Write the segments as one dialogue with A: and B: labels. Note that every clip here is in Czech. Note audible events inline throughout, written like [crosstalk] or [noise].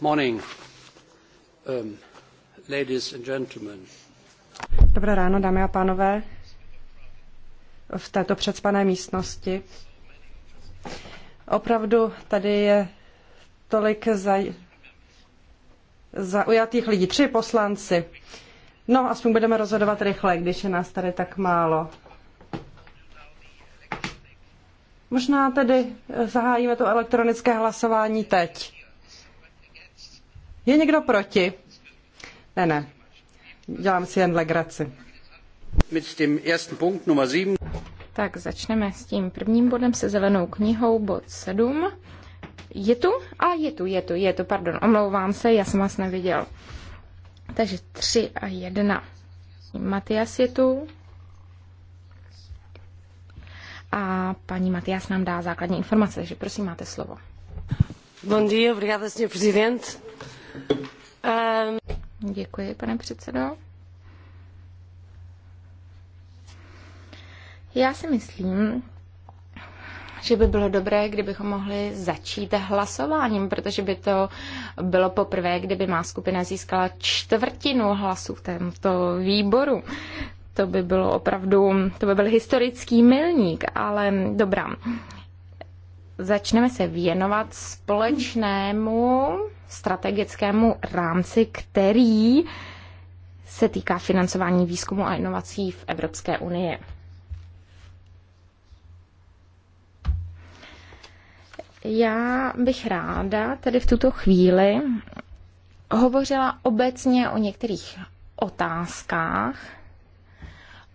A: Um, Dobré ráno, dámy a pánové. V této předspané místnosti. Opravdu tady je tolik zaj... zaujatých lidí. Tři poslanci. No, aspoň budeme rozhodovat rychle, když je nás tady tak málo. Možná tedy zahájíme to elektronické hlasování teď. Je někdo proti? Ne, ne. Dělám
B: si jen legraci. Tak začneme s tím prvním bodem se zelenou knihou, bod 7. Je tu? A je tu, je tu, je tu, pardon, omlouvám se, já jsem vás neviděl. Takže 3 a 1. Matias je tu. A paní Matias nám dá základní informace, takže prosím, máte slovo. Bom dia, obrigada, senhor presidente. Ehm. Děkuji, pane předsedo. Já si myslím, že by bylo dobré, kdybychom mohli začít hlasováním, protože by to bylo poprvé, kdyby má skupina získala čtvrtinu hlasů v tomto výboru. To by bylo opravdu, to by byl historický milník, ale dobrá začneme se věnovat společnému strategickému rámci, který se týká financování výzkumu a inovací v Evropské unii. Já bych ráda tedy v tuto chvíli hovořila obecně o některých otázkách,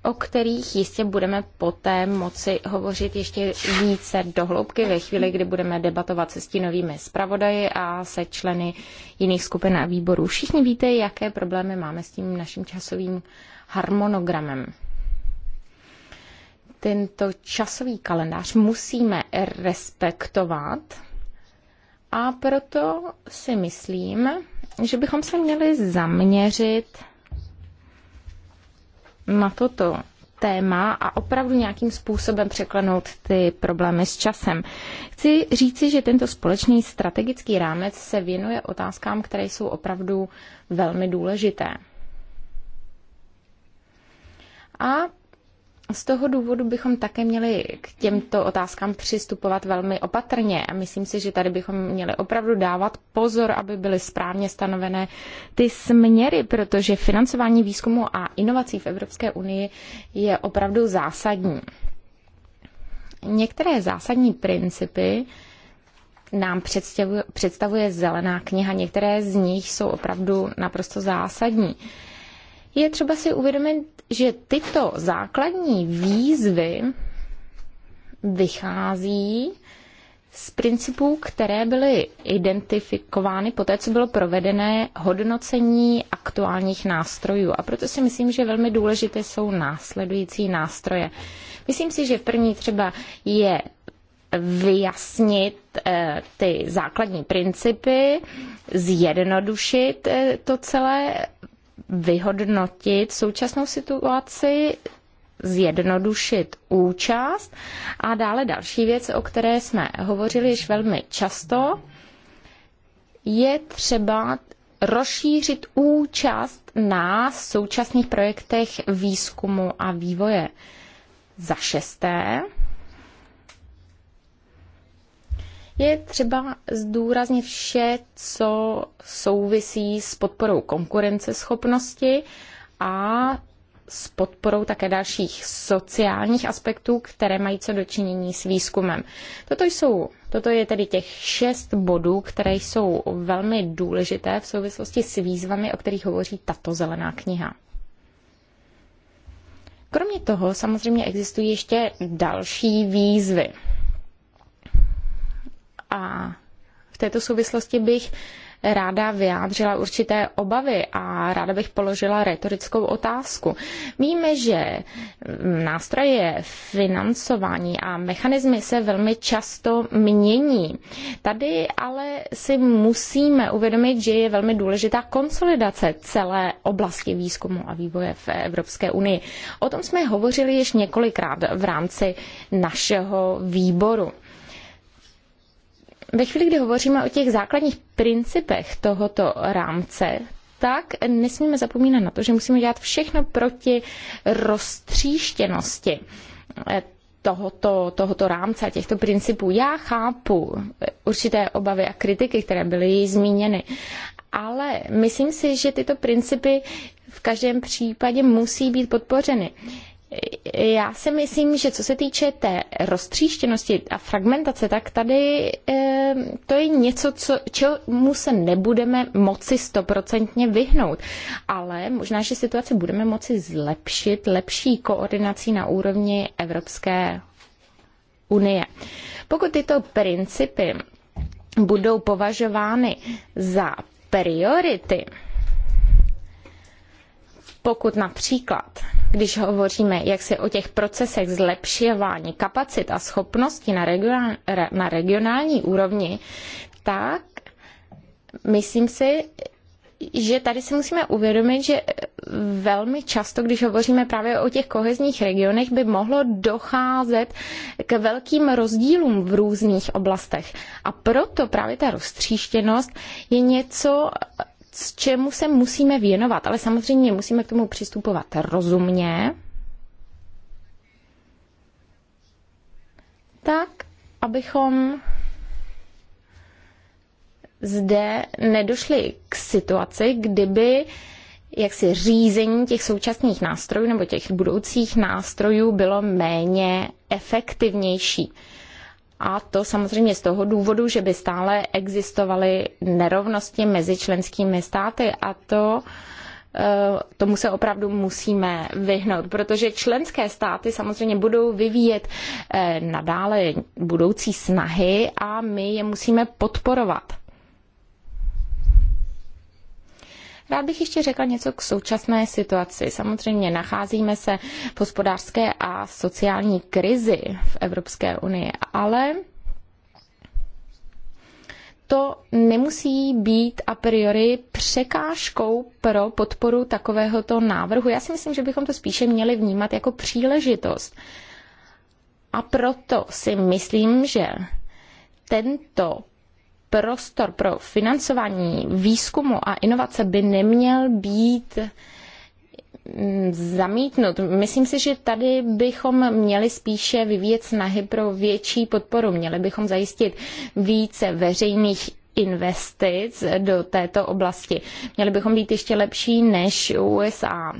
B: o kterých jistě budeme poté moci hovořit ještě více dohloubky ve chvíli, kdy budeme debatovat se stínovými zpravodaji a se členy jiných skupin a výborů. Všichni víte, jaké problémy máme s tím naším časovým harmonogramem. Tento časový kalendář musíme respektovat a proto si myslím, že bychom se měli zaměřit na toto téma a opravdu nějakým způsobem překlenout ty problémy s časem. Chci říci, že tento společný strategický rámec se věnuje otázkám, které jsou opravdu velmi důležité. A z toho důvodu bychom také měli k těmto otázkám přistupovat velmi opatrně a myslím si, že tady bychom měli opravdu dávat pozor, aby byly správně stanovené ty směry, protože financování výzkumu a inovací v Evropské unii je opravdu zásadní. Některé zásadní principy nám představuje, zelená kniha, některé z nich jsou opravdu naprosto zásadní je třeba si uvědomit, že tyto základní výzvy vychází z principů, které byly identifikovány po té, co bylo provedené hodnocení aktuálních nástrojů. A proto si myslím, že velmi důležité jsou následující nástroje. Myslím si, že první třeba je vyjasnit eh, ty základní principy, zjednodušit eh, to celé, vyhodnotit současnou situaci, zjednodušit účast. A dále další věc, o které jsme hovořili již velmi často, je třeba rozšířit účast na současných projektech výzkumu a vývoje. Za šesté, Je třeba zdůraznit vše, co souvisí s podporou konkurenceschopnosti a s podporou také dalších sociálních aspektů, které mají co dočinění s výzkumem. Toto, jsou, toto je tedy těch šest bodů, které jsou velmi důležité v souvislosti s výzvami, o kterých hovoří tato zelená kniha. Kromě toho samozřejmě existují ještě další výzvy. A v této souvislosti bych ráda vyjádřila určité obavy a ráda bych položila retorickou otázku. Víme, že nástroje financování a mechanismy se velmi často mění. Tady ale si musíme uvědomit, že je velmi důležitá konsolidace celé oblasti výzkumu a vývoje v Evropské unii. O tom jsme hovořili již několikrát v rámci našeho výboru ve chvíli, kdy hovoříme o těch základních principech tohoto rámce, tak nesmíme zapomínat na to, že musíme dělat všechno proti roztříštěnosti eh, tohoto, tohoto rámce, těchto principů. Já chápu eh, určité obavy a kritiky, které byly zmíněny, ale myslím si, že tyto principy v každém případě musí být podpořeny já si myslím, že co se týče té roztříštěnosti a fragmentace, tak tady e, to je něco, co, čemu se nebudeme moci stoprocentně vyhnout. Ale možná, že situaci budeme moci zlepšit lepší koordinací na úrovni Evropské unie. Pokud tyto principy budou považovány za priority, pokud například když hovoříme jaksi o těch procesech zlepšování kapacit a schopností na, regionál, na regionální úrovni, tak myslím si, že tady si musíme uvědomit, že velmi často, když hovoříme právě o těch kohezních regionech, by mohlo docházet k velkým rozdílům v různých oblastech. A proto právě ta roztříštěnost je něco, čemu se musíme věnovat, ale samozřejmě musíme k tomu přistupovat rozumně, tak, abychom zde nedošli k situaci, kdyby jaksi řízení těch současných nástrojů nebo těch budoucích nástrojů bylo méně efektivnější a to samozřejmě z toho důvodu, že by stále existovaly nerovnosti mezi členskými státy a to eh, tomu se opravdu musíme vyhnout, protože členské státy samozřejmě budou vyvíjet eh, nadále budoucí snahy a my je musíme podporovat. Rád bych ještě řekla něco k současné situaci. Samozřejmě nacházíme se v hospodářské a sociální krizi v Evropské unii, ale to nemusí být a priori překážkou pro podporu takovéhoto návrhu. Já si myslím, že bychom to spíše měli vnímat jako příležitost. A proto si myslím, že tento prostor pro financování výzkumu a inovace by neměl být mm, zamítnut. Myslím si, že tady bychom měli spíše vyvíjet snahy pro větší podporu. Měli bychom zajistit více veřejných investic do této oblasti. Měli bychom být ještě lepší než USA.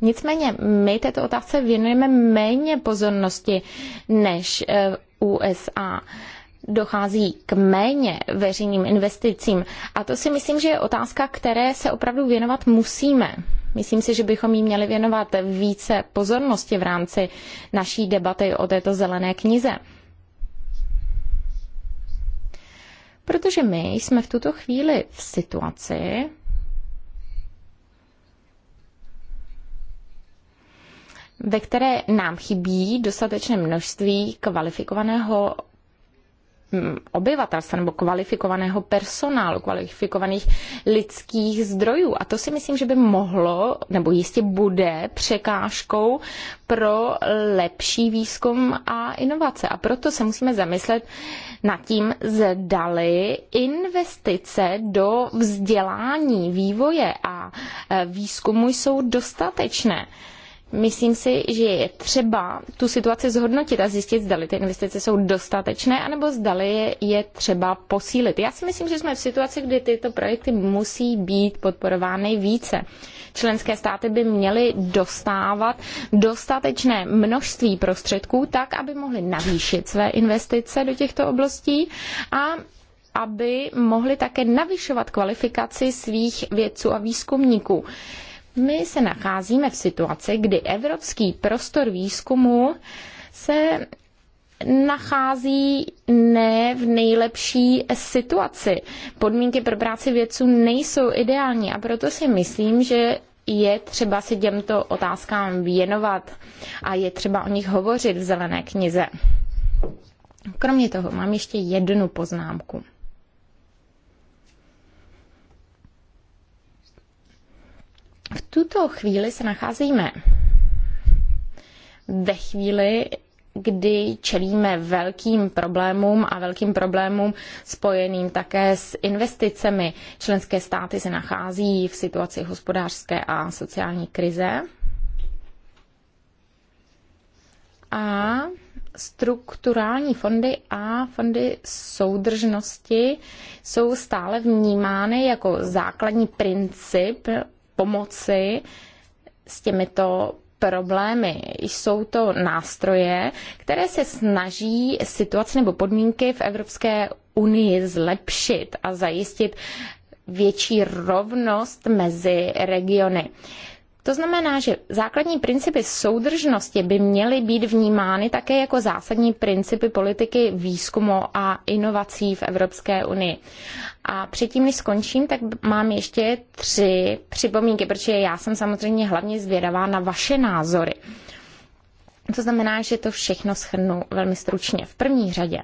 B: Nicméně my této otázce věnujeme méně pozornosti než eh, USA dochází k méně veřejným investicím. A to si myslím, že je otázka, které se opravdu věnovat musíme. Myslím si, že bychom jí měli věnovat více pozornosti v rámci naší debaty o této zelené knize. Protože my jsme v tuto chvíli v situaci, ve které nám chybí dostatečné množství kvalifikovaného Mm, obyvatelstva nebo kvalifikovaného personálu, kvalifikovaných lidských zdrojů. A to si myslím, že by mohlo, nebo jistě bude překážkou pro lepší výzkum a inovace. A proto se musíme zamyslet nad tím, zdali investice do vzdělání, vývoje a e, výzkumu jsou dostatečné. Myslím si, že je třeba tu situaci zhodnotit a zjistit, zdali ty investice jsou dostatečné, anebo zdali je, je třeba posílit. Já si myslím, že jsme v situaci, kdy tyto projekty musí být podporovány více. Členské státy by měly dostávat dostatečné množství prostředků tak, aby mohly navýšit své investice do těchto oblastí a aby mohli také navyšovat kvalifikaci svých vědců a výzkumníků. My se nacházíme v situaci, kdy evropský prostor výzkumu se nachází ne v nejlepší situaci. Podmínky pro práci vědců nejsou ideální a proto si myslím, že je třeba si těmto otázkám věnovat a je třeba o nich hovořit v zelené knize. Kromě toho mám ještě jednu poznámku. V tuto chvíli se nacházíme ve chvíli, kdy čelíme velkým problémům a velkým problémům spojeným také s investicemi. Členské státy se nachází v situaci hospodářské a sociální krize. A strukturální fondy a fondy soudržnosti jsou stále vnímány jako základní princip pomoci s těmito problémy. Jsou to nástroje, které se snaží situaci nebo podmínky v Evropské unii zlepšit a zajistit větší rovnost mezi regiony. To znamená, že základní principy soudržnosti by měly být vnímány také jako zásadní principy politiky výzkumu a inovací v Evropské unii. A předtím, než skončím, tak mám ještě tři připomínky, protože já jsem samozřejmě hlavně zvědavá na vaše názory. To znamená, že to všechno schrnu velmi stručně. V první řadě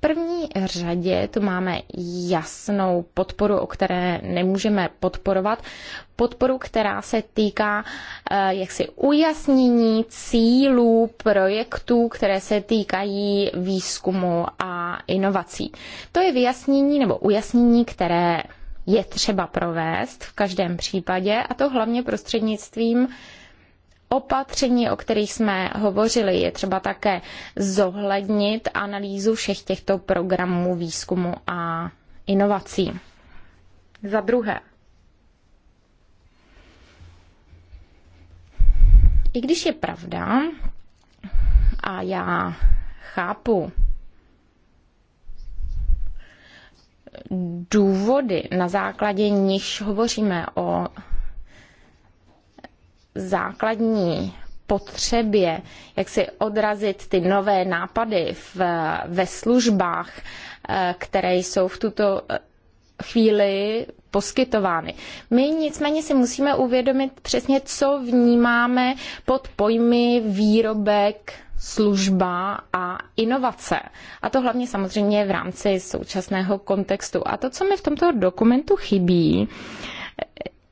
B: první řadě tu máme jasnou podporu, o které nemůžeme podporovat. Podporu, která se týká eh, jaksi ujasnění cílů projektů, které se týkají výzkumu a inovací. To je vyjasnění nebo ujasnění, které je třeba provést v každém případě a to hlavně prostřednictvím opatření, o kterých jsme hovořili, je třeba také zohlednit analýzu všech těchto programů výzkumu a inovací. Za druhé, i když je pravda, a já chápu důvody, na základě nich hovoříme o základní potřebě, jak si odrazit ty nové nápady v, ve službách, eh, které jsou v tuto eh, chvíli poskytovány. My nicméně si musíme uvědomit přesně, co vnímáme pod pojmy výrobek, služba a inovace. A to hlavně samozřejmě v rámci současného kontextu. A to, co mi v tomto dokumentu chybí,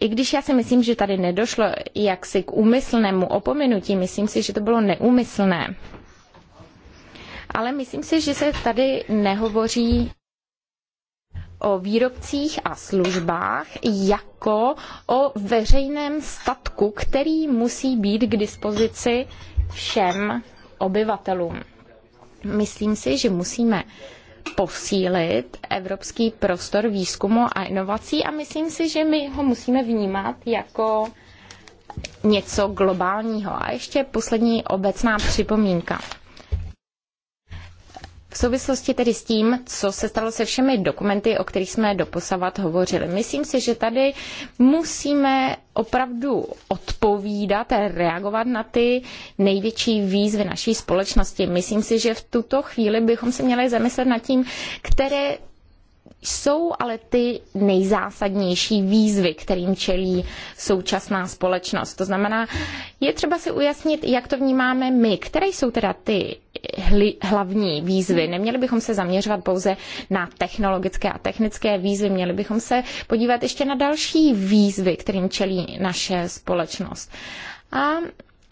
B: i když já si myslím, že tady nedošlo jaksi k úmyslnému opomenutí, myslím si, že to bylo neúmyslné. Ale myslím si, že se tady nehovoří o výrobcích a službách jako o veřejném statku, který musí být k dispozici všem obyvatelům. Myslím si, že musíme posílit evropský prostor výzkumu a inovací a myslím si, že my ho musíme vnímat jako něco globálního. A ještě poslední obecná připomínka. V souvislosti tedy s tím, co se stalo se všemi dokumenty, o kterých jsme doposavat hovořili. Myslím si, že tady musíme opravdu odpovídat, a reagovat na ty největší výzvy naší společnosti. Myslím si, že v tuto chvíli bychom se měli zamyslet nad tím, které jsou ale ty nejzásadnější výzvy, kterým čelí současná společnost. To znamená, je třeba si ujasnit, jak to vnímáme my, které jsou teda ty hlavní výzvy. Neměli bychom se zaměřovat pouze na technologické a technické výzvy, měli bychom se podívat ještě na další výzvy, kterým čelí naše společnost. A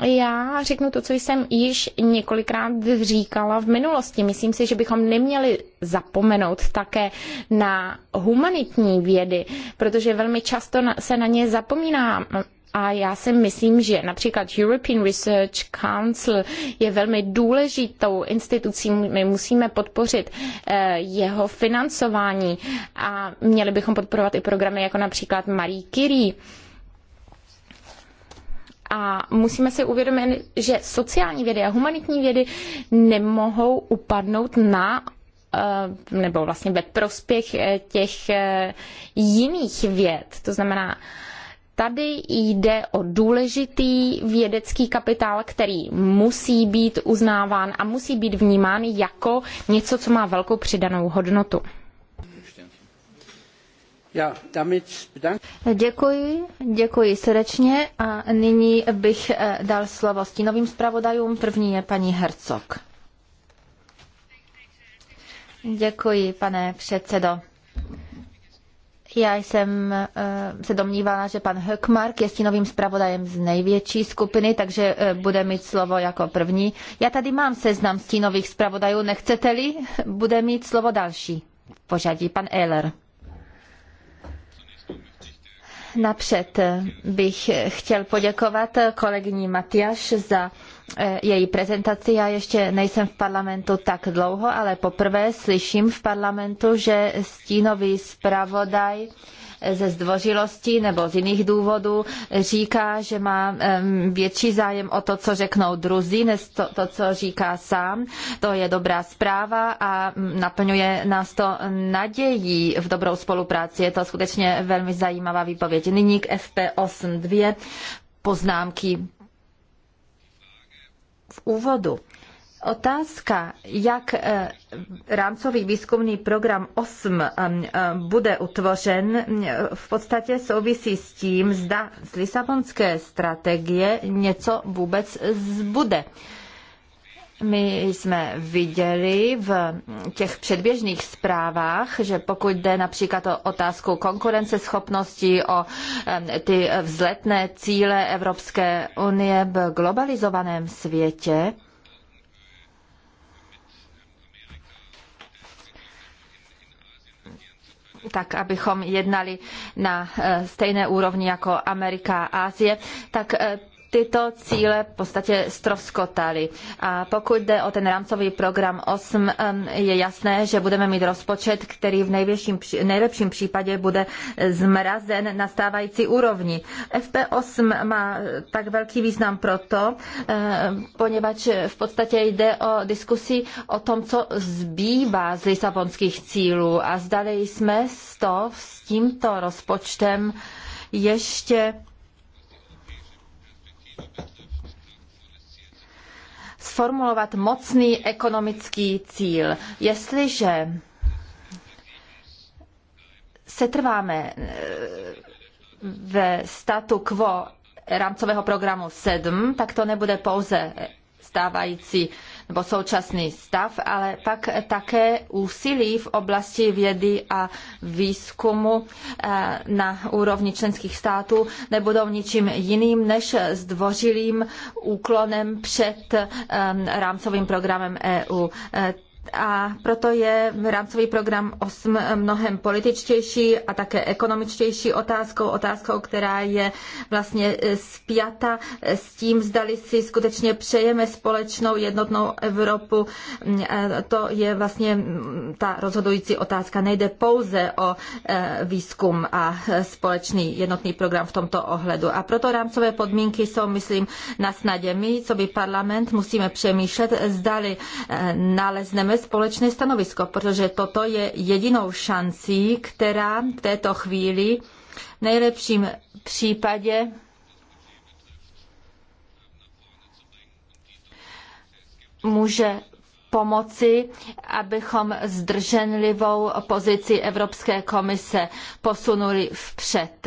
B: já řeknu to, co jsem již několikrát říkala v minulosti. Myslím si, že bychom neměli zapomenout také na humanitní vědy, protože velmi často se na ně zapomíná. A já si myslím, že například European Research Council je velmi důležitou institucí. My musíme podpořit eh, jeho financování a měli bychom podporovat i programy jako například Marie Curie a musíme si uvědomit, že sociální vědy a humanitní vědy nemohou upadnout na eh, nebo vlastně ve prospěch eh, těch eh, jiných věd. To znamená, tady jde o důležitý vědecký kapitál, který musí být uznáván a musí být vnímán jako něco, co má velkou přidanou hodnotu
A: damit
C: bedank... Děkuji, děkuji srdečně a nyní bych eh, dal slovo stínovým zpravodajům. První je paní Hercog. Děkuji, pane předsedo. Já jsem eh, se domnívala, že pan Hökmark je stínovým zpravodajem z největší skupiny, takže eh, bude mít slovo jako první. Já tady mám seznam stínových zpravodajů, nechcete-li, bude mít slovo další v pořadí, pan Ehler. Napřed bych chtěl poděkovat kolegyni Matiaš za eh, její prezentaci. Já ještě nejsem v parlamentu tak dlouho, ale poprvé slyším v parlamentu, že stínový zpravodaj ze zdvořilosti nebo z jiných důvodů říká, že má větší zájem o to, co řeknou druzí, než to, to, co říká sám. To je dobrá zpráva a naplňuje nás to nadějí v dobrou spolupráci. Je to skutečně velmi zajímavá výpověď. Nyní k fp 82 poznámky v úvodu Otázka, jak eh, rámcový výzkumný program 8 eh, eh, bude utvořen, v podstatě souvisí s tím, zda z Lisabonské strategie něco vůbec zbude. My jsme viděli v těch předběžných zprávách, že pokud jde například o otázku konkurenceschopnosti, o ty vzletné cíle Evropské unie v globalizovaném světě, tak abychom jednali na eh, stejné úrovni jako Amerika a Asie, tak eh, tyto cíle v podstatě stroskotaly. A pokud jde o ten rámcový program 8, je jasné, že budeme mít rozpočet, který v nejlepším případě bude zmrazen na stávající úrovni. FP8 má tak velký význam proto, poněvadž v podstatě jde o diskusi o tom, co zbývá z lisabonských cílů a zdali jsme s to s tímto rozpočtem ještě sformulovat mocný ekonomický cíl. Jestliže setrváme eh, ve statu quo rámcového programu 7, tak to nebude pouze stávající nebo současný stav, ale pak také úsilí v oblasti vědy a výzkumu eh, na úrovni členských států nebudou ničím jiným než zdvořilým úklonem před eh, rámcovým programem EU. Eh, a proto je rámcový program 8 mnohem političtější a také ekonomičtější otázkou, otázkou, která je vlastně e, spjata e, s tím, zdali si skutečně přejeme společnou jednotnou Evropu. Mm, to je vlastně mm, ta rozhodující otázka. Nejde pouze o e, výzkum a společný jednotný program v tomto ohledu. A proto rámcové podmínky jsou, myslím, na snadě. My, co by parlament, musíme přemýšlet, zdali nalezneme zaujmeme společné stanovisko, protože toto je jedinou šancí, která v této chvíli v nejlepším případě může pomoci, abychom zdrženlivou pozici Evropské komise posunuli vpřed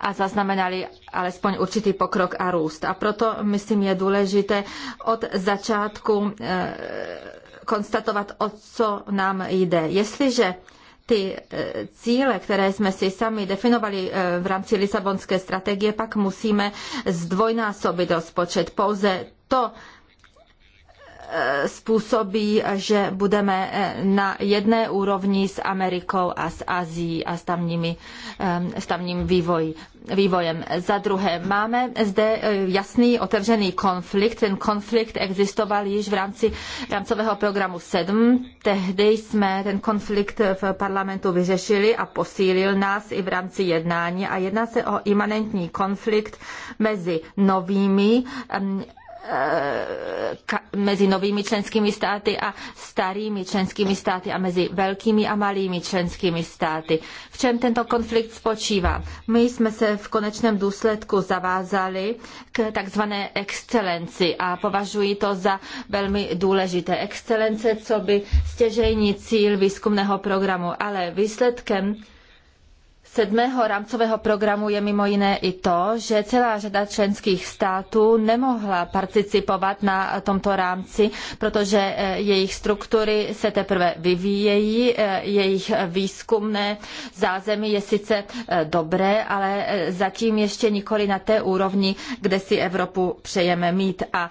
C: a zaznamenali alespoň určitý pokrok a růst. A proto, myslím, je důležité od začátku eh, konstatovat, o co nám jde. Jestliže ty e, cíle, které jsme si sami definovali e, v rámci Lisabonské strategie, pak musíme zdvojnásobit rozpočet. Pouze to způsobí, že budeme na jedné úrovni s Amerikou a s Azií a s, tamními, s tamním vývoj, vývojem. Za druhé, máme zde eh, jasný otevřený konflikt. Ten konflikt existoval již v rámci rámcového programu 7. Tehdy jsme ten konflikt v parlamentu vyřešili a posílil nás i v rámci jednání. A jedná se o imanentní konflikt mezi novými Eh, mezi novými členskými státy a starými členskými státy a mezi velkými a malými členskými státy. V čem tento konflikt spočívá? My jsme se v konečném důsledku zavázali k takzvané excelenci a považuji to za velmi důležité. Excelence, co by stěžejní cíl výzkumného programu, ale výsledkem sedmého rámcového programu je mimo jiné i to, že celá řada členských států nemohla participovat na tomto rámci, protože eh, jejich struktury se teprve vyvíjejí, eh, jejich výzkumné zázemí je sice eh, dobré, ale zatím ještě nikoli na té úrovni, kde si Evropu přejeme mít. A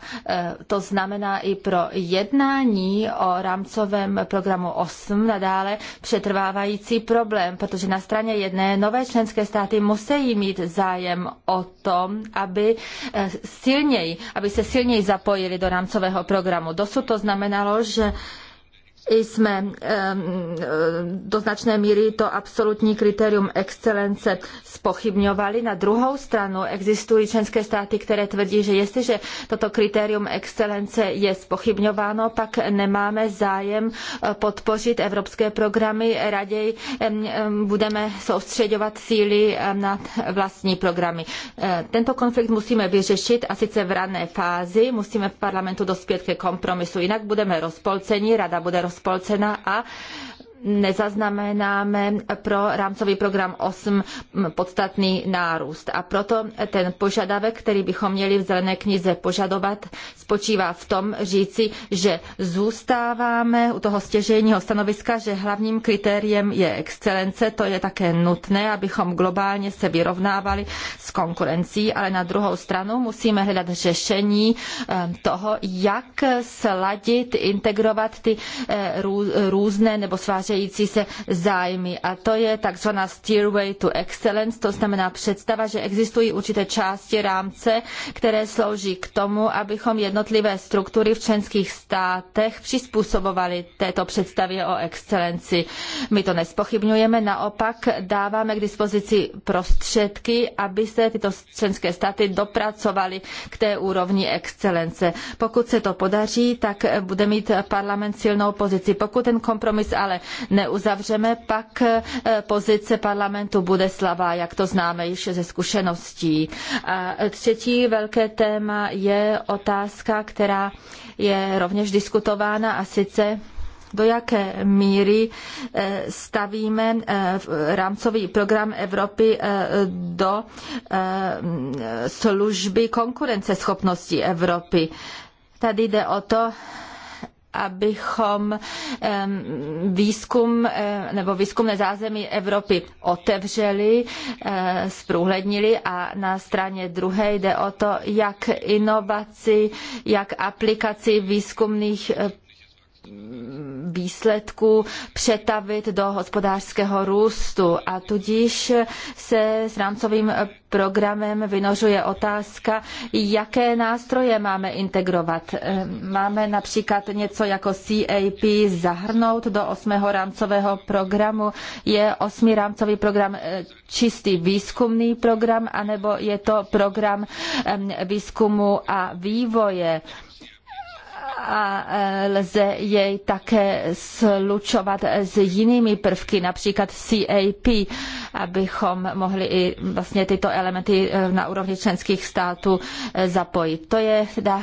C: to znamená i pro jednání o rámcovém programu 8 nadále přetrvávající problém, protože na straně jedné nové členské státy musí mít zájem o to, aby eh, silněji, aby se silněji zapojili do rámcového programu. Dosud to znamenalo, že jsme do značné míry to absolutní kritérium excelence spochybňovali. Na druhou stranu existují členské státy, které tvrdí, že jestliže toto kritérium excelence je spochybňováno, pak nemáme zájem eh, podpořit evropské programy, raději budeme soustředovat síly na vlastní programy. Eh, tento konflikt musíme vyřešit a sice v rané fázi, musíme v parlamentu dospět ke kompromisu, jinak budeme rozpolceni, rada bude rozpolcena Spolcena a nezaznamenáme pro rámcový program 8 podstatný nárůst. A proto ten požadavek, který bychom měli v zelené knize požadovat, spočívá v tom říci, že zůstáváme u toho stěžejního stanoviska, že hlavním kritériem je excelence. To je také nutné, abychom globálně se vyrovnávali s konkurencí, ale na druhou stranu musíme hledat řešení eh, toho, jak sladit, integrovat ty eh, různé nebo svážit vytvářející se zájmy. A to je takzvaná Stairway to Excellence, to znamená představa, že existují určité části rámce, které slouží k tomu, abychom jednotlivé struktury v členských státech přizpůsobovali této představě o excelenci. My to nespochybňujeme, naopak dáváme k dispozici prostředky, aby se tyto členské státy dopracovaly k té úrovni excelence. Pokud se to podaří, tak bude mít parlament silnou pozici. Pokud ten kompromis ale neuzavřeme, pak eh, pozice parlamentu bude slabá, jak to známe již ze zkušeností. A třetí velké téma je otázka, která je rovněž diskutována a sice do jaké míry eh, stavíme eh, rámcový program Evropy do služby konkurenceschopnosti Evropy. Tady jde o to, abychom výzkum nebo výzkumné zázemí Evropy otevřeli, zprůhlednili a na straně druhé jde o to, jak inovaci, jak aplikaci výzkumných výsledku přetavit do hospodářského růstu. A tudíž se s rámcovým programem vynořuje otázka, jaké nástroje máme integrovat. Máme například něco jako CAP zahrnout do osmého rámcového programu. Je osmý rámcový program eh, čistý výzkumný program, anebo je to program výzkumu a vývoje? a e, lze jej také slučovat s jinými prvky, například CAP, abychom mohli i vlastně tyto elementy e, na úrovni členských států e, zapojit. To je teda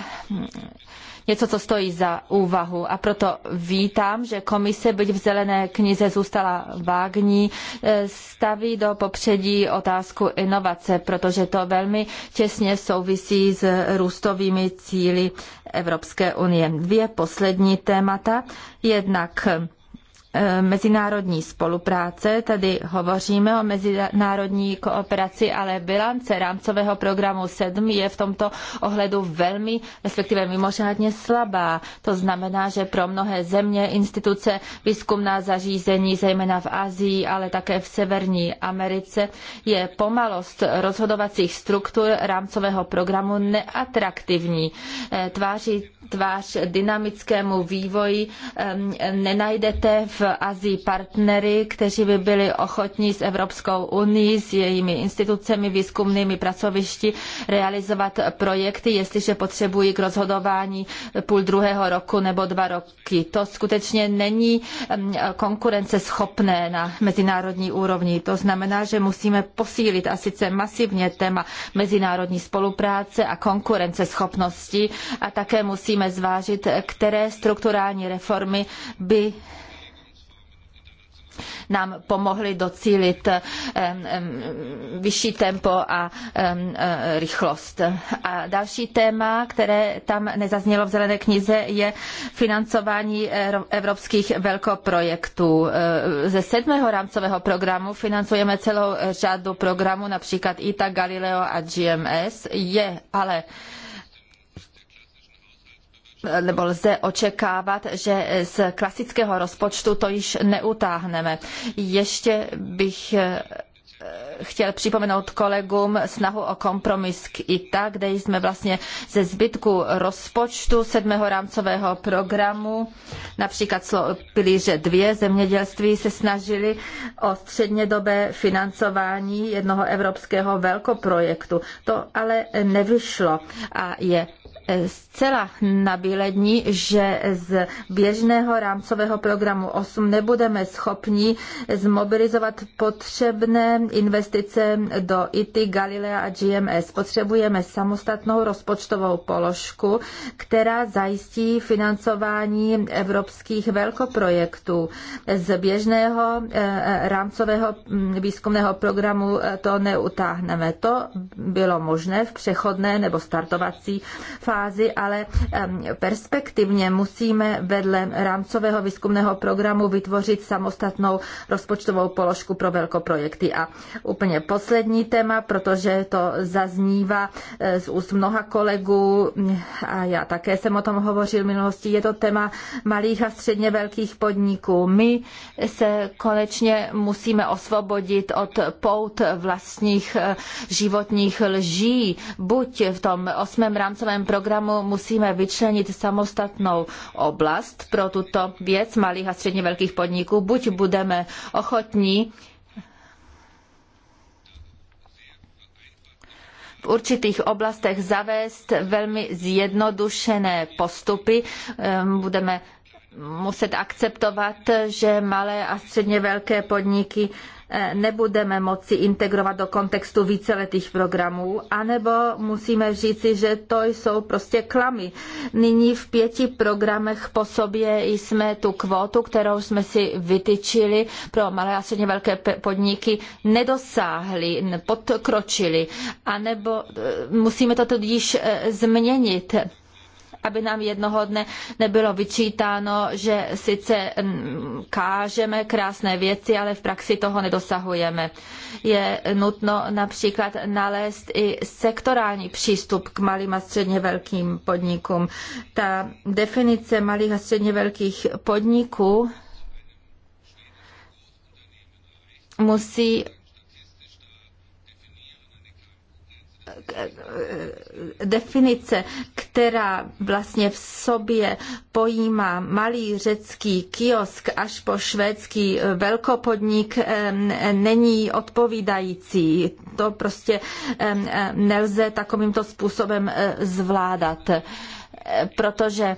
C: něco, co stojí za úvahu. A proto vítám, že komise, byť v zelené knize zůstala vágní, e, staví do popředí otázku inovace, protože to velmi těsně souvisí s růstovými cíly Evropské unie. Dvě poslední témata. Jednak E, mezinárodní spolupráce. Tady hovoříme o mezinárodní kooperaci, ale bilance rámcového programu 7 je v tomto ohledu velmi, respektive mimořádně slabá. To znamená, že pro mnohé země, instituce, výzkumná zařízení, zejména v Asii, ale také v Severní Americe, je pomalost rozhodovacích struktur rámcového programu neatraktivní. E, tváří tvář dynamickému vývoji nenajdete v Azii partnery, kteří by byli ochotní s Evropskou unii, s jejími institucemi, výzkumnými pracovišti realizovat projekty, jestliže potřebují k rozhodování půl druhého roku nebo dva roky. To skutečně není konkurenceschopné na mezinárodní úrovni. To znamená, že musíme posílit a sice masivně téma mezinárodní spolupráce a konkurenceschopnosti a také musíme musíme zvážit, které strukturální reformy by nám pomohly docílit eh, eh, vyšší tempo a eh, rychlost. A další téma, které tam nezaznělo v zelené knize, je financování evropských velkoprojektů. Ze sedmého rámcového programu financujeme celou řadu programů, například ITA, Galileo a GMS. Je ale nebo lze očekávat, že z klasického rozpočtu to již neutáhneme. Ještě bych eh, chtěl připomenout kolegům snahu o kompromis k ITA, kde jsme vlastně ze zbytku rozpočtu sedmého rámcového programu, například pilíře dvě zemědělství, se snažili o střednědobé financování jednoho evropského velkoprojektu. To ale nevyšlo a je zcela nabílední, že z běžného rámcového programu 8 nebudeme schopni zmobilizovat potřebné investice do IT, Galilea a GMS. Potřebujeme samostatnou rozpočtovou položku, která zajistí financování evropských velkoprojektů. Z běžného eh, rámcového mm, výzkumného programu eh, to neutáhneme. To bylo možné v přechodné nebo startovací fázi fázi, ale perspektivně musíme vedle rámcového výzkumného programu vytvořit samostatnou rozpočtovou položku pro velkoprojekty. A úplně poslední téma, protože to zaznívá e, z úst mnoha kolegů a já také jsem o tom hovořil v minulosti, je to téma malých a středně velkých podniků. My se konečně musíme osvobodit od pout vlastních e, životních lží, buď v tom osmém rámcovém programu, programu musíme vyčlenit samostatnou oblast pro tuto věc malých a středně velkých podniků. Buď budeme ochotní v určitých oblastech zavést velmi zjednodušené postupy. Ehm, budeme muset akceptovat, že malé a středně velké podniky Eh, nebudeme moci integrovat do kontextu víceletých programů, anebo musíme říci, že to jsou prostě klamy. Nyní v pěti programech po sobě jsme tu kvotu, kterou jsme si vytyčili pro malé a středně velké podniky, nedosáhli, podkročili, anebo eh, musíme to tudíž eh, změnit aby nám jednoho dne nebylo vyčítáno, že sice mm, kážeme krásné věci, ale v praxi toho nedosahujeme. Je nutno například nalézt i sektorální přístup k malým a středně velkým podnikům. Ta definice malých a středně velkých podniků musí definice, která vlastně v sobě pojímá malý řecký kiosk až po švédský velkopodnik, není odpovídající. To prostě nelze takovýmto způsobem eh, zvládat, eh, protože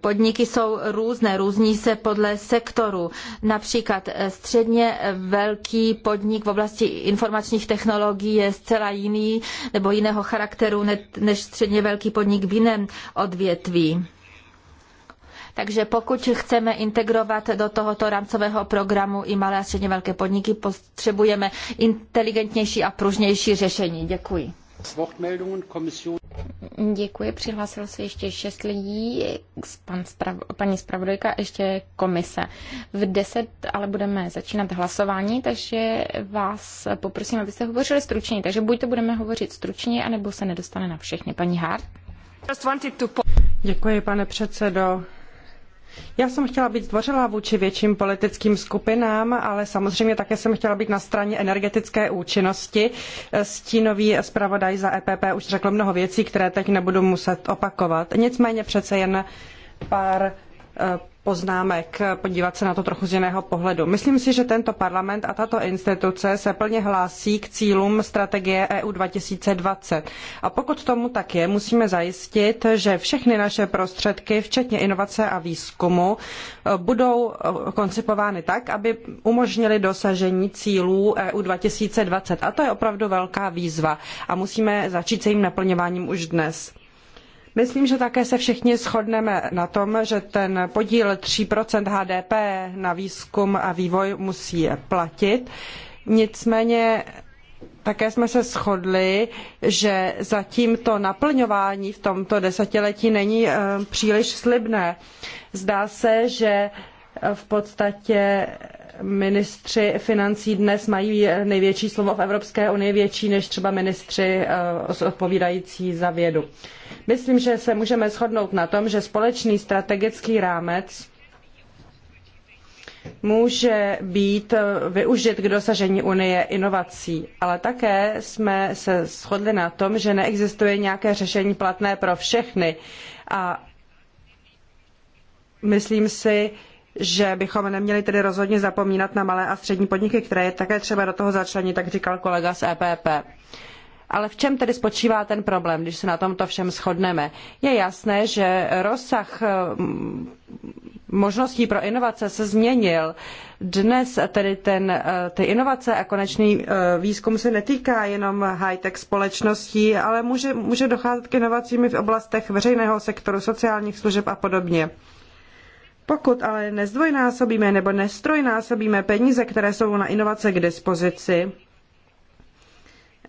C: podniky jsou různé, různí se podle sektoru. Například eh, středně velký podnik v oblasti informačních technologií je zcela jiný nebo jiného charakteru než středně velký podnik v jiném odvětví. Takže pokud chceme integrovat do tohoto rámcového programu i malé a středně velké podniky, potřebujeme inteligentnější a
B: pružnější řešení. Děkuji. Děkuji, Přihlásil se ještě šest lidí, pan sprav, paní zpravodajka, ještě komise. V deset ale budeme začínat hlasování, takže vás poprosím, abyste hovořili stručně. Takže buď to budeme hovořit stručně, anebo se nedostane na všechny. Paní Hart.
A: Děkuji, pane předsedo. Já jsem chtěla být zdvořilá vůči větším politickým skupinám, ale samozřejmě také jsem chtěla být na straně energetické účinnosti. Stínový zpravodaj za EPP už řekl mnoho věcí, které teď nebudu muset opakovat. Nicméně přece jen pár eh, poznámek, podívat se na to trochu z jiného pohledu. Myslím si, že tento parlament a tato instituce se plně hlásí k cílům strategie EU 2020. A pokud tomu tak je, musíme zajistit, že všechny naše prostředky, včetně inovace a výzkumu, budou koncipovány tak, aby umožnili dosažení cílů EU 2020. A to je opravdu velká výzva a musíme začít se jejím naplňováním už dnes. Myslím, že také se všichni shodneme na tom, že ten podíl 3% HDP na výzkum a vývoj musí platit. Nicméně také jsme se shodli, že zatím to naplňování v tomto desetiletí není eh, příliš slibné. Zdá se, že v podstatě ministři financí dnes mají největší slovo v Evropské unii, větší než třeba ministři eh, odpovídající za vědu. Myslím, že se můžeme shodnout na tom, že společný strategický rámec může být eh, využit k dosažení Unie inovací. Ale také jsme se shodli na tom, že neexistuje nějaké řešení platné pro všechny. A myslím si, že bychom neměli tedy rozhodně zapomínat na malé a střední podniky, které je také třeba do toho začlenit, tak říkal kolega z EPP. Ale v čem tedy spočívá ten problém, když se na tomto všem shodneme? Je jasné, že rozsah eh, možností pro inovace se změnil. Dnes tedy ten, eh, ty inovace a konečný eh, výzkum se netýká jenom high-tech společností, ale může, může docházet k inovacím i v oblastech veřejného sektoru, sociálních služeb a podobně. Pokud ale nezdvojnásobíme nebo nestrojnásobíme peníze, které jsou na inovace k dispozici,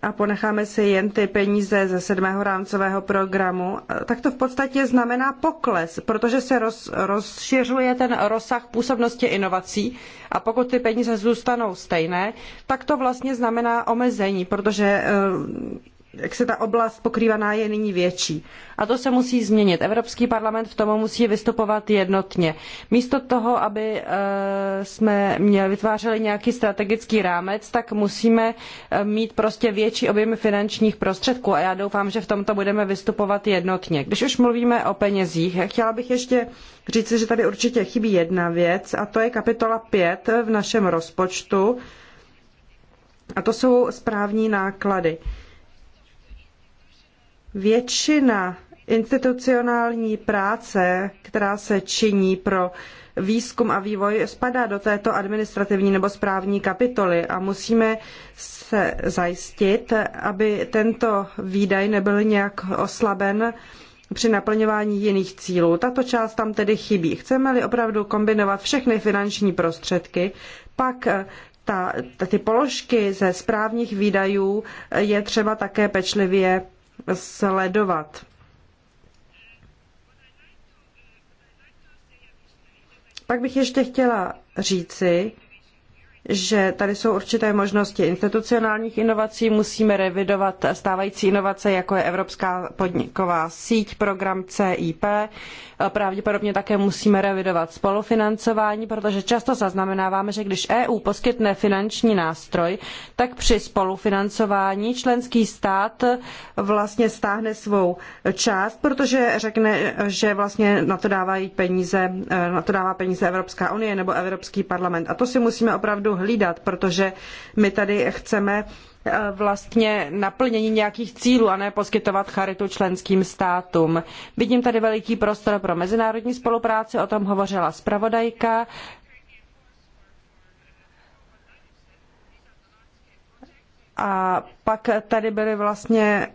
A: a ponecháme si jen ty peníze ze sedmého rámcového programu, tak to v podstatě znamená pokles, protože se roz, rozšiřuje ten rozsah působnosti inovací a pokud ty peníze zůstanou stejné, tak to vlastně znamená omezení, protože eh, jak se ta oblast pokrývaná je nyní větší. A to se musí změnit. Evropský parlament v tom musí vystupovat jednotně. Místo toho, aby eh, jsme měli, vytvářeli nějaký strategický rámec, tak musíme eh, mít prostě větší objem finančních prostředků a já doufám, že v tomto budeme vystupovat jednotně. Když už mluvíme o penězích, chtěla bych ještě říci, že tady určitě chybí jedna věc a to je kapitola 5 v našem rozpočtu a to jsou správní náklady. Většina institucionální práce, která se činí pro výzkum a vývoj, spadá do této administrativní nebo správní kapitoly a musíme se zajistit, aby tento výdaj nebyl nějak oslaben při naplňování jiných cílů. Tato část tam tedy chybí. Chceme-li opravdu kombinovat všechny finanční prostředky, pak ta, ty položky ze správních výdajů je třeba také pečlivě sledovat. Pak bych ještě chtěla říci, že tady jsou určité možnosti institucionálních inovací. Musíme revidovat stávající inovace, jako je Evropská podniková síť, program CIP. Pravděpodobně také musíme revidovat spolufinancování, protože často zaznamenáváme, že když EU poskytne finanční nástroj, tak při spolufinancování členský stát vlastně stáhne svou část, protože řekne, že vlastně na to, dávají peníze, na to dává peníze Evropská unie nebo Evropský parlament. A to si musíme opravdu opravdu hlídat, protože my tady chceme eh, vlastně naplnění nějakých cílů a ne poskytovat charitu členským státům. Vidím tady veliký prostor pro mezinárodní spolupráci, o tom hovořila zpravodajka. A pak tady byly vlastně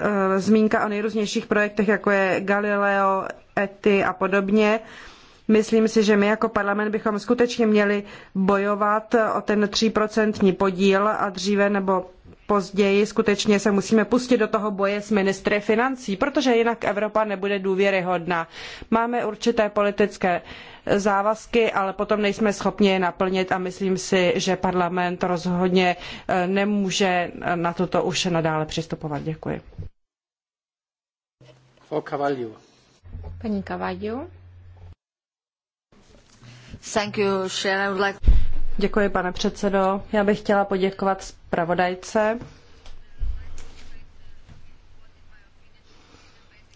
A: eh, zmínka o nejrůznějších projektech, jako je Galileo, ETI a podobně. Myslím si, že my jako parlament bychom skutečně měli bojovat o ten 3% podíl a dříve nebo později skutečně se musíme pustit do toho boje s ministry financí, protože jinak Evropa nebude důvěryhodná. Máme určité politické závazky, ale potom nejsme schopni je naplnit a myslím si, že parlament rozhodně eh, nemůže na
B: toto už nadále přistupovat. Děkuji. Paní Cavaglio. Děkuji,
A: pane předsedo. Já bych chtěla poděkovat zpravodajce.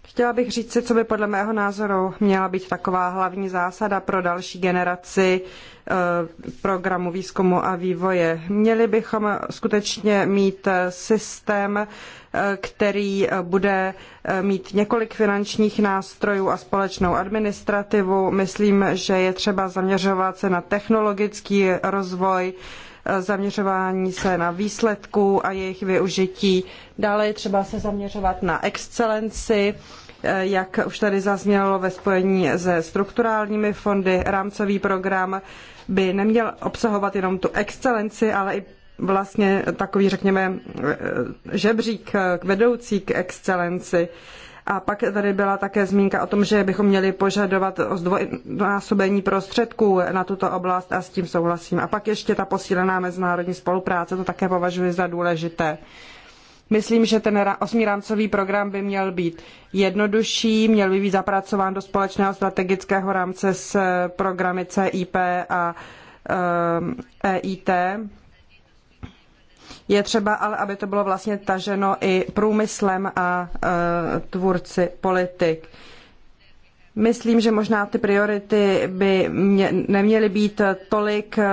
A: Chtěla bych říci, co by podle mého názoru měla být taková hlavní zásada pro další generaci eh, programu výzkumu a vývoje. Měli bychom skutečně mít eh, systém který eh, bude eh, mít několik finančních nástrojů a společnou administrativu. Myslím, že je třeba zaměřovat se na technologický rozvoj, eh, zaměřování se na výsledků a jejich využití. Dále je třeba se zaměřovat na excelenci, jak už tady zaznělo ve spojení se strukturálními fondy, rámcový program by neměl obsahovat jenom tu excelenci, ale i vlastně takový, řekněme, žebřík vedoucí k excelenci. A pak tady byla také zmínka o tom, že bychom měli požadovat o zdvojnásobení prostředků na tuto oblast a s tím souhlasím. A pak ještě ta posílená mezinárodní spolupráce, to také považuji za důležité. Myslím, že ten rámcový program by měl být jednodušší, měl by být zapracován do společného strategického rámce s programy CIP a EIT. Ehm, e je třeba ale, aby to bylo vlastně taženo i průmyslem a e, tvůrci politik. Myslím, že možná ty priority by mě, neměly být tolik e,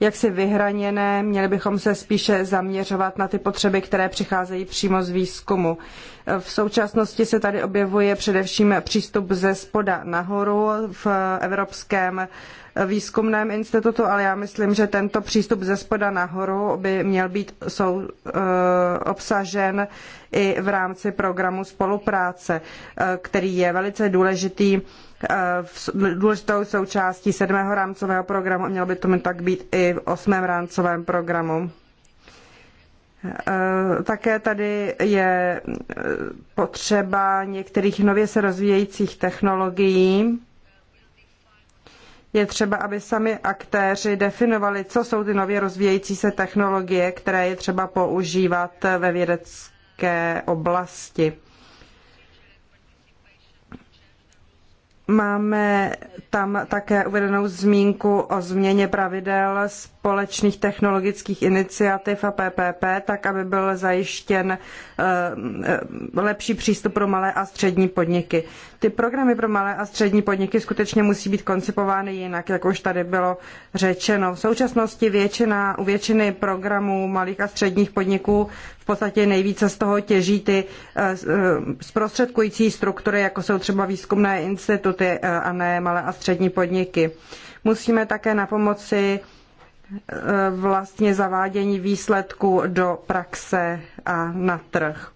A: jaksi vyhraněné, měli bychom se spíše zaměřovat na ty potřeby, které přicházejí přímo z výzkumu. V současnosti se tady objevuje především přístup ze spoda nahoru v evropském výzkumném institutu, ale já myslím, že tento přístup ze spoda nahoru by měl být sou, e, obsažen i v rámci programu spolupráce, e, který je velice důležitý e, důležitou součástí sedmého rámcového programu a mělo by tomu tak být i v osmém rámcovém programu. Také tady je potřeba některých nově se rozvíjejících technologií, je třeba, aby sami aktéři definovali, co jsou ty nově rozvíjející se technologie, které je třeba používat ve vědecké oblasti. Máme tam také uvedenou zmínku o změně pravidel společných technologických iniciativ a PPP, tak aby byl zajištěn eh, eh, lepší přístup pro malé a střední podniky ty programy pro malé a střední podniky skutečně musí být koncipovány jinak, jak už tady bylo řečeno. V současnosti většina, u většiny programů malých a středních podniků v podstatě nejvíce z toho těží ty eh, eh, zprostředkující struktury, jako jsou třeba výzkumné instituty eh, a ne malé a střední podniky. Musíme také na pomoci vlastně zavádění výsledků do praxe a na trh.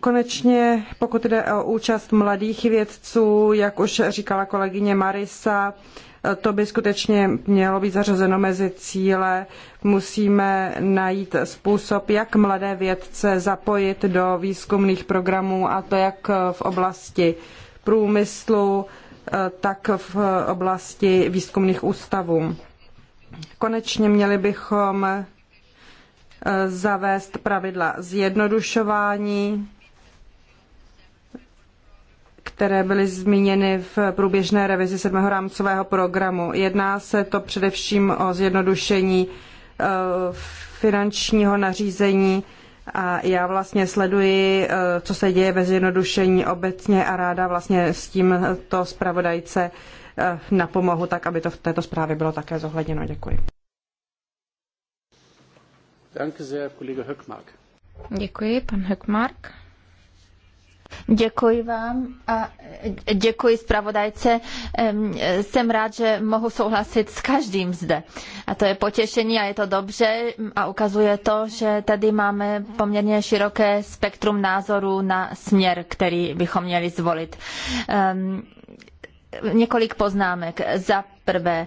A: Konečně, pokud jde o účast mladých vědců, jak už říkala kolegyně Marisa, to by skutečně mělo být zařazeno mezi cíle. Musíme najít způsob, jak mladé vědce zapojit do výzkumných programů, a to jak v oblasti průmyslu, tak v oblasti výzkumných ústavů. Konečně měli bychom Eh, zavést pravidla zjednodušování, které byly zmíněny v průběžné revizi sedmého rámcového programu. Jedná se to především o zjednodušení eh, finančního nařízení a já vlastně sleduji, eh, co se děje ve zjednodušení obecně a ráda vlastně s tím to zpravodajce napomohu, tak aby to v této zprávě bylo také zohledněno. Děkuji.
C: Děkuji, pan Höckmark. Děkuji vám a děkuji zpravodajce. Jsem rád, že mohu souhlasit s každým zde. A to je potěšení a je to dobře a ukazuje to, že tady máme poměrně široké spektrum názorů na směr, který bychom měli zvolit. Několik poznámek. Za prvé,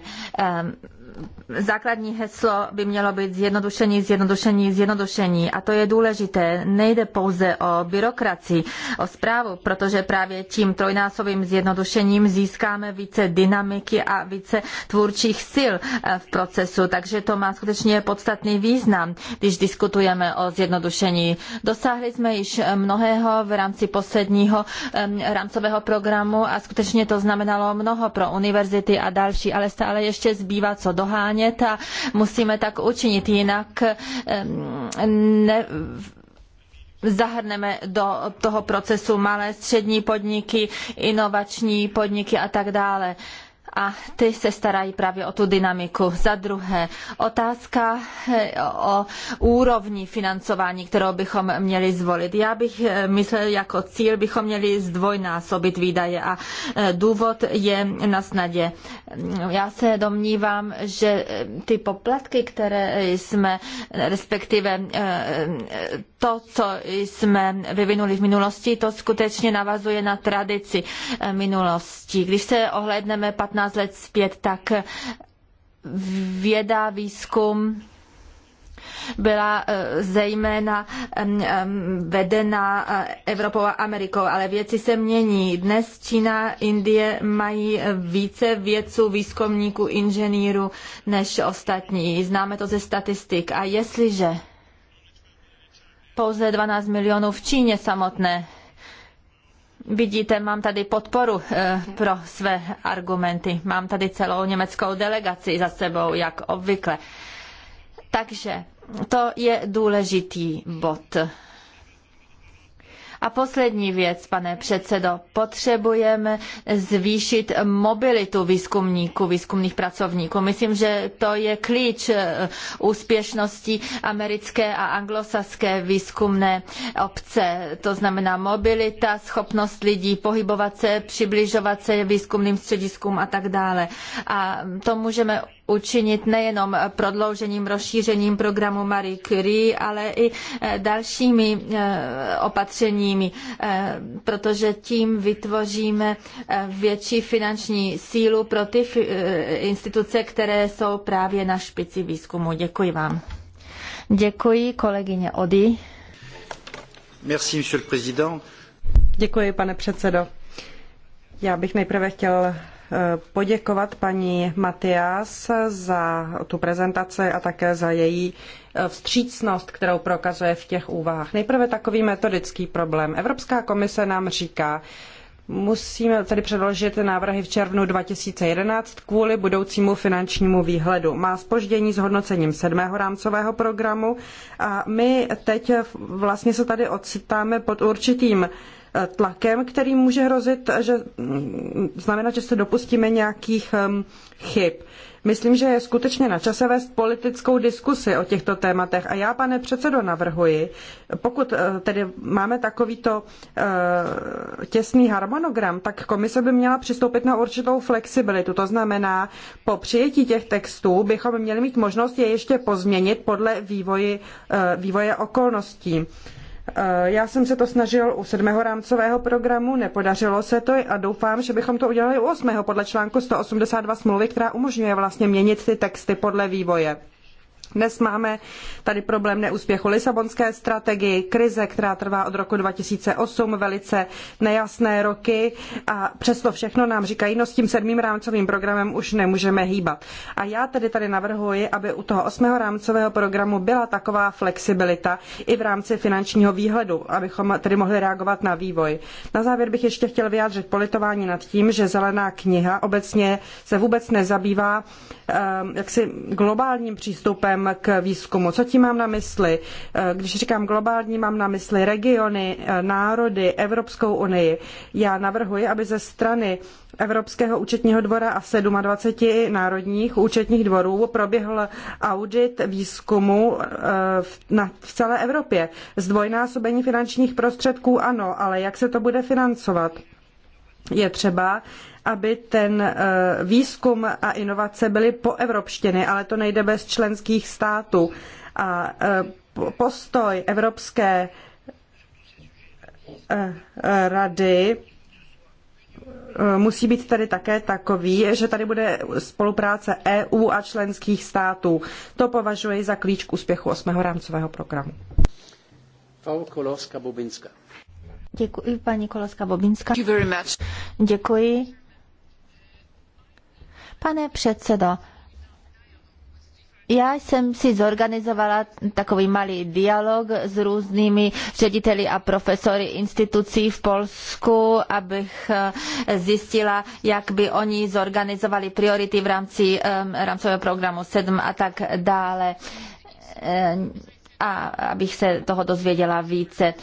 C: základní heslo by mělo být zjednodušení, zjednodušení, zjednodušení. A to je důležité. Nejde pouze o byrokracii, o zprávu, protože právě tím trojnásobným zjednodušením získáme více dynamiky a více tvůrčích sil eh, v procesu. Takže to má skutečně podstatný význam, když diskutujeme o zjednodušení. Dosáhli jsme již mnohého v rámci posledního rámcového programu a skutečně to znamenalo mnoho pro univerzity a další, ale stále ještě zbývá co do dohánět a musíme tak učinit, jinak ne, zahrneme do toho procesu malé, střední podniky, inovační podniky a tak dále a ty se starají právě o tu dynamiku. Za druhé, otázka eh, o úrovni financování, kterou bychom měli zvolit. Já bych eh, myslel, jako cíl bychom měli zdvojnásobit výdaje a eh, důvod je na snadě. Já se domnívám, že ty poplatky, které jsme, respektive to, co jsme vyvinuli v minulosti, to skutečně navazuje na tradici minulosti. Když se ohlédneme 15 15 let zpět, tak věda, výzkum byla eh, zejména vedena eh, Evropou a Amerikou, ale věci se mění. Dnes Čína, Indie mají eh, více vědců, výzkumníků, inženýrů než ostatní. Známe to ze statistik. A jestliže pouze 12 milionů v Číně samotné Vidíte, mám tady podporu eh, pro své argumenty. Mám tady celou německou delegaci za sebou, jak obvykle. Takže to je důležitý bod. A poslední věc, pane předsedo, potřebujeme zvýšit mobilitu výzkumníků, výzkumných pracovníků. Myslím, že to je klíč eh, úspěšnosti americké a anglosaské výzkumné obce. To znamená mobilita, schopnost lidí pohybovat se, přibližovat se výzkumným střediskům a tak dále. A to můžeme učinit nejenom prodloužením, rozšířením programu Marie Curie, ale i eh, dalšími eh, opatřeními, eh, protože tím vytvoříme větší finanční sílu pro ty instituce, které jsou právě na špici výzkumu. Děkuji vám. Děkuji kolegyně Odi. Merci, monsieur le
A: président. Děkuji, pane předsedo. Já bych nejprve chtěl poděkovat paní Matias za tu prezentaci a také za její eh, vstřícnost, kterou prokazuje v těch úvahách. Nejprve takový metodický problém. Evropská komise nám říká, musíme tedy předložit návrhy v červnu 2011 kvůli budoucímu finančnímu výhledu. Má spoždění s hodnocením sedmého rámcového programu a my teď vlastně se tady ocitáme pod určitým tlakem, který může hrozit, že znamená, že se dopustíme nějakých chyb. Myslím, že je skutečně na čase vést politickou diskusi o těchto tématech. A já, pane předsedo, navrhuji, pokud eh, tedy máme takovýto eh, těsný harmonogram, tak komise by měla přistoupit na určitou flexibilitu. To znamená, po přijetí těch textů bychom měli mít možnost je ještě pozměnit podle vývoji, eh, vývoje okolností. Eh, já jsem se to snažil u sedmého rámcového programu, nepodařilo se to a doufám, že bychom to udělali u osmého podle článku 182 smlouvy, která umožňuje vlastně měnit ty texty podle vývoje. Dnes máme tady problém neúspěchu Lisabonské strategii, krize, která trvá od roku 2008, velice nejasné roky a přesto všechno nám říkají, no s tím sedmým rámcovým programem už nemůžeme hýbat. A já tedy tady navrhuji, aby u toho osmého rámcového programu byla taková flexibilita i v rámci finančního výhledu, abychom tedy mohli reagovat na vývoj. Na závěr bych ještě chtěl vyjádřit politování nad tím, že zelená kniha obecně se vůbec nezabývá um, jaksi globálním přístupem přístupem k výzkumu. Co tím mám na mysli? Eh, když říkám globální, mám na mysli regiony, eh, národy, Evropskou unii. Já navrhuji, aby ze strany Evropského účetního dvora a 27 národních účetních dvorů proběhl audit výzkumu eh, v celé Evropě. Zdvojnásobení finančních prostředků ano, ale jak se to bude financovat? je třeba, aby ten eh, výzkum a inovace byly poevropštěny, ale to nejde bez členských států. A eh, postoj Evropské eh, rady musí být tady také takový, že tady bude spolupráce EU a členských států. To považuji za klíč k
C: úspěchu osmého rámcového programu.
A: Paul Kolovska-Bobinská.
C: Děkuji, paní Koloska Bobinská. Děkuji. Pane předsedo, já jsem si zorganizovala takový malý dialog s různými řediteli a profesory institucí v Polsku, abych eh, zjistila, jak by oni zorganizovali priority v rámci eh, rámcového programu 7 a tak dále eh, a abych se toho dozvěděla více. E,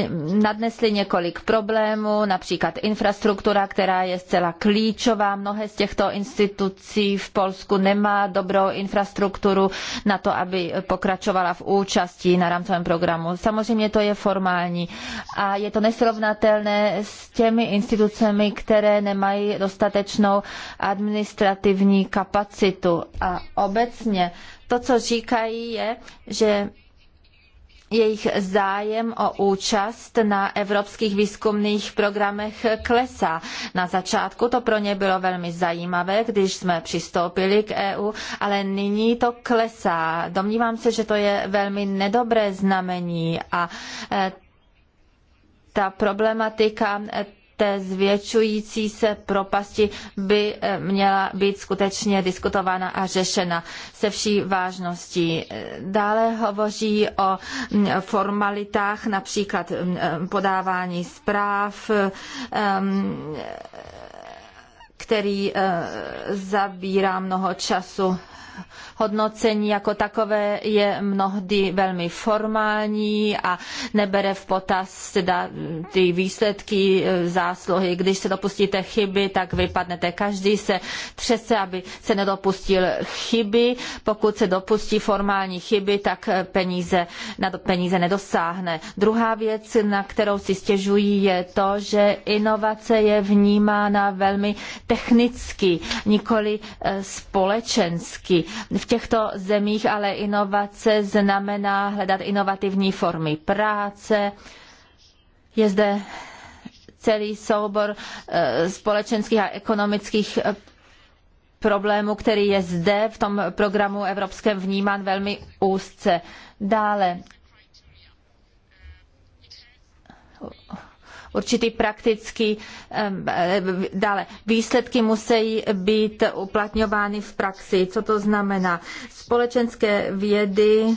C: e, nadnesli několik problémů, například infrastruktura, která je zcela klíčová. Mnohé z těchto institucí v Polsku nemá dobrou infrastrukturu na to, aby pokračovala v účasti na rámcovém programu. Samozřejmě to je formální a je to nesrovnatelné s těmi institucemi, které nemají dostatečnou administrativní kapacitu. A obecně to, co říkají, je, že jejich zájem o účast na evropských výzkumných programech klesá. Na začátku to pro ně bylo velmi zajímavé, když jsme přistoupili k EU, ale nyní to klesá. Domnívám se, že to je velmi nedobré znamení a e, ta problematika té zvětšující se propasti by eh, měla být skutečně diskutována a řešena se vší vážností. Eh, dále hovoří o mm, formalitách, například mm, eh, podávání zpráv, ehm, který zabírá mnoho času hodnocení jako takové je mnohdy velmi formální a nebere v potaz teda ty výsledky, e, zásluhy. Když se dopustíte chyby, tak vypadnete. Každý se třese, aby se nedopustil chyby. Pokud se dopustí formální chyby, tak e, peníze, na peníze nedosáhne. Druhá věc, na kterou si stěžují, je to, že inovace je vnímána velmi technicky, nikoli e, společensky. V těchto zemích ale inovace znamená hledat inovativní formy práce. Je zde celý soubor eh, společenských a ekonomických eh, problémů, který je zde v tom programu evropském vnímán velmi úzce. Dále určitý praktický, dále výsledky musí být uplatňovány v praxi. Co to znamená? Společenské vědy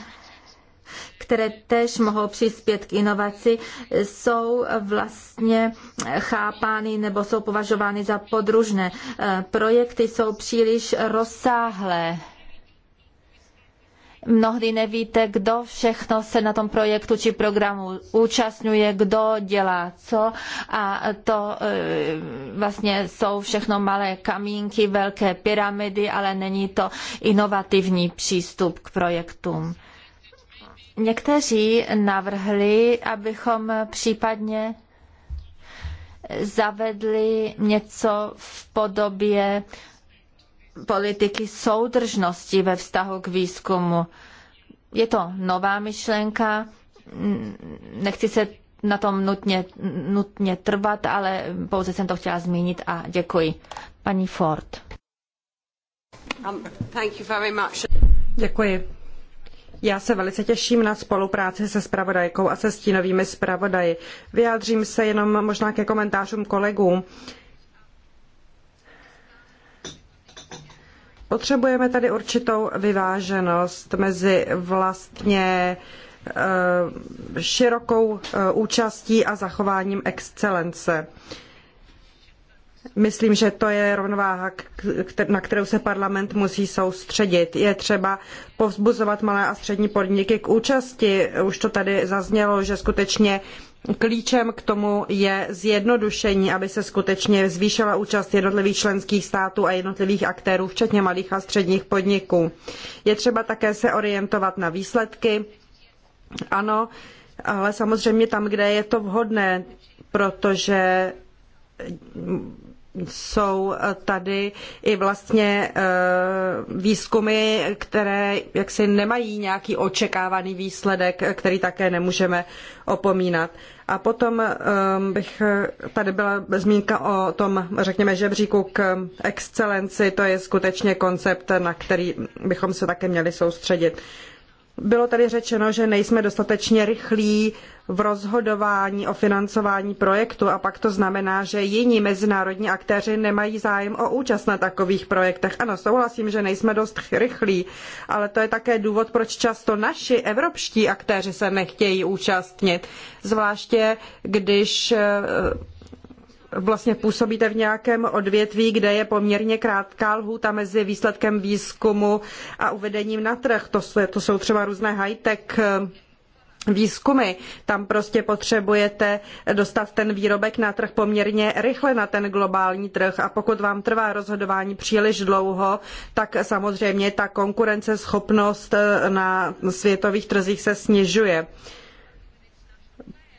C: které též mohou přispět k inovaci, jsou vlastně chápány nebo jsou považovány za podružné. Projekty jsou příliš rozsáhlé Mnohdy nevíte, kdo všechno se na tom projektu či programu účastňuje, kdo dělá co a to e, vlastně jsou všechno malé kamínky, velké pyramidy, ale není to inovativní přístup k projektům. Někteří navrhli, abychom případně zavedli něco v podobě politiky soudržnosti ve vztahu k výzkumu. Je to nová myšlenka, nechci se na tom nutně, nutně trvat, ale pouze jsem to chtěla zmínit a děkuji. Paní Ford.
A: Um, thank you very much. Děkuji. Já se velice těším na spolupráci se spravodajkou a se stínovými zpravodaji. Vyjádřím se jenom možná ke komentářům kolegů. Potřebujeme tady určitou vyváženost mezi vlastně eh, širokou eh, účastí a zachováním excelence. Myslím, že to je rovnováha, na kterou se parlament musí soustředit. Je třeba povzbuzovat malé a střední podniky k účasti. Už to tady zaznělo, že skutečně Klíčem k tomu je zjednodušení, aby se skutečně zvýšila účast jednotlivých členských států a jednotlivých aktérů, včetně malých a středních podniků. Je třeba také se orientovat na výsledky. Ano, ale samozřejmě tam, kde je to vhodné, protože jsou tady i vlastně eh, výzkumy, které jaksi nemají nějaký očekávaný výsledek, který také nemůžeme opomínat. A potom ehm, bych eh, tady byla zmínka o tom, řekněme, žebříku k excelenci. To je skutečně koncept, na který bychom se také měli soustředit. Bylo tady řečeno, že nejsme dostatečně rychlí v rozhodování o financování projektu a pak to znamená, že jiní mezinárodní aktéři nemají zájem o účast na takových projektech. Ano, souhlasím, že nejsme dost rychlí, ale to je také důvod, proč často naši evropští aktéři se nechtějí účastnit. Zvláště když eh, vlastně působíte v nějakém odvětví, kde je poměrně krátká lhůta mezi výsledkem výzkumu a uvedením na trh. To, jsou třeba různé high-tech eh, výzkumy. Tam prostě potřebujete dostat ten výrobek na trh poměrně rychle na ten globální trh a pokud vám trvá rozhodování příliš dlouho, tak samozřejmě ta konkurenceschopnost na světových trzích se snižuje.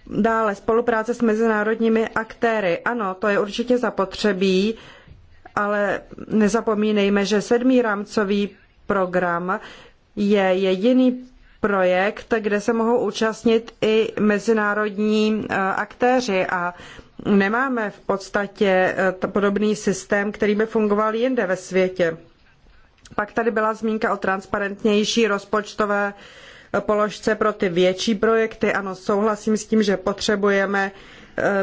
A: Dále spolupráce s mezinárodními aktéry. Ano, to je určitě zapotřebí, ale nezapomínejme, že sedmý rámcový program je jediný projekt, kde se mohou účastnit i mezinárodní eh, aktéři a nemáme v podstatě eh, podobný systém, který by fungoval jinde ve světě. Pak tady byla zmínka o transparentnější rozpočtové eh, položce pro ty větší projekty. Ano, souhlasím s tím, že potřebujeme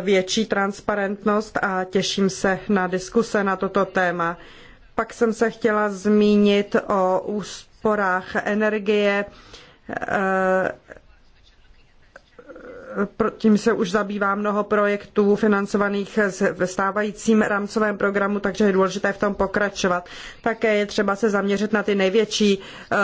A: větší transparentnost a těším se na diskuse na toto téma. Pak jsem se chtěla zmínit o úsporách energie uh, tím se už zabývá mnoho projektů financovaných ve stávajícím rámcovém programu, takže je důležité v tom pokračovat. Také je třeba se zaměřit na ty největší eh,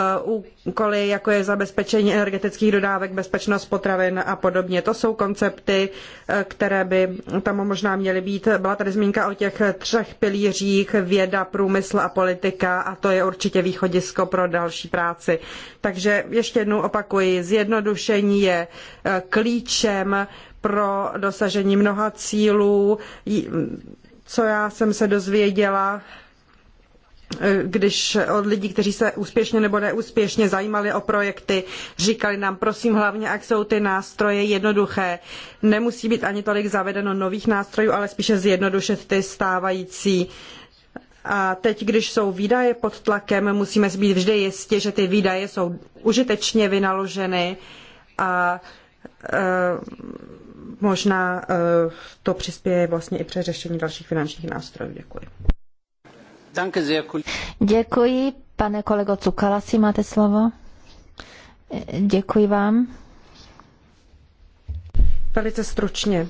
A: úkoly, jako je zabezpečení energetických dodávek, bezpečnost potravin a podobně. To jsou koncepty, eh, které by tam možná měly být. Byla tady zmínka o těch třech pilířích věda, průmysl a politika a to je určitě východisko pro další práci. Takže ještě jednou opakuji, zjednodušení je eh, klíč klíčem pro dosažení mnoha cílů. Co já jsem se dozvěděla, když od lidí, kteří se úspěšně nebo neúspěšně zajímali o projekty, říkali nám, prosím hlavně, jak jsou ty nástroje jednoduché. Nemusí být ani tolik zavedeno nových nástrojů, ale spíše zjednodušit ty stávající. A teď, když jsou výdaje pod tlakem, musíme si být vždy jisti, že ty výdaje jsou užitečně vynaloženy a Eh, možná eh,
C: to přispěje vlastně i při řešení dalších finančních nástrojů. Děkuji. Děkuji, pane kolego Cukalasi, máte slovo. Eh, děkuji vám. Velice stručně.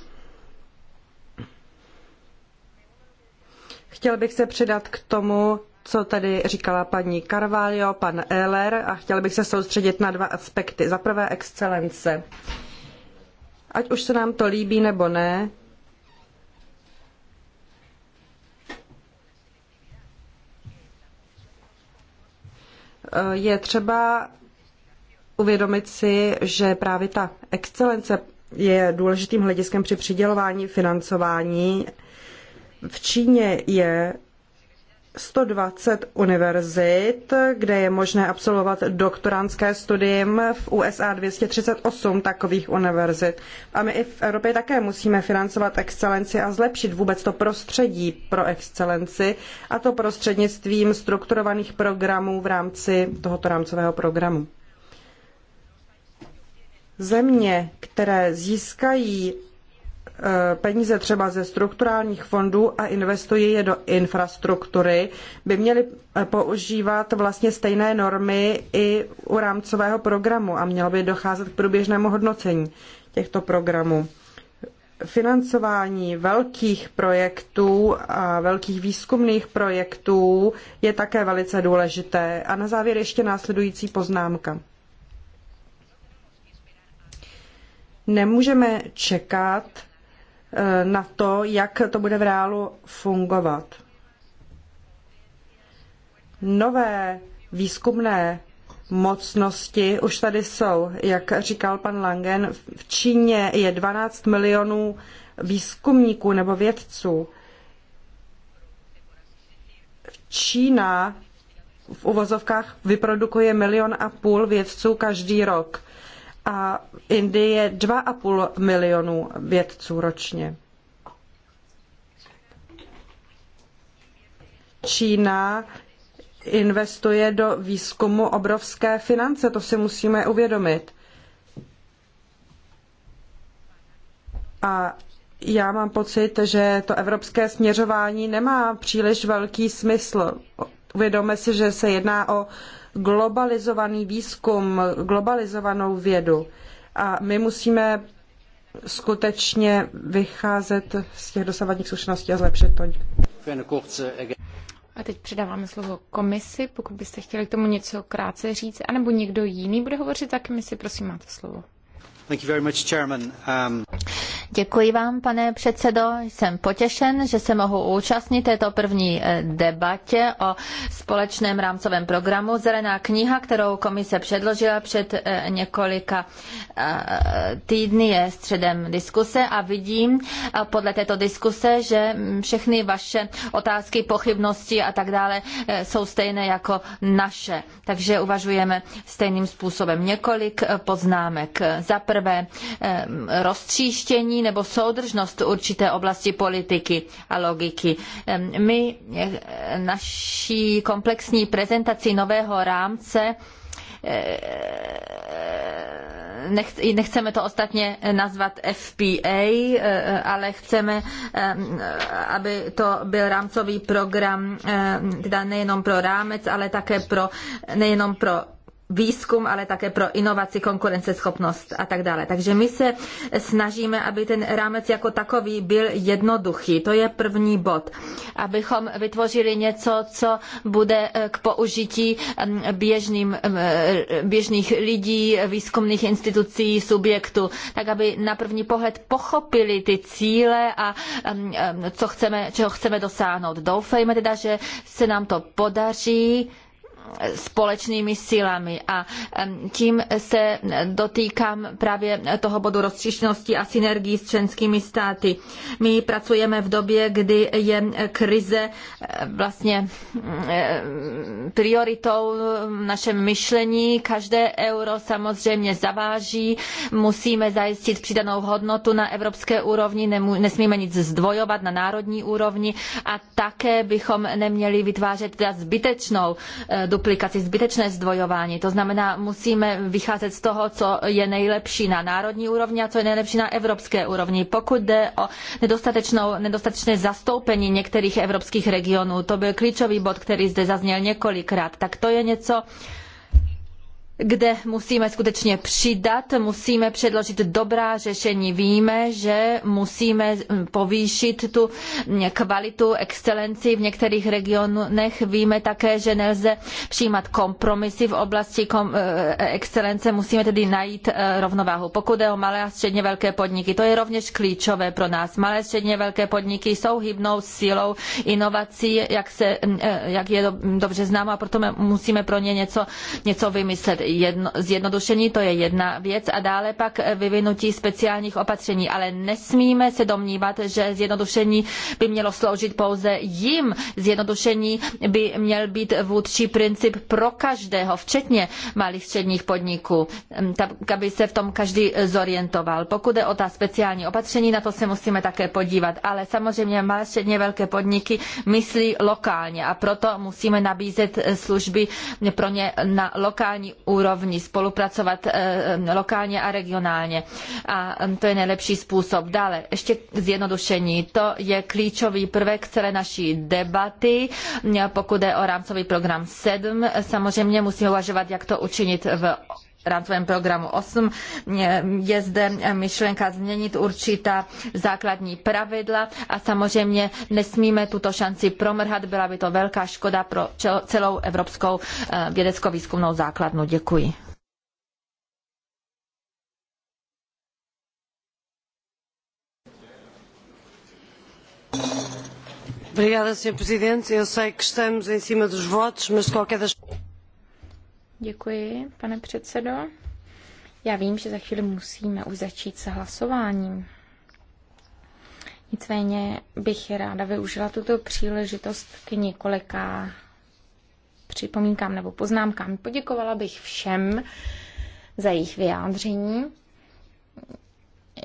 A: Chtěl bych se přidat k tomu, co tady říkala paní Carvalho, pan Ehler a chtěl bych se soustředit na dva aspekty. Za prvé excelence ať už se nám to líbí nebo ne, eh, je třeba uvědomit si, že právě ta excelence je důležitým hlediskem při přidělování financování. V Číně je 120 univerzit, kde je možné absolvovat doktorantské studium, v USA 238 takových univerzit. A my i v Evropě také musíme financovat excelenci a zlepšit vůbec to prostředí pro excelenci, a to prostřednictvím strukturovaných programů v rámci tohoto rámcového programu. Země, které získají Eh, peníze třeba ze strukturálních fondů a investují je do infrastruktury, by měly eh, používat vlastně stejné normy i u rámcového programu a mělo by docházet k průběžnému hodnocení těchto programů. Financování velkých projektů a velkých výzkumných projektů je také velice důležité. A na závěr ještě následující poznámka. nemůžeme čekat, Eh, na to, jak to bude v reálu fungovat. Nové výzkumné mocnosti už tady jsou. Jak říkal pan Langen, v Číně je 12 milionů výzkumníků nebo vědců. Čína v uvozovkách vyprodukuje milion a půl vědců každý rok a Indie 2,5 milionů vědců ročně. Čína investuje do výzkumu obrovské finance, to si musíme uvědomit. A já mám pocit, že to evropské směřování nemá příliš velký smysl. Uvědomme si, že se jedná o globalizovaný výzkum, globalizovanou vědu. A my musíme skutečně vycházet
B: z těch dosavadních zkušeností a zlepšit to. A teď předáváme slovo komisi, pokud byste chtěli k tomu něco krátce říct, anebo někdo jiný bude hovořit, tak komisi, prosím, máte slovo.
C: Thank you very much, chairman. Um... Děkuji vám, pane předsedo. Jsem potěšen, že se mohu účastnit této první eh, debatě o společném rámcovém programu. Zelená kniha, kterou komise předložila před eh, několika eh, týdny, je středem diskuse a vidím podle této diskuse, že mm, všechny vaše otázky, pochybnosti a tak dále jsou stejné jako naše. Takže uvažujeme stejným způsobem. Několik poznámek. Za prvé roztříštění nebo soudržnost určité oblasti politiky a logiky. My eh, naší komplexní prezentací nového rámce eh, nechceme to ostatně nazvat FPA, eh, ale chceme, aby to byl rámcový program, teda nejenom pro rámec, ale také pro, nejenom pro výzkum, ale také pro inovaci, konkurenceschopnost a tak dále. Takže my se snažíme, aby ten rámec jako takový byl jednoduchý. To je první bod. Abychom vytvořili něco, co bude eh, k použití mm, běžným, mm, eh, běžných lidí, výzkumných institucí, subjektů, tak aby na první pohled pochopili ty cíle a mm, co chceme, čeho chceme dosáhnout. Doufejme teda, že se nám to podaří společnými silami. A tím se dotýkám právě toho bodu rozstříšnosti a synergii s členskými státy. My pracujeme v době, kdy je krize eh, vlastně mm, eh, prioritou v našem myšlení. Každé euro samozřejmě zaváží. Musíme zajistit přidanou hodnotu na evropské úrovni, nesmíme nic zdvojovat na národní úrovni a také bychom neměli vytvářet zbytečnou eh, duplicitní duplikaci, zbytečné zdvojování. To znamená, musíme vycházet z toho, co je nejlepší na národní úrovni a co je nejlepší na evropské úrovni. Pokud jde o nedostatečné zastoupení některých evropských regionů, to byl klíčový bod, který zde zazněl několikrát, tak to je něco, kde musíme skutečně přidat, musíme předložit dobrá řešení. Víme, že musíme hm, povýšit tu hm, kvalitu, excelenci v některých regionech. Víme také, že nelze přijímat kompromisy v oblasti eh, excelence. Musíme tedy najít eh, rovnováhu. Pokud je o malé a středně velké podniky, to je rovněž klíčové pro nás. Malé a středně velké podniky jsou hybnou sílou inovací, jak, se, hm, eh, jak je dobře známo, a proto musíme pro ně něco, něco vymyslet jedno, zjednodušení, to je jedna věc, a dále pak vyvinutí speciálních opatření. Ale nesmíme se domnívat, že zjednodušení by mělo sloužit pouze jim. Zjednodušení by měl být vůdčí princip pro každého, včetně malých středních podniků, tak aby se v tom každý zorientoval. Pokud je o ta speciální opatření, na to se musíme také podívat. Ale samozřejmě malé středně velké podniky myslí lokálně a proto musíme nabízet služby pro ně na lokální úrovni úrovni, spolupracovat eh, lokálně a regionálně. A mm, to je nejlepší způsob. Dále, ještě zjednodušení. To je klíčový prvek celé naší debaty. Mm, pokud je o rámcový program 7, samozřejmě musíme uvažovat, jak to učinit v rámcovém programu 8 je zde myšlenka změnit určitá základní pravidla a samozřejmě nesmíme tuto šanci promrhat, byla by to velká škoda pro celou evropskou eh, vědecko-výzkumnou základnu. Děkuji.
A: Obrigada, Sr. Presidente. Eu sei que estamos em cima
B: dos votos,
A: mas de qualquer das...
B: Děkuji, pane předsedo. Já vím, že za chvíli musíme už začít se hlasováním. Nicméně bych ráda využila tuto příležitost k několika připomínkám nebo poznámkám. Poděkovala bych všem za jejich vyjádření.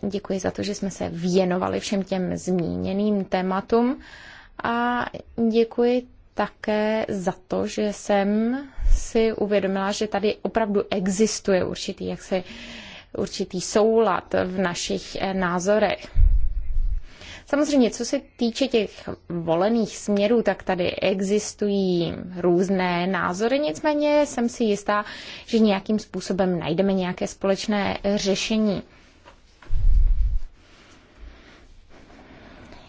B: Děkuji za to, že jsme se věnovali všem těm zmíněným tématům a děkuji také za to, že jsem si uvědomila, že tady opravdu existuje určitý, jaksi, určitý soulad v našich eh, názorech. Samozřejmě, co se týče těch volených směrů, tak tady existují různé názory, nicméně jsem si jistá, že nějakým způsobem najdeme nějaké společné řešení.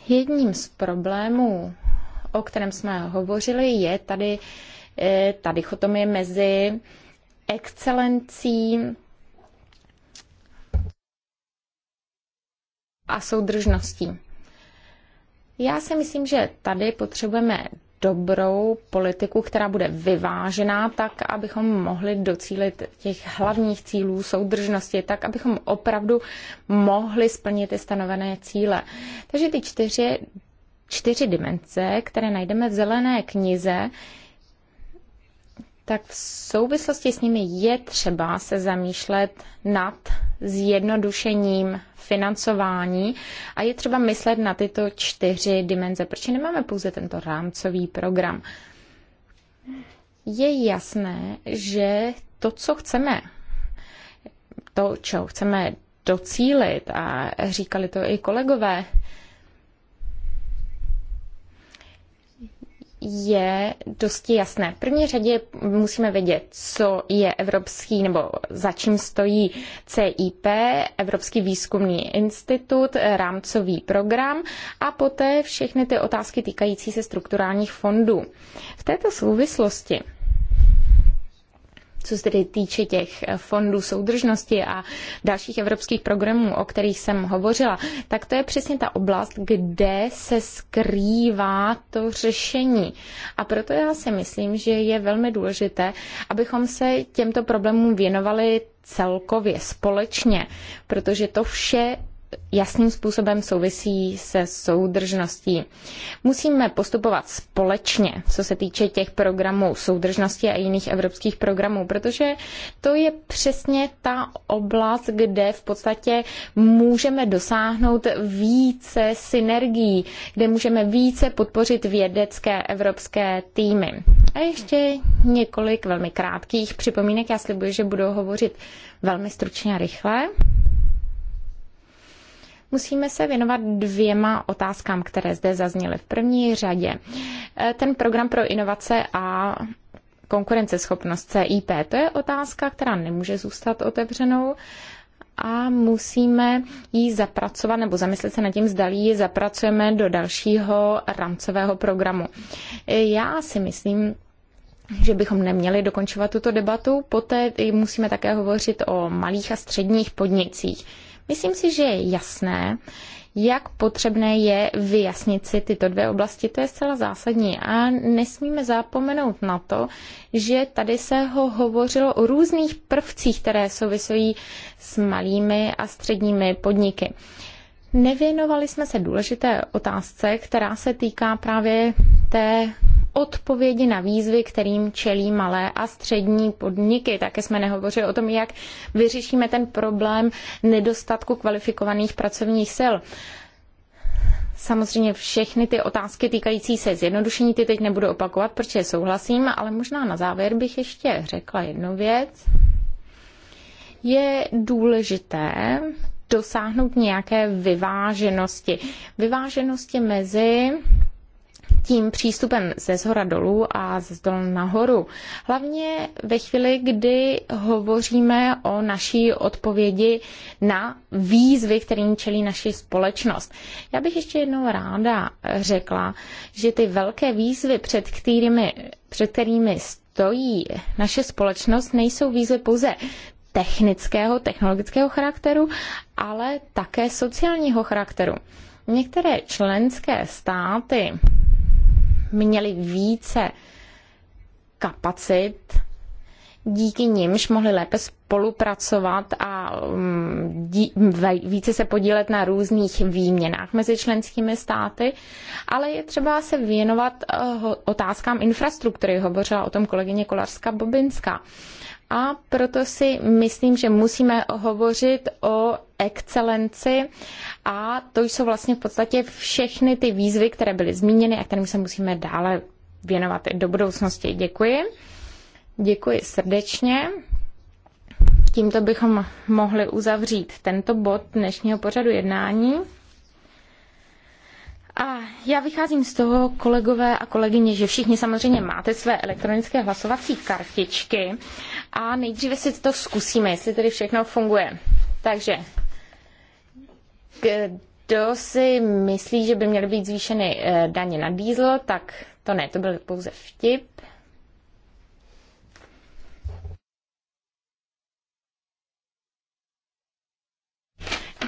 B: Jedním z problémů o kterém jsme hovořili, je tady e, ta dichotomie mezi excelencí a soudržností. Já si myslím, že tady potřebujeme dobrou politiku, která bude vyvážená, tak abychom mohli docílit těch hlavních cílů soudržnosti, tak abychom opravdu mohli splnit ty stanovené cíle. Takže ty čtyři čtyři dimenze, které najdeme v zelené knize, tak v souvislosti s nimi je třeba se zamýšlet nad zjednodušením financování a je třeba myslet na tyto čtyři dimenze, proč nemáme pouze tento rámcový program. Je jasné, že to, co chceme, to, čeho chceme docílit, a říkali to i kolegové, je dosti jasné. V první řadě musíme vědět, co je evropský nebo za čím stojí CIP, Evropský výzkumný institut, rámcový program a poté všechny ty otázky týkající se strukturálních fondů. V této souvislosti co se tedy týče těch eh, fondů soudržnosti a dalších evropských programů, o kterých jsem hovořila, tak to je přesně ta oblast, kde se skrývá to řešení. A proto já si myslím, že je velmi důležité, abychom se těmto problémům věnovali celkově, společně, protože to vše jasným způsobem souvisí se soudržností. Musíme postupovat společně, co se týče těch programů soudržnosti a jiných evropských programů, protože to je přesně ta oblast, kde v podstatě můžeme dosáhnout více synergií, kde můžeme více podpořit vědecké evropské týmy. A ještě několik velmi krátkých připomínek. Já slibuji, že budu hovořit velmi stručně a rychle musíme se věnovat dvěma otázkám, které zde zazněly. V první řadě e, ten program pro inovace a konkurenceschopnost CIP, to je otázka, která nemůže zůstat otevřenou a musíme ji zapracovat nebo zamyslet se nad tím, zdali ji zapracujeme do dalšího rámcového programu. E, já si myslím, že bychom neměli dokončovat tuto debatu. Poté musíme také hovořit o malých a středních podnicích. Myslím si, že je jasné, jak potřebné je vyjasnit si tyto dvě oblasti, to je zcela zásadní. A nesmíme zapomenout na to, že tady se ho hovořilo o různých prvcích, které souvisují s malými a středními podniky. Nevěnovali jsme se důležité otázce, která se týká právě té odpovědi na výzvy, kterým čelí malé a střední podniky. Také jsme nehovořili o tom, jak vyřešíme ten problém nedostatku kvalifikovaných pracovních sil. Samozřejmě všechny ty otázky týkající se zjednodušení ty teď nebudu opakovat, protože souhlasím, ale možná na závěr bych ještě řekla jednu věc. Je důležité dosáhnout nějaké vyváženosti. Vyváženosti mezi tím přístupem ze zhora dolů a ze dol nahoru. Hlavně ve chvíli, kdy hovoříme o naší odpovědi na výzvy, kterým čelí naši společnost. Já bych ještě jednou ráda řekla, že ty velké výzvy, před kterými, před kterými stojí naše společnost, nejsou výzvy pouze technického, technologického charakteru, ale také sociálního charakteru. Některé členské státy měli více kapacit, díky nimž mohli lépe spolupracovat a mm, dí, více se podílet na různých výměnách mezi členskými státy, ale je třeba se věnovat eh, otázkám infrastruktury. Hovořila o tom kolegyně Kolarska Bobinská a proto si myslím, že musíme hovořit o excelenci a to jsou vlastně v podstatě všechny ty výzvy, které byly zmíněny a kterým se musíme dále věnovat do budoucnosti. Děkuji. Děkuji srdečně. Tímto bychom mohli uzavřít tento bod dnešního pořadu jednání. A já vycházím z toho, kolegové a kolegyně, že všichni samozřejmě máte své elektronické hlasovací kartičky a nejdříve si to zkusíme, jestli tedy všechno funguje. Takže kdo si myslí, že by měly být zvýšeny eh, daně na diesel, tak to ne, to byl pouze vtip.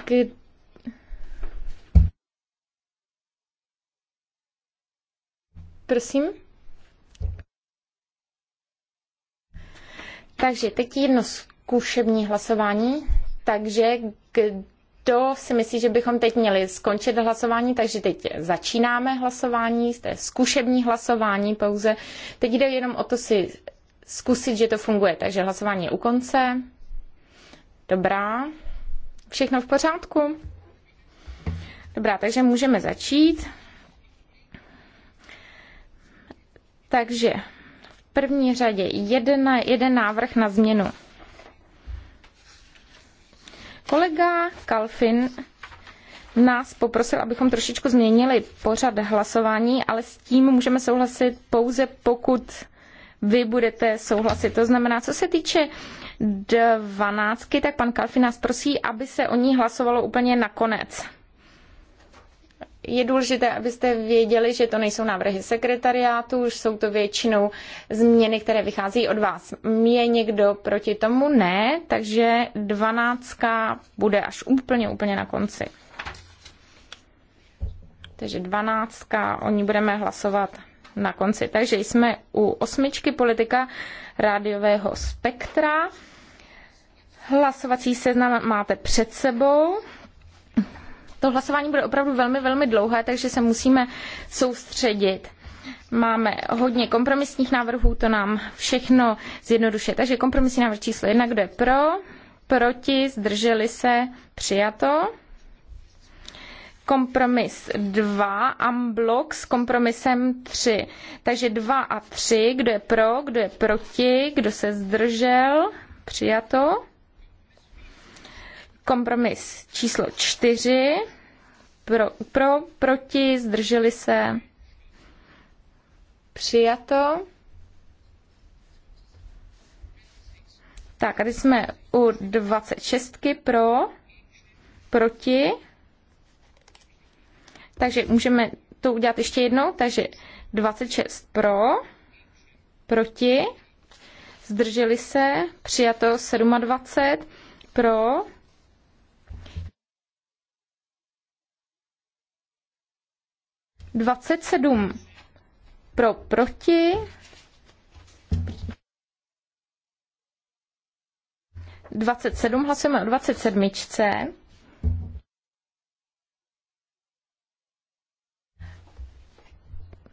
B: Kdo prosím. Takže teď jedno zkušební hlasování. Takže kdo si myslí, že bychom teď měli skončit hlasování, takže teď začínáme hlasování, to je zkušební hlasování pouze. Teď jde jenom o to si zkusit, že to funguje. Takže hlasování je u konce. Dobrá. Všechno v pořádku? Dobrá, takže můžeme začít. Takže v první řadě jeden, jeden návrh na změnu. Kolega Kalfin nás poprosil, abychom trošičku změnili pořad hlasování, ale s tím můžeme souhlasit pouze pokud vy budete souhlasit. To znamená, co se týče dvanáctky, tak pan Kalfin nás prosí, aby se o ní hlasovalo úplně nakonec je důležité, abyste věděli, že to nejsou návrhy sekretariátu, už jsou to většinou změny, které vychází od vás. Je někdo proti tomu? Ne, takže dvanáctka bude až úplně, úplně na konci. Takže dvanáctka, o ní budeme hlasovat na konci. Takže jsme u osmičky politika rádiového spektra. Hlasovací seznam máte před sebou to hlasování bude opravdu velmi, velmi dlouhé, takže se musíme soustředit. Máme hodně kompromisních návrhů, to nám všechno zjednodušuje. Takže kompromisní návrh číslo jedna, kdo je pro, proti, zdrželi se, přijato. Kompromis 2, amblok s kompromisem 3. Takže 2 a 3, kdo je pro, kdo je proti, kdo se zdržel, přijato. Kompromis číslo čtyři. Pro, pro proti, zdrželi se. Přijato. Tak, a teď jsme u 26 pro, proti. Takže můžeme to udělat ještě jednou. Takže 26 pro, proti, zdrželi se, přijato 27 pro, 27 pro proti. 27, hlasujeme o 27.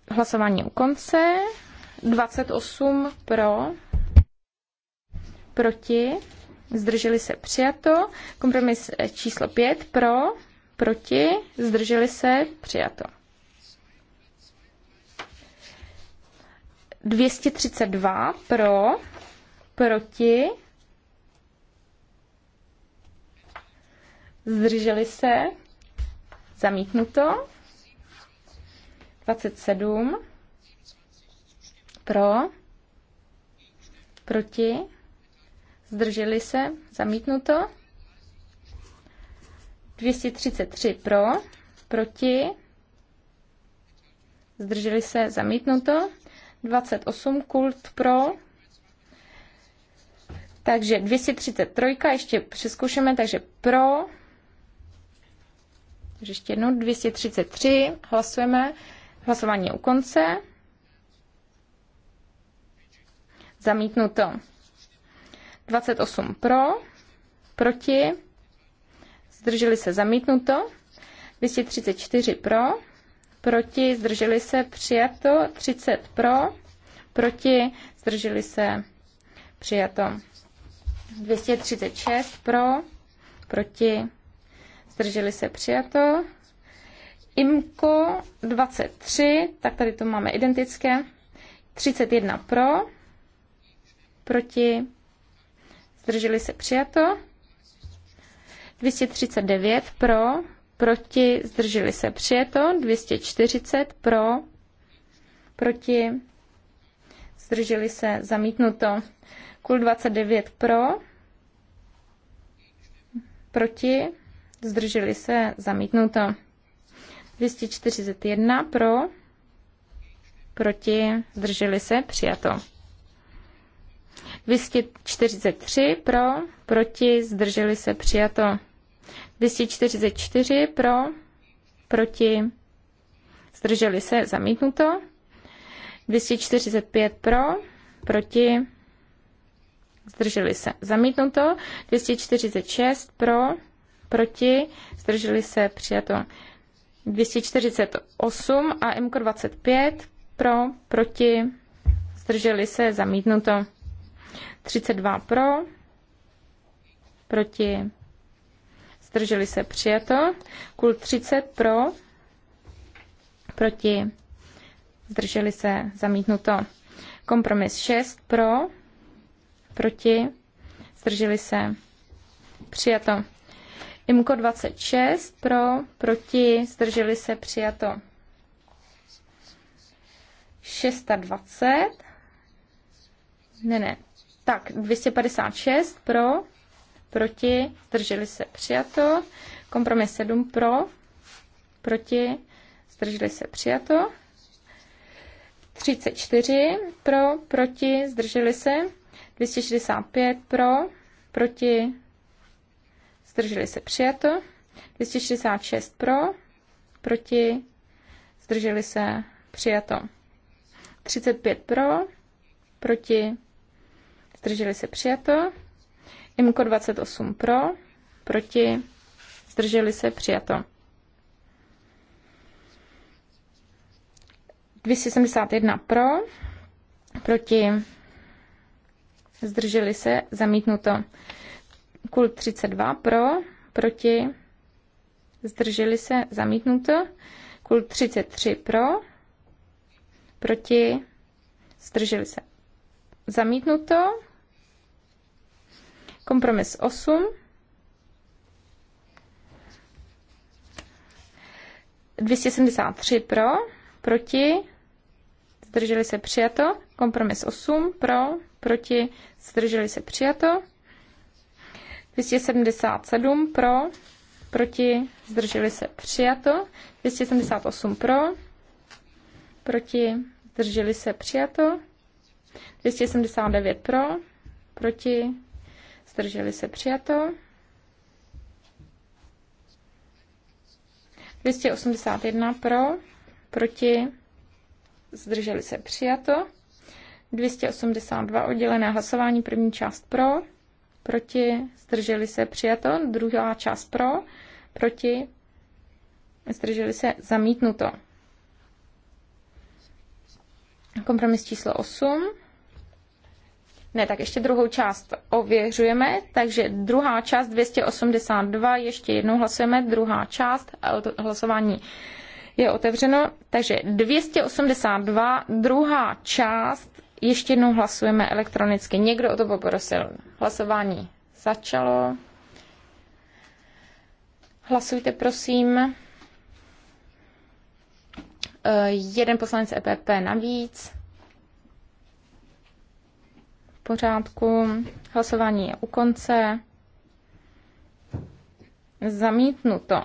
B: Hlasování u konce. 28 pro, proti, zdrželi se přijato. Kompromis číslo 5 pro, proti, zdrželi se přijato. 232 pro, proti, zdrželi se, zamítnuto, 27 pro, proti, zdrželi se, zamítnuto, 233 pro, proti, zdrželi se, zamítnuto, 28 kult pro. Takže 233 ještě přeskoušeme, takže pro. Takže ještě jednou 233 hlasujeme. Hlasování je u konce. Zamítnuto. 28 pro, proti, zdrželi se zamítnuto, 234 pro, proti, zdrželi se, přijato, 30 pro, proti, zdrželi se, přijato. 236 pro, proti, zdrželi se, přijato. IMKO 23, tak tady to máme identické, 31 pro, proti, zdrželi se, přijato. 239 pro, proti, zdrželi se přijeto, 240 pro, proti, zdrželi se zamítnuto, kul 29 pro, proti, zdrželi se zamítnuto, 241 pro, proti, zdrželi se přijato. 243 pro, proti, zdrželi se přijato. 244 pro, proti, zdrželi se, zamítnuto. 245 pro, proti, zdrželi se, zamítnuto. 246 pro, proti, zdrželi se, přijato. 248 a MK 25 pro, proti, zdrželi se, zamítnuto. 32 pro, proti, zdrželi se přijato. Kult 30 pro, proti, zdrželi se zamítnuto. Kompromis 6 pro, proti, zdrželi se přijato. Imko 26 pro, proti, zdrželi se přijato. 620. Ne, ne. Tak, 256 pro, proti, zdrželi se přijato. Kompromis 7 pro, proti, zdrželi se přijato. 34 pro, proti, zdrželi se. 265 pro, proti, zdrželi se přijato. 266 pro, proti, zdrželi se přijato. 35 pro, proti, zdrželi se přijato. Imko 28 pro, proti, zdrželi se, přijato. 271 pro, proti, zdrželi se, zamítnuto. KUL 32 pro, proti, zdrželi se, zamítnuto. KUL 33 pro, proti, zdrželi se, zamítnuto. Kompromis 8. tři pro, proti, zdrželi se přijato. Kompromis 8 pro, proti, zdrželi se přijato. 277 pro, proti, zdrželi se přijato. 278 pro, proti, zdrželi se přijato. 279 pro, proti, zdrželi se přijato. 281 pro, proti, zdrželi se přijato. 282 oddělené hlasování, první část pro, proti, zdrželi se přijato, druhá část pro, proti, zdrželi se zamítnuto. Kompromis číslo 8. Ne, tak ještě druhou část ověřujeme, takže druhá část 282, ještě jednou hlasujeme, druhá část hlasování je otevřeno, takže 282, druhá část, ještě jednou hlasujeme elektronicky. Někdo o to poprosil. Hlasování začalo. Hlasujte, prosím. Eh, jeden poslanec EPP navíc pořádku. Hlasování je u konce. Zamítnuto.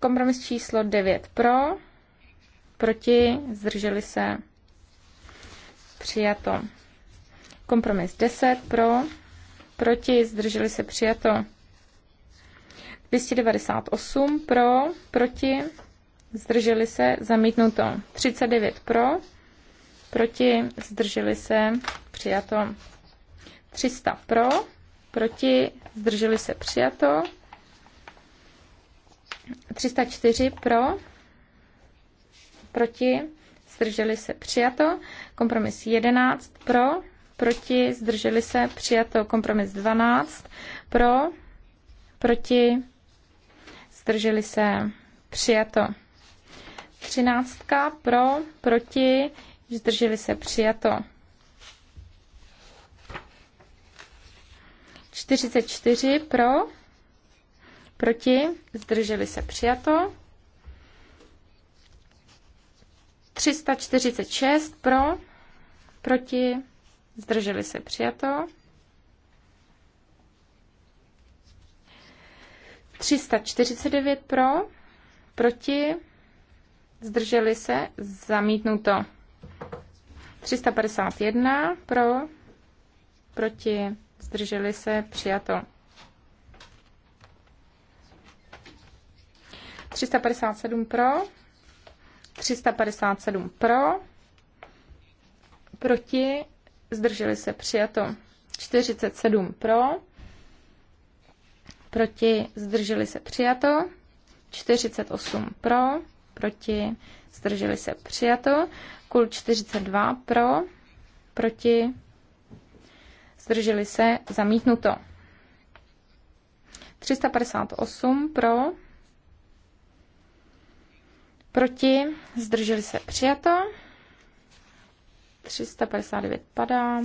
B: Kompromis číslo 9 pro, proti, zdrželi se, přijato. Kompromis 10 pro, proti, zdrželi se, přijato. 298 pro, proti, zdrželi se, zamítnuto. 39 pro, proti, zdrželi se, přijato 300 pro, proti, zdrželi se, přijato 304 pro, proti, zdrželi se, přijato kompromis 11 pro, proti, zdrželi se, přijato kompromis 12 pro, proti, zdrželi se, přijato. Třináctka pro, proti, zdrželi se přijato. 44 pro, proti, zdrželi se přijato. 346 pro, proti, zdrželi se přijato. 349 pro, proti, zdrželi se, zamítnuto. 351 pro, proti, zdrželi se, přijato. 357 pro, 357 pro, proti, zdrželi se, přijato. 47 pro, proti, zdrželi se, přijato. 48 pro, proti, zdrželi se přijato. kul 42 pro, proti, zdrželi se zamítnuto. 358 pro, proti, zdrželi se přijato. 359 padá.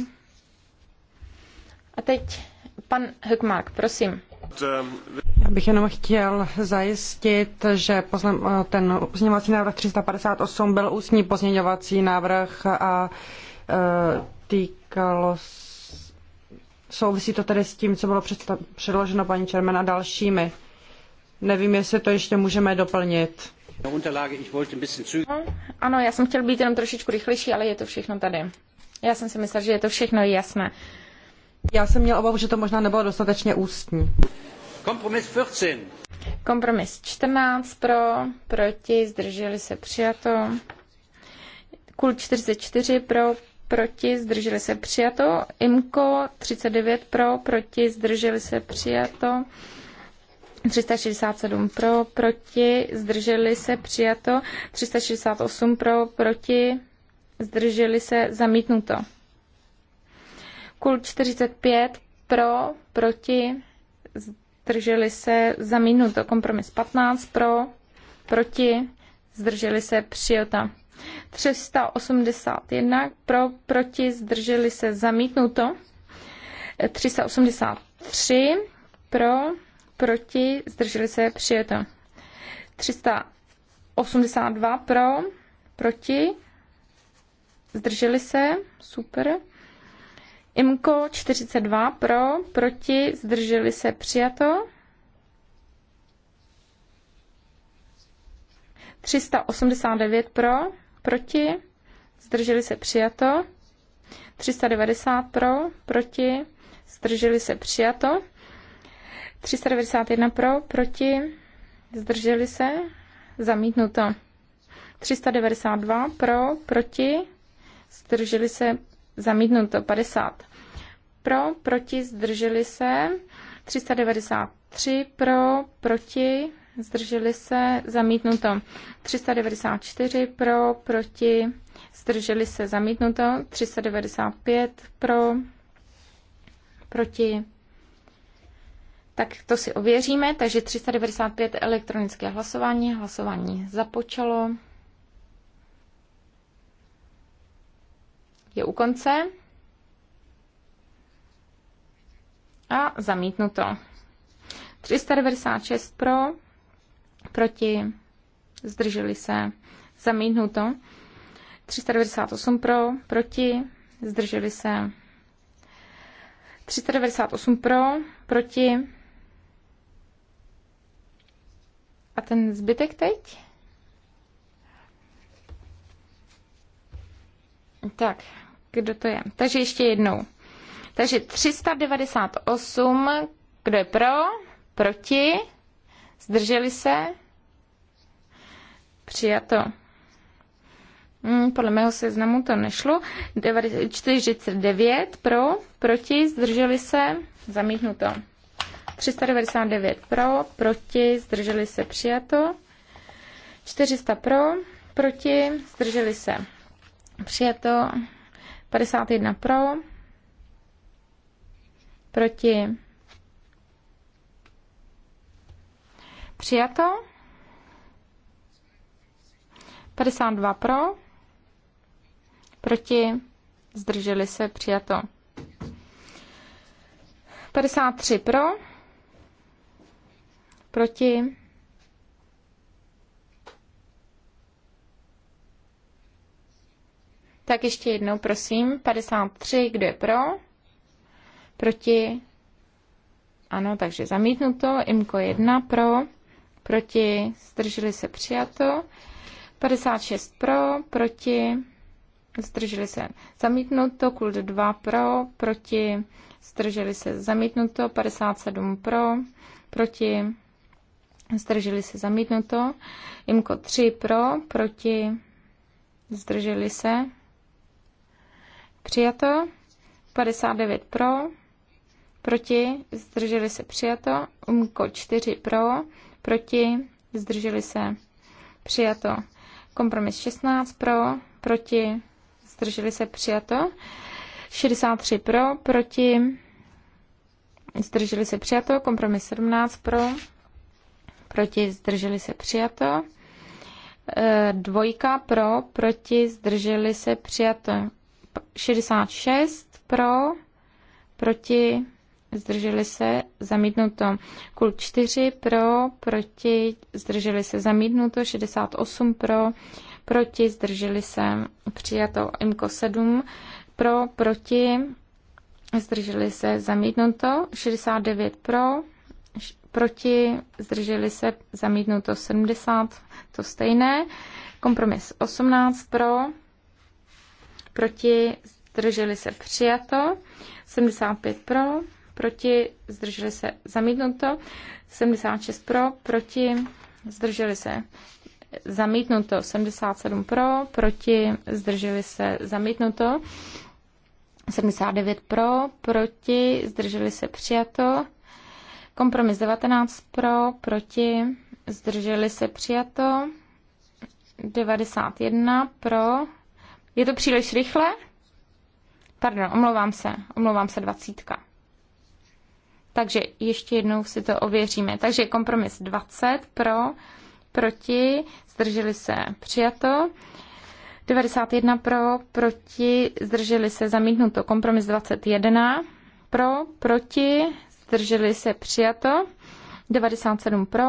B: A teď pan Hökmark, prosím. Eh, já bych jenom chtěl zajistit,
A: že eh, ten pozměňovací návrh 358 byl ústní pozměňovací návrh a eh, týkalo souvisí to tedy s tím, co bylo předloženo paní Čermen a dalšími. Nevím, jestli to ještě můžeme doplnit. No,
B: ano, já jsem chtěl být jenom trošičku rychlejší, ale je to všechno tady. Já jsem si myslel, že je to všechno jasné. Já jsem měl obavu, že to možná nebylo dostatečně ústní. Kompromis 14. Kompromis 14 pro, proti, zdrželi se přijato. Kult 44 pro, proti, zdrželi se přijato. Imko 39 pro, proti, zdrželi se přijato. 367 pro, proti, zdrželi se přijato. 368 pro, proti, zdrželi se zamítnuto. Kult 45 pro, proti, zdrželi zdrželi se, za to Kompromis 15 pro, proti, zdrželi se, přijota 381 pro, proti, zdrželi se, zamítnuto. 383 pro, proti, zdrželi se, přijeto. 382 pro, proti, zdrželi se, super. IMKO 42 pro, proti, zdrželi se přijato. 389 pro, proti, zdrželi se přijato. 390 pro, proti, zdrželi se přijato. 391 pro, proti, zdrželi se, zamítnuto. 392 pro, proti, zdrželi se zamítnuto 50 pro, proti, zdrželi se, 393 pro, proti, zdrželi se, zamítnuto 394 pro, proti, zdrželi se, zamítnuto 395 pro, proti. Tak to si ověříme, takže 395 elektronické hlasování, hlasování započalo. je u konce. A zamítnuto. 396 pro, proti, zdrželi se, zamítnuto. 398 pro, proti, zdrželi se. 398 pro, proti. A ten zbytek teď? Tak, kdo to je. Takže ještě jednou. Takže 398, kdo je pro, proti, zdrželi se, přijato. Hmm, podle mého seznamu to nešlo. 49 pro, proti, zdrželi se, zamítnuto. 399 pro, proti, zdrželi se, přijato. 400 pro, proti, zdrželi se, přijato. 51 pro, proti, přijato, 52 pro, proti, zdrželi se, přijato. 53 pro, proti, Tak ještě jednou, prosím, 53, kdo je pro? Proti? Ano, takže zamítnuto. Imko 1 pro, proti, zdrželi se přijato. 56 pro, proti, zdrželi se zamítnuto. Kult 2 pro, proti, zdrželi se zamítnuto. 57 pro, proti, zdrželi se zamítnuto. Imko 3 pro, proti, zdrželi se Přijato. 59 pro. Proti. Zdrželi se. Přijato. Umko 4 pro. Proti. Zdrželi se. Přijato. Kompromis 16 pro. Proti. Zdrželi se. Přijato. 63 pro. Proti. Zdrželi se. Přijato. Kompromis 17 pro. Proti. Zdrželi se. Přijato. E, dvojka pro, proti, zdrželi se, přijato. 66 pro, proti, zdrželi se, zamítnuto. Kul 4 pro, proti, zdrželi se, zamítnuto. 68 pro, proti, zdrželi se, přijato. Imko 7 pro, proti, zdrželi se, zamítnuto. 69 pro, proti, zdrželi se, zamítnuto 70, to stejné. Kompromis 18 pro, proti, zdrželi se přijato, 75 pro, proti, zdrželi se zamítnuto, 76 pro, proti, zdrželi se zamítnuto, 77 pro, proti, zdrželi se zamítnuto, 79 pro, proti, zdrželi se přijato, kompromis 19 pro, proti, zdrželi se přijato, 91 pro, je to příliš rychle? Pardon, omlouvám se, omlouvám se dvacítka. Takže ještě jednou si to ověříme. Takže kompromis 20 pro, proti, zdrželi se, přijato. 91 pro, proti, zdrželi se, zamítnuto. Kompromis 21 pro, proti, zdrželi se, přijato. 97 pro,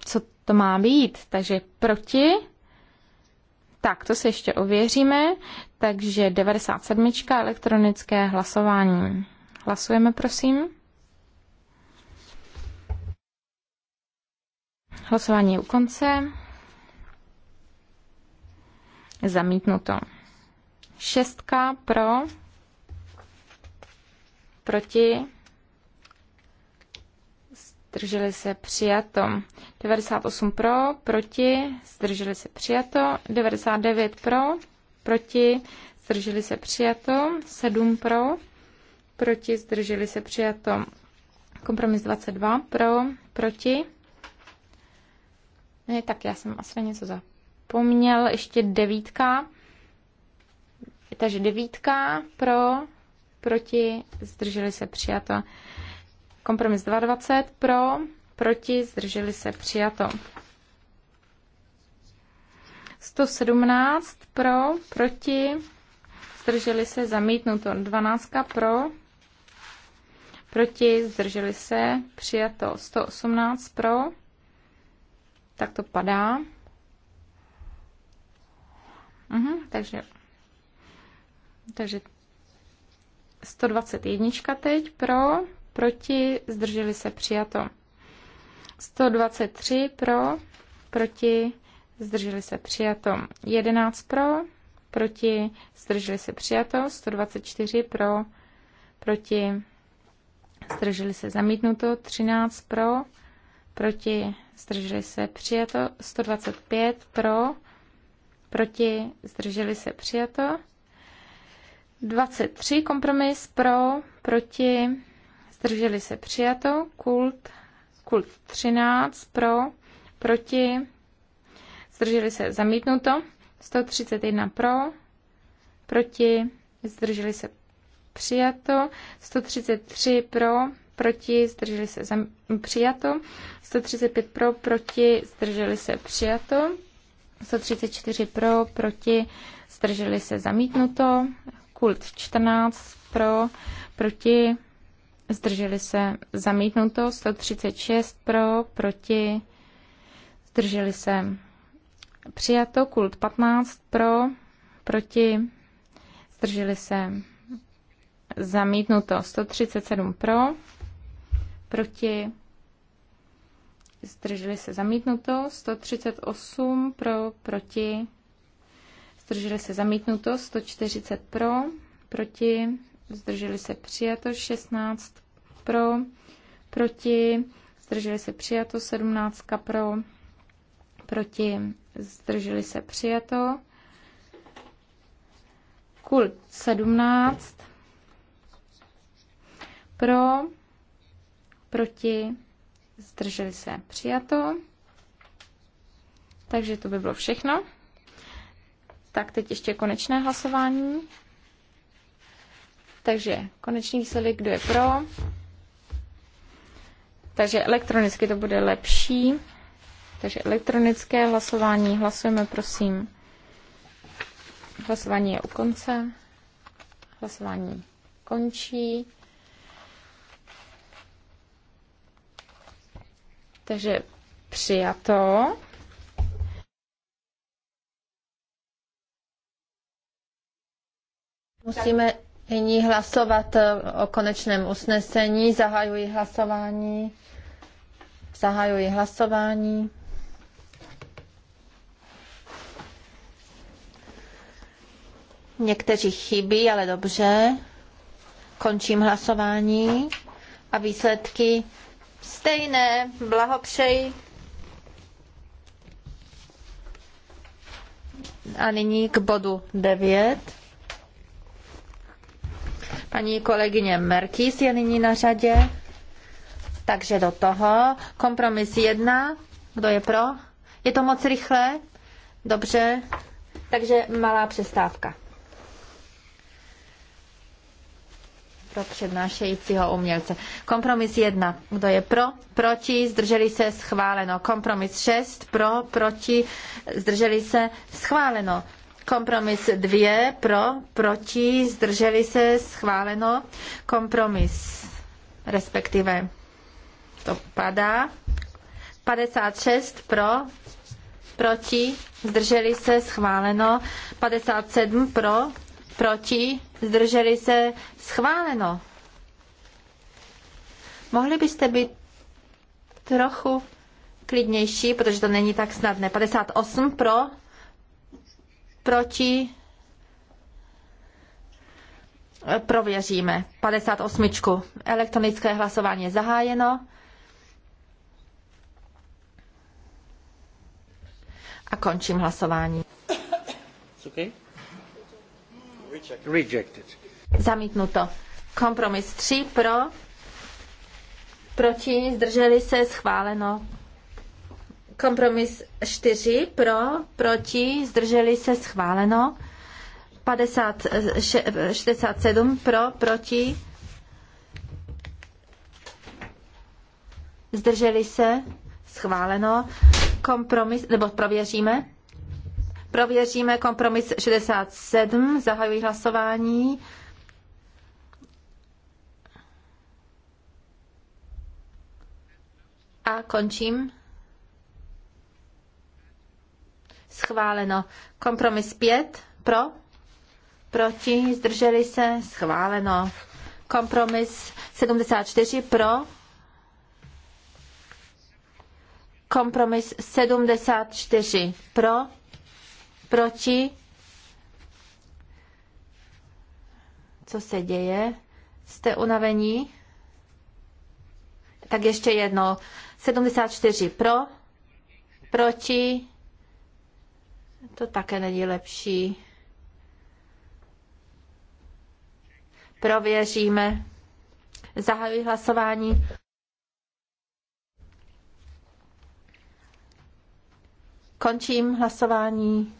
B: co to má být, takže proti, tak, to si ještě ověříme. Takže 97. elektronické hlasování. Hlasujeme, prosím. Hlasování je u konce. Zamítnuto. Šestka pro, proti, zdrželi se přijato. 98 pro, proti, zdrželi se přijato. 99 pro, proti, zdrželi se přijato. 7 pro, proti, zdrželi se přijato. Kompromis 22 pro, proti. Ne, tak já jsem asi něco zapomněl. Ještě devítka. Takže devítka pro, proti, zdrželi se přijato. Kompromis 22 pro, proti, zdrželi se přijato. 117 pro, proti, zdrželi se zamítnuto. 12 pro, proti, zdrželi se přijato. 118 pro, tak to padá. Uhum, takže, takže 121 teď pro, proti, zdrželi se přijato. 123 pro, proti, zdrželi se přijato. 11 pro, proti, zdrželi se přijato. 124 pro, proti, zdrželi se zamítnuto. 13 pro, proti, zdrželi se přijato. 125 pro, proti, zdrželi se přijato. 23 kompromis pro, proti, zdrželi se přijato, kult, kult 13 pro, proti, zdrželi se zamítnuto, 131 pro, proti, zdrželi se přijato, 133 pro, proti, zdrželi se zam, přijato, 135 pro, proti, zdrželi se přijato, 134 pro, proti, zdrželi se zamítnuto, kult 14 pro, proti, zdrželi se zamítnuto, 136 pro, proti, zdrželi se přijato, kult 15 pro, proti, zdrželi se zamítnuto, 137 pro, proti, zdrželi se zamítnuto, 138 pro, proti, zdrželi se zamítnuto, 140 pro, proti, zdrželi se přijato 16 pro, proti, zdrželi se přijato 17 pro, proti, zdrželi se přijato. kul 17 pro, proti, zdrželi se přijato. Takže to by bylo všechno. Tak teď ještě konečné hlasování. Takže konečný výsledek, kdo je pro. Takže elektronicky to bude lepší. Takže elektronické hlasování. Hlasujeme, prosím. Hlasování je u konce. Hlasování končí. Takže přijato.
C: Musíme nyní hlasovat eh, o konečném usnesení. Zahajuji hlasování. Zahajuji hlasování. Někteří chybí, ale dobře. Končím hlasování a výsledky stejné. Blahopřeji. A nyní k bodu 9. Paní kolegyně Merkis je nyní na řadě. Takže do toho. Kompromis jedna. Kdo je pro? Je to moc rychlé? Dobře. Takže malá přestávka. Pro přednášejícího umělce. Kompromis jedna. Kdo je pro? Proti? Zdrželi se? Schváleno. Kompromis šest. Pro? Proti? Zdrželi se? Schváleno. Kompromis 2 pro, proti, zdrželi se, schváleno. Kompromis, respektive to padá. 56 pro, proti, zdrželi se, schváleno. 57 pro, proti, zdrželi se, schváleno. Mohli byste být trochu klidnější, protože to není tak snadné. 58 pro, proti, prověříme. 58. Elektronické hlasování je zahájeno. A končím hlasování. Okay. Rejected. Zamítnuto. Kompromis 3 pro, proti, zdrželi se, schváleno. Kompromis 4 pro, proti, zdrželi se schváleno. 50, 67 pro, proti, zdrželi se schváleno. Kompromis, nebo prověříme. Prověříme kompromis 67, zahajuji hlasování. A končím. schváleno. Kompromis 5 pro, proti, zdrželi se, schváleno. Kompromis 74 pro, kompromis 74 pro, proti, co se děje, jste unavení, tak ještě jednou, 74 pro, proti, to také není lepší. Prověříme. Zahajuji hlasování. Končím hlasování.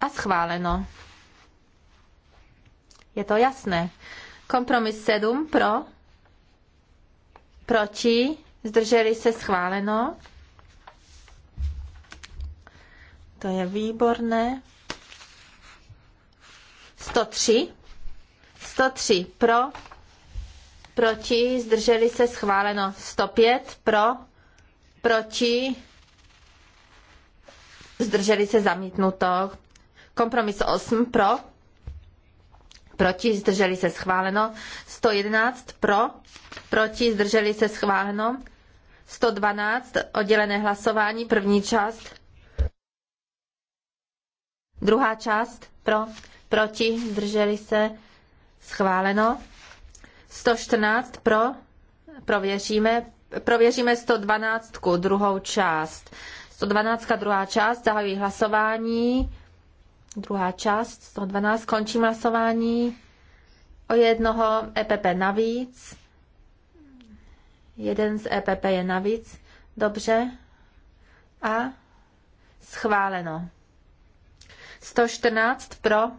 C: A schváleno. Je to jasné. Kompromis 7 pro, proti, zdrželi se schváleno. To je výborné. 103. 103 pro, proti, zdrželi se schváleno. 105 pro, proti, zdrželi se zamítnuto. Kompromis 8 pro, proti, zdrželi se schváleno. 111 pro, proti, zdrželi se schváleno. 112 oddělené hlasování, první část Druhá část pro, proti, zdrželi se, schváleno. 114 pro, prověříme, prověříme 112, druhou část. 112, druhá část, zahajují hlasování. Druhá část, 112, končím hlasování. O jednoho EPP navíc. Jeden z EPP je navíc. Dobře. A schváleno. 114 pro,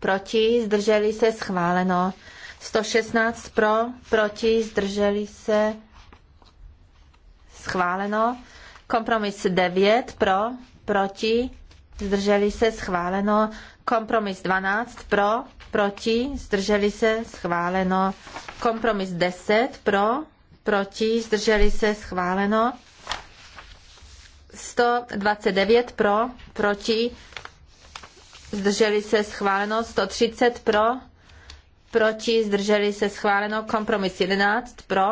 C: proti, zdrželi se, schváleno. 116 pro, proti, zdrželi se, schváleno. Kompromis 9 pro, proti, zdrželi se, schváleno. Kompromis 12 pro, proti, zdrželi se, schváleno. Kompromis 10 pro, proti, zdrželi se, schváleno. 129 pro, proti, zdrželi se schváleno, 130 pro, proti, zdrželi se schváleno, kompromis 11 pro,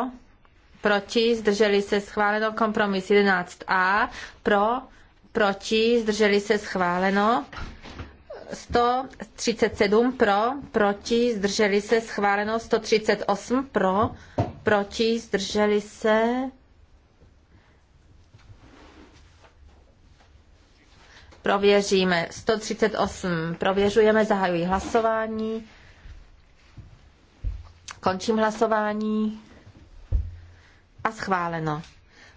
C: proti, zdrželi se schváleno, kompromis 11a, pro, proti, zdrželi se schváleno, 137 pro, proti, zdrželi se schváleno, 138 pro, proti, zdrželi se Prověříme. 138. Prověřujeme, zahajuji hlasování. Končím hlasování. A schváleno.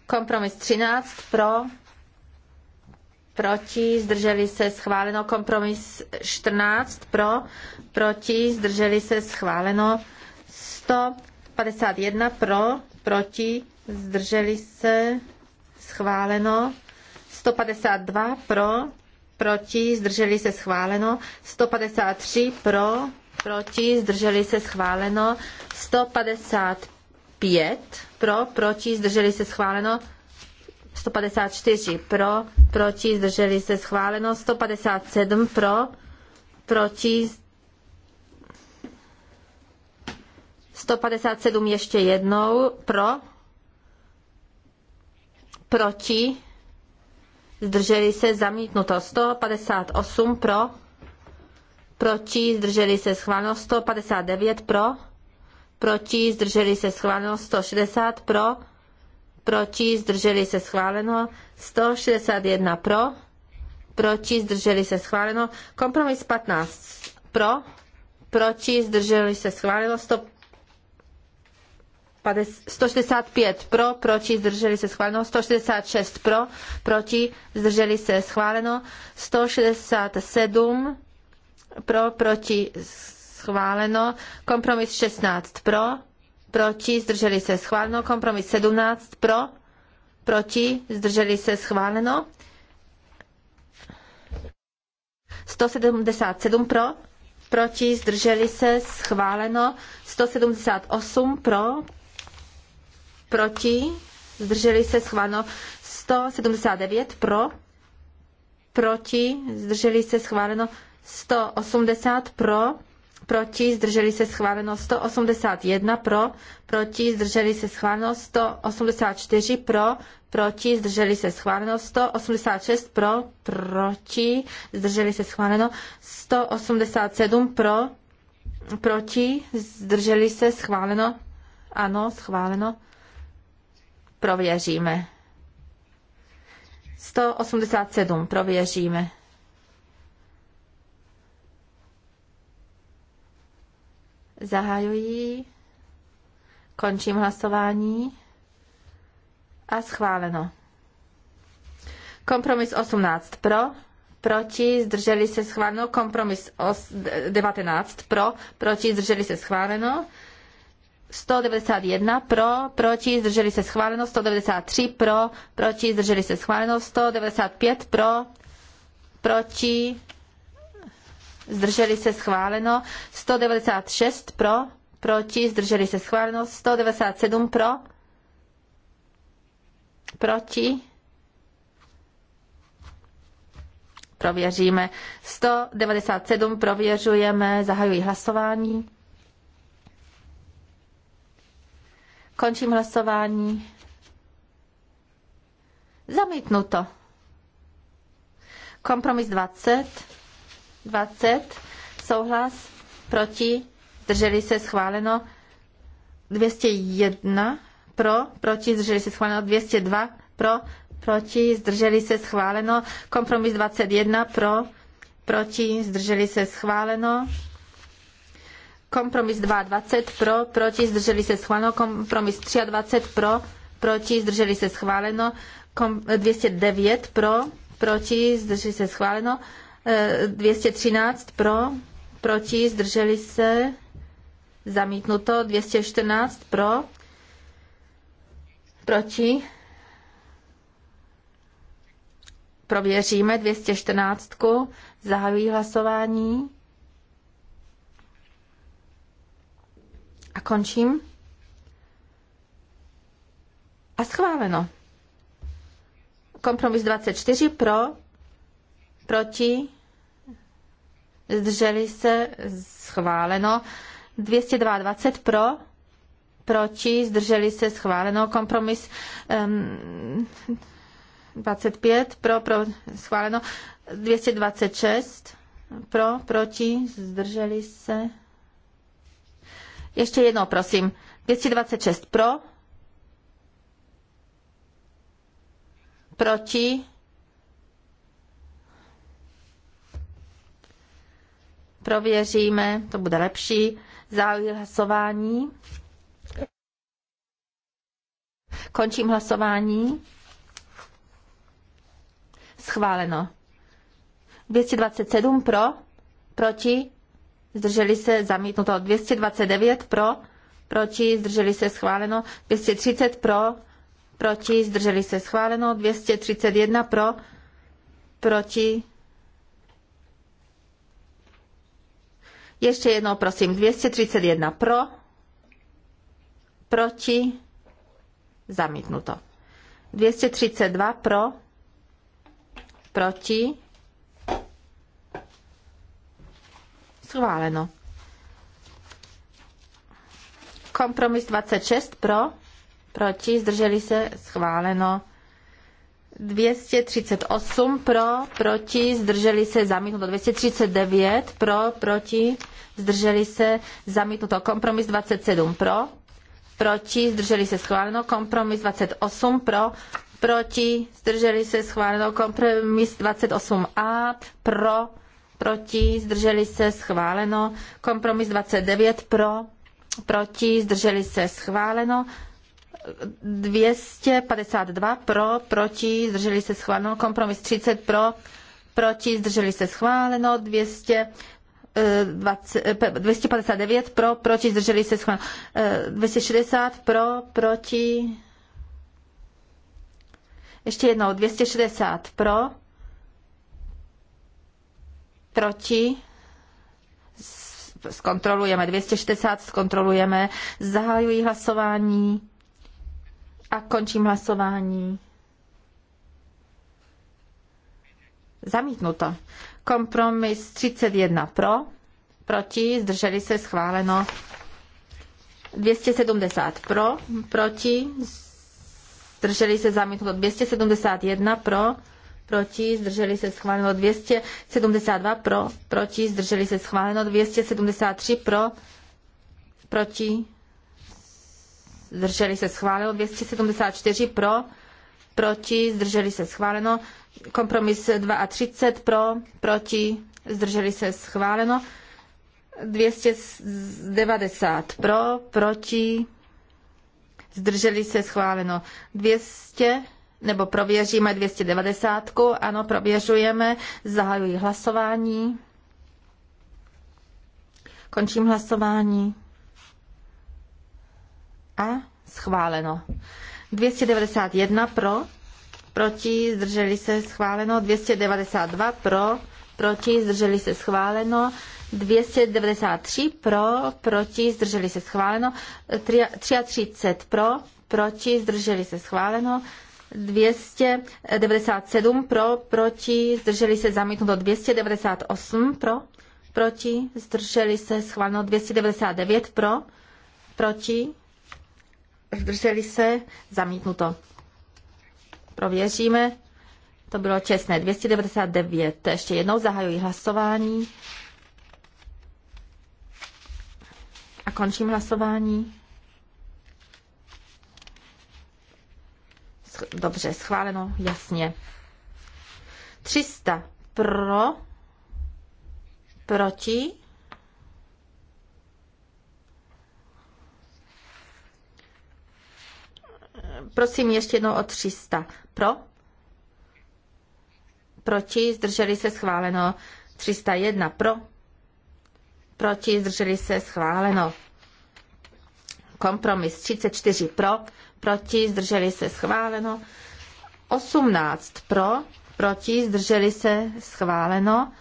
C: Kompromis 13 pro, proti, zdrželi se schváleno. Kompromis 14 pro, proti, zdrželi se schváleno. 151 pro, proti, zdrželi se schváleno. 152 pro, proti, zdrželi se schváleno, 153 pro, proti, zdrželi se schváleno, 155 pro, proti, zdrželi se schváleno, 154 pro, proti, zdrželi se schváleno, 157 pro, proti, 157 ještě jednou pro, proti, zdrželi se, zamítnuto 158 pro, proti, zdrželi se, schváleno 159 pro, proti, zdrželi se, schváleno 160 pro, proti, zdrželi se, schváleno 161 pro, proti, zdrželi se, schváleno kompromis 15 pro, proti, zdrželi se, schváleno 100 165 pro, proti, zdrželi se schváleno, 166 pro, proti, zdrželi se schváleno, 167 pro, proti, schváleno, kompromis 16 pro, proti, zdrželi se schváleno, kompromis 17 pro, proti, zdrželi se schváleno, 177 pro, proti, zdrželi se, schváleno, 178 pro, proti, zdrželi se schváleno 179 pro, proti, zdrželi se schváleno 180 pro, proti, zdrželi se schváleno 181 pro, proti, zdrželi se schváleno 184 pro, proti, zdrželi se schváleno 186 pro, proti, zdrželi se schváleno 187 pro, proti, zdrželi se schváleno, ano, schváleno prověříme. 187 prověříme. Zahajuji, končím hlasování a schváleno. Kompromis 18 pro, proti, zdrželi se schváleno. Kompromis 19 pro, proti, zdrželi se schváleno. 191 pro, proti, zdrželi se schváleno, 193 pro, proti, zdrželi se schváleno, 195 pro, proti, zdrželi se schváleno, 196 pro, proti, zdrželi se schváleno, 197 pro, proti, prověříme, 197 prověřujeme, zahajuji hlasování. Končím hlasování. Zamítnuto. Kompromis 20. 20. Souhlas. Proti. Zdrželi se schváleno. 201. Pro. Proti. Zdrželi se schváleno. 202. Pro. Proti. Zdrželi se schváleno. Kompromis 21. Pro. Proti. Zdrželi se schváleno. Kompromis 220 pro, proti, zdrželi se schváleno. Kompromis 23 pro, proti, zdrželi se schváleno. Kom, 209 pro, proti, zdrželi se schváleno. 213 eh, pro, proti, zdrželi se zamítnuto. 214 pro, proti. Prověříme 214. zahájí hlasování. A končím. A schváleno. Kompromis 24 pro, proti, zdrželi se, schváleno. 222 pro, proti, zdrželi se, schváleno. Kompromis um, 25 pro, pro, schváleno. 226 pro, proti, zdrželi se, ještě jednou, prosím. 226 pro. Proti. Prověříme, to bude lepší. Zahajuji hlasování. Končím hlasování. Schváleno. 227 pro, proti, zdrželi se zamítnuto 229 pro, proti, zdrželi se schváleno 230 pro, proti, zdrželi se schváleno 231 pro, proti. Ještě jednou prosím, 231 pro, proti, zamítnuto. 232 pro, proti, Schváleno. Kompromis 26 pro, proti, zdrželi se, schváleno. 238 pro, proti, zdrželi se, zamítnuto. 239 pro, proti, zdrželi se, zamítnuto. Kompromis 27 pro, proti, zdrželi se, schváleno. Kompromis 28 pro, proti, zdrželi se, schváleno. Kompromis 28a pro, proti, zdrželi se, schváleno. Kompromis 29 pro, proti, zdrželi se, schváleno. 252 pro, proti, zdrželi se, schváleno. Kompromis 30 pro, proti, zdrželi se, schváleno. 200 259 eh, eh, pro, proti, zdrželi se schváleno. 260 eh, pro, proti. Ještě jednou, 260 pro, proti, zkontrolujeme, 260 zkontrolujeme, zahajují hlasování a končím hlasování. Zamítnuto. Kompromis 31 pro, proti, zdrželi se schváleno 270 pro, proti, zdrželi se zamítnuto 271 pro, proti, zdrželi se schváleno 272 pro, proti, zdrželi se schváleno 273 pro, proti, zdrželi se schváleno 274 pro, proti, zdrželi se schváleno, kompromis 32 pro, proti, zdrželi se schváleno, 290 pro, proti, zdrželi se schváleno, 200 nebo prověříme 290. Ano, prověřujeme. Zahajuji hlasování. Končím hlasování. A schváleno. 291 pro, proti, zdrželi se schváleno. 292 pro, proti, zdrželi se schváleno. 293 pro, proti, zdrželi se schváleno. 33 pro, proti, zdrželi se schváleno. 297 pro, proti, zdrželi se zamítnuto 298 pro, proti, zdrželi se schváleno 299 pro, proti, zdrželi se zamítnuto. Prověříme. To bylo čestné. 299. Ještě jednou zahajuji hlasování. A končím hlasování. dobře schváleno, jasně. 300 pro, proti, prosím ještě jednou o 300. Pro? Proti? Zdrželi se schváleno. 301 pro? Proti? Zdrželi se schváleno. Kompromis 34 pro, proti, zdrželi se schváleno. 18 pro, proti, zdrželi se schváleno.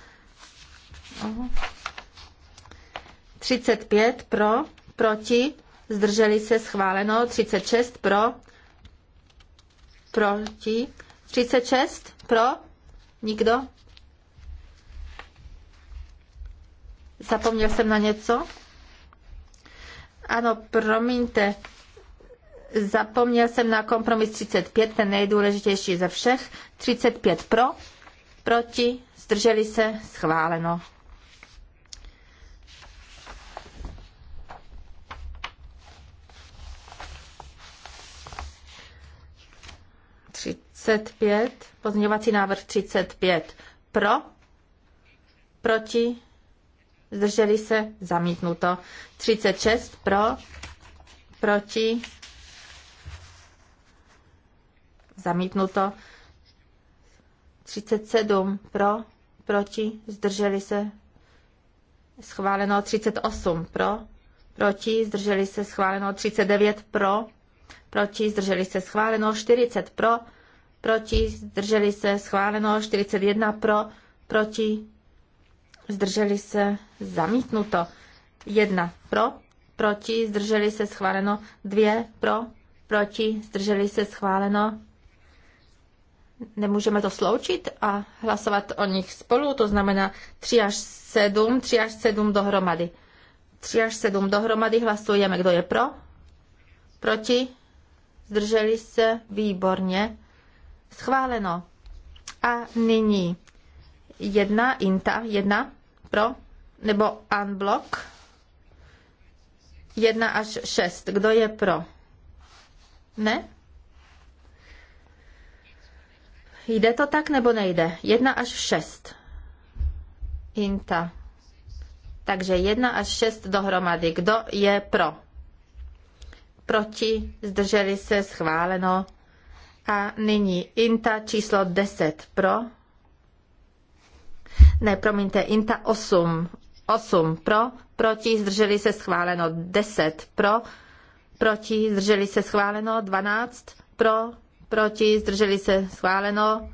C: 35 pro, proti, zdrželi se schváleno. 36 pro, proti. 36 pro, nikdo. Zapomněl jsem na něco? Ano, promiňte, Zapomněl jsem na kompromis 35, ten nejdůležitější ze všech. 35 pro, proti, zdrželi se, schváleno. pět, pozměňovací návrh 35 pro, proti, zdrželi se, zamítnuto. 36 pro, proti, zamítnuto. 37 pro, proti, zdrželi se, schváleno 38 pro, proti, zdrželi se, schváleno 39 pro, proti, zdrželi se, schváleno 40 pro, proti, zdrželi se, schváleno 41 pro, proti, zdrželi se, zamítnuto 1 pro, proti, zdrželi se, schváleno 2 pro, proti, zdrželi se, schváleno Nemůžeme to sloučit a hlasovat o nich spolu, to znamená 3 až 7, 3 až 7 dohromady. 3 až 7 dohromady hlasujeme, kdo je pro, proti, zdrželi se, výborně, schváleno. A nyní jedna, inta, jedna, pro, nebo unblock, 1 až 6, kdo je pro? Ne? Jde to tak nebo nejde? jedna až šest, Inta. Takže jedna až šest dohromady. Kdo je pro? Proti, zdrželi se, schváleno. A nyní Inta číslo 10 pro. Ne, promiňte, Inta 8. 8 pro, proti, zdrželi se, schváleno. 10 pro, proti, zdrželi se, schváleno. 12 pro, proti, zdrželi se, schváleno.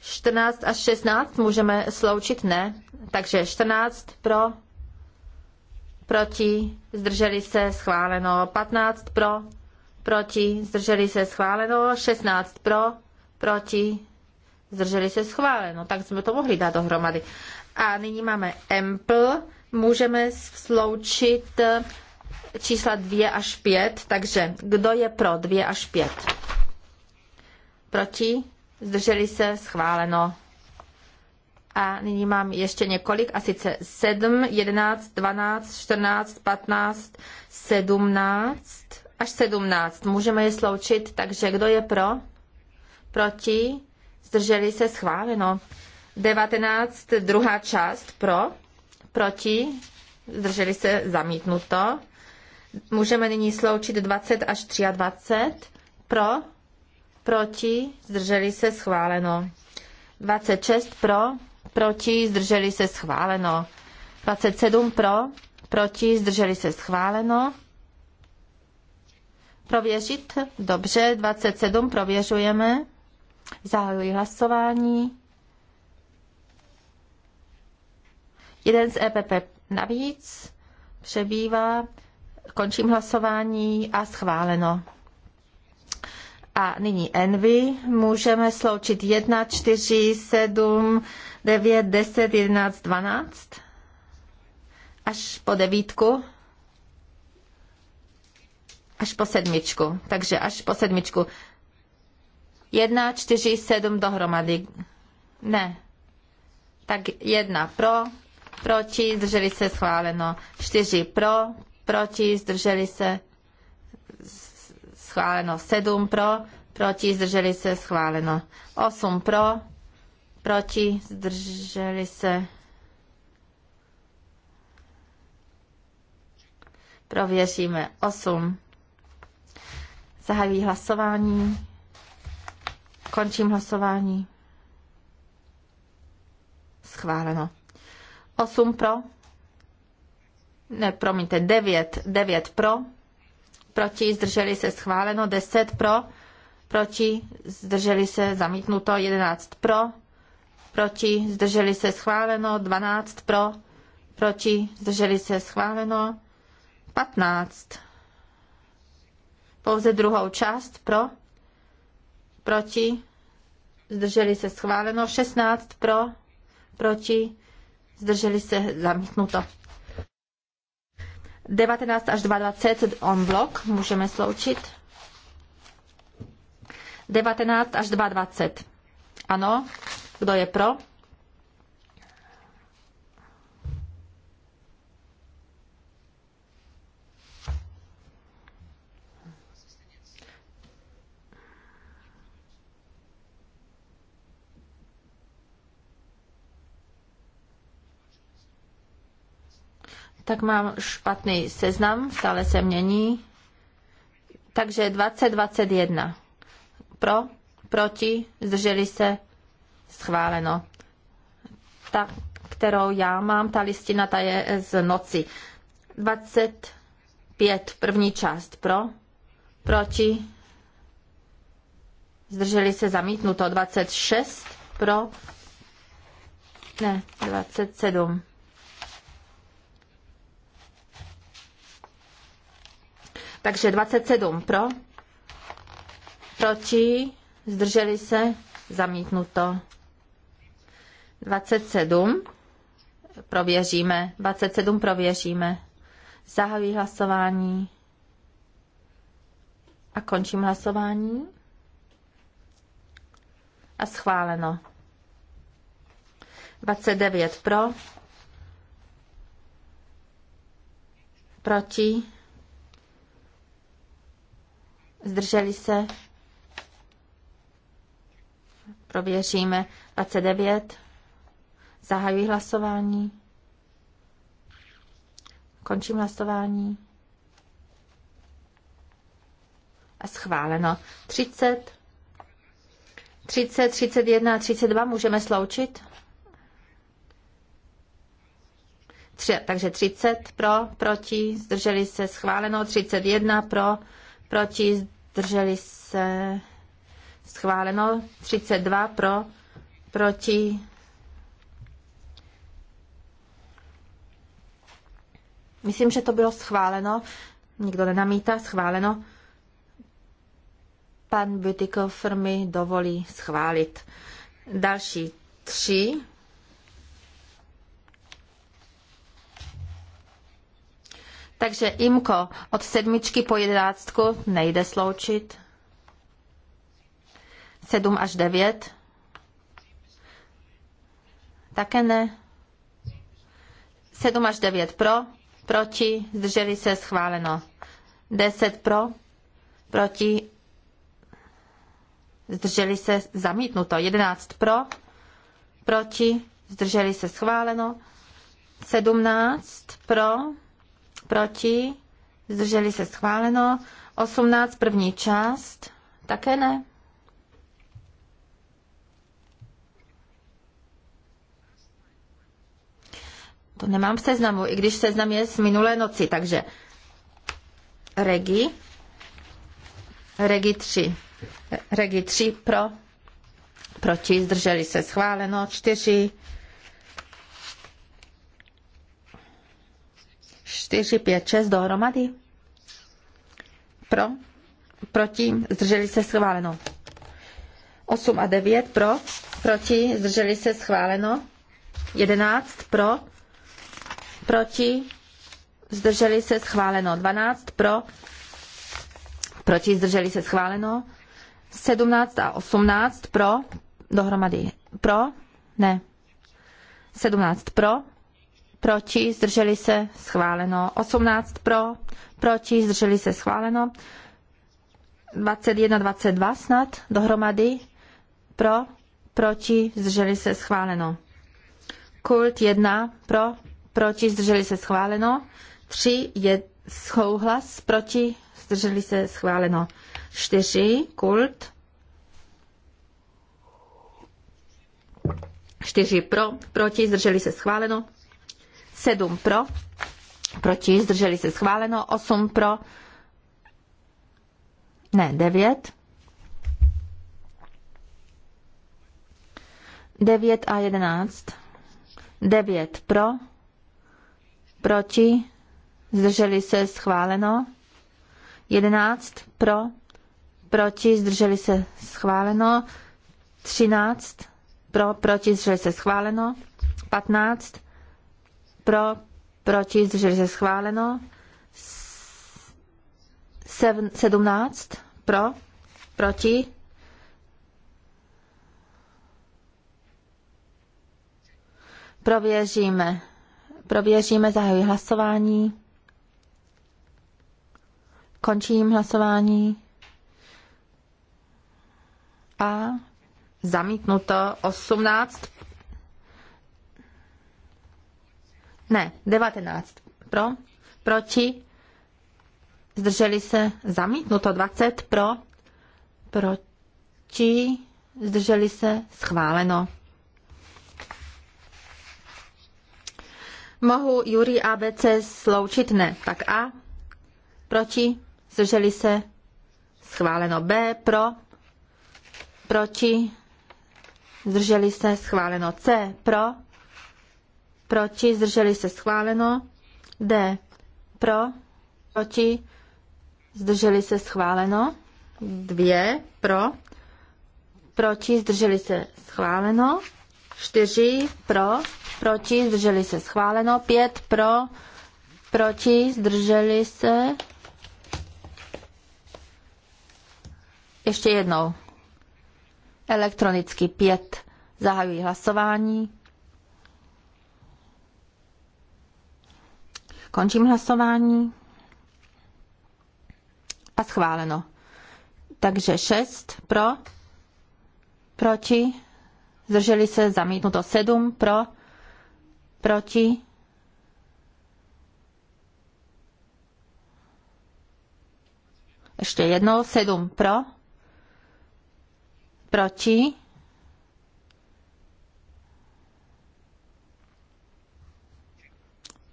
C: 14 až 16 můžeme sloučit, ne? Takže 14 pro, proti, zdrželi se, schváleno. 15 pro, proti, zdrželi se, schváleno. 16 pro, proti, zdrželi se, schváleno. Tak jsme to mohli dát dohromady. A nyní máme Ample. Můžeme sloučit čísla 2 až 5, takže kdo je pro 2 až 5? proti, zdrželi se, schváleno. A nyní mám ještě několik, a sice 7, 11, 12, 14, 15, 17 až 17. Můžeme je sloučit, takže kdo je pro? Proti? Zdrželi se schváleno. 19, druhá část pro, proti, zdrželi se zamítnuto. Můžeme nyní sloučit 20 až 23 pro, proti, zdrželi se schváleno. 26 pro, proti, zdrželi se schváleno. 27 pro, proti, zdrželi se schváleno. Prověřit? Dobře, 27 prověřujeme. Zahajuji hlasování. Jeden z EPP navíc přebývá. Končím hlasování a schváleno a nyní Envy. Můžeme sloučit 1, 4, 7, 9, 10, 11, 12 až po devítku až po sedmičku. Takže až po sedmičku. Jedna, čtyři, sedm dohromady. Ne. Tak jedna pro, proti, zdrželi se schváleno. Čtyři pro, proti, zdrželi se schváleno 7 pro, proti, zdrželi se, schváleno 8 pro, proti, zdrželi se, prověříme 8. Zahajuji hlasování, končím hlasování, schváleno 8 pro, ne, promiňte, 9, 9 pro, proti, zdrželi se schváleno, 10 pro, proti, zdrželi se zamítnuto, 11 pro, proti, zdrželi se schváleno, 12 pro, proti, zdrželi se schváleno, 15. Pouze druhou část pro, proti, zdrželi se schváleno, 16 pro, proti, zdrželi se zamítnuto. 19 až 22 on blok můžeme sloučit. 19 až 22. Ano, kdo je pro? tak mám špatný seznam, stále se mění. Takže 2021. Pro, proti, zdrželi se, schváleno. Ta, kterou já mám, ta listina, ta je z noci. 25, první část. Pro, proti, zdrželi se, zamítnuto. 26, pro, ne, 27 Takže 27 pro, proti, zdrželi se, zamítnuto. 27 prověříme, 27 prověříme. Zahajuji hlasování a končím hlasování. A schváleno. 29 pro, proti, zdrželi se, prověříme 29, zahajuji hlasování, končím hlasování a schváleno 30, 30, 31 32 můžeme sloučit. Tři, takže 30 pro, proti, zdrželi se schváleno, 31 pro, proti, zdrželi se schváleno, 32 pro, proti, Myslím, že to bylo schváleno. Nikdo nenamítá, schváleno. Pan Bytykofr mi dovolí schválit. Další tři Takže IMKO od sedmičky po jedenáctku nejde sloučit. Sedm až devět. Také ne. Sedm až devět pro, proti, zdrželi se schváleno. Deset pro, proti, zdrželi se zamítnuto. Jedenáct pro, proti, zdrželi se schváleno. Sedmnáct pro, proti, zdrželi se schváleno, 18 první část, také ne. To nemám v seznamu, i když seznam je z minulé noci, takže Regi, Regi 3, Regi 3 pro, proti, zdrželi se schváleno, 4 4, 5, 6 dohromady. Pro, proti, zdrželi se schváleno. 8 a 9 pro, proti, zdrželi se schváleno. 11 pro, proti, zdrželi se schváleno. 12 pro, proti, zdrželi se schváleno. 17 a 18 pro, dohromady pro, ne, 17 pro, proti, zdrželi se, schváleno. 18 pro, proti, zdrželi se, schváleno. 21, 22 snad dohromady, pro, proti, zdrželi se, schváleno. Kult 1 pro, proti, zdrželi se, schváleno. 3 je souhlas, proti, zdrželi se, schváleno. 4 kult 4 pro, proti, zdrželi se schváleno. 7 pro, proti, zdrželi se schváleno, 8 pro, ne, 9. 9 a 11. 9 pro, proti, zdrželi se schváleno, 11 pro, proti, zdrželi se schváleno, 13 pro, proti, zdrželi se schváleno, 15 pro, proti, zdrželi se schváleno. 17 pro, proti. Prověříme. Prověříme, zahajuji hlasování. Končím hlasování. A zamítnuto 18 Ne, 19. Pro, proti, zdrželi se, zamítnuto 20. Pro, proti, zdrželi se, schváleno. Mohu Jury ABC sloučit? Ne. Tak A, proti, zdrželi se, schváleno. B, pro, proti, zdrželi se, schváleno. C, pro, proti, zdrželi se schváleno. D pro, proti, zdrželi se schváleno. Dvě pro, proti, zdrželi se schváleno. Čtyři pro, proti, zdrželi se schváleno. Pět pro, proti, zdrželi se. Ještě jednou. Elektronicky pět. Zahajuji hlasování. Končím hlasování. A schváleno. Takže 6 pro, proti, zdrželi se, zamítnuto 7 pro, proti, ještě jednou, 7 pro, proti,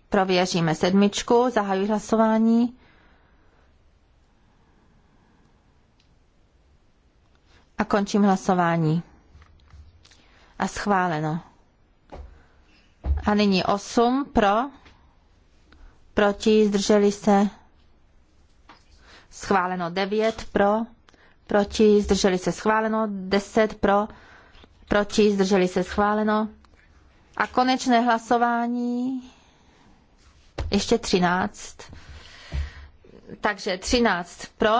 C: Prověříme sedmičku, zahajuji hlasování. A končím hlasování. A schváleno. A nyní 8 pro, proti, zdrželi se. Schváleno 9 pro, proti, zdrželi se schváleno, 10 pro, proti, zdrželi se schváleno. A konečné hlasování ještě 13. Takže 13 pro,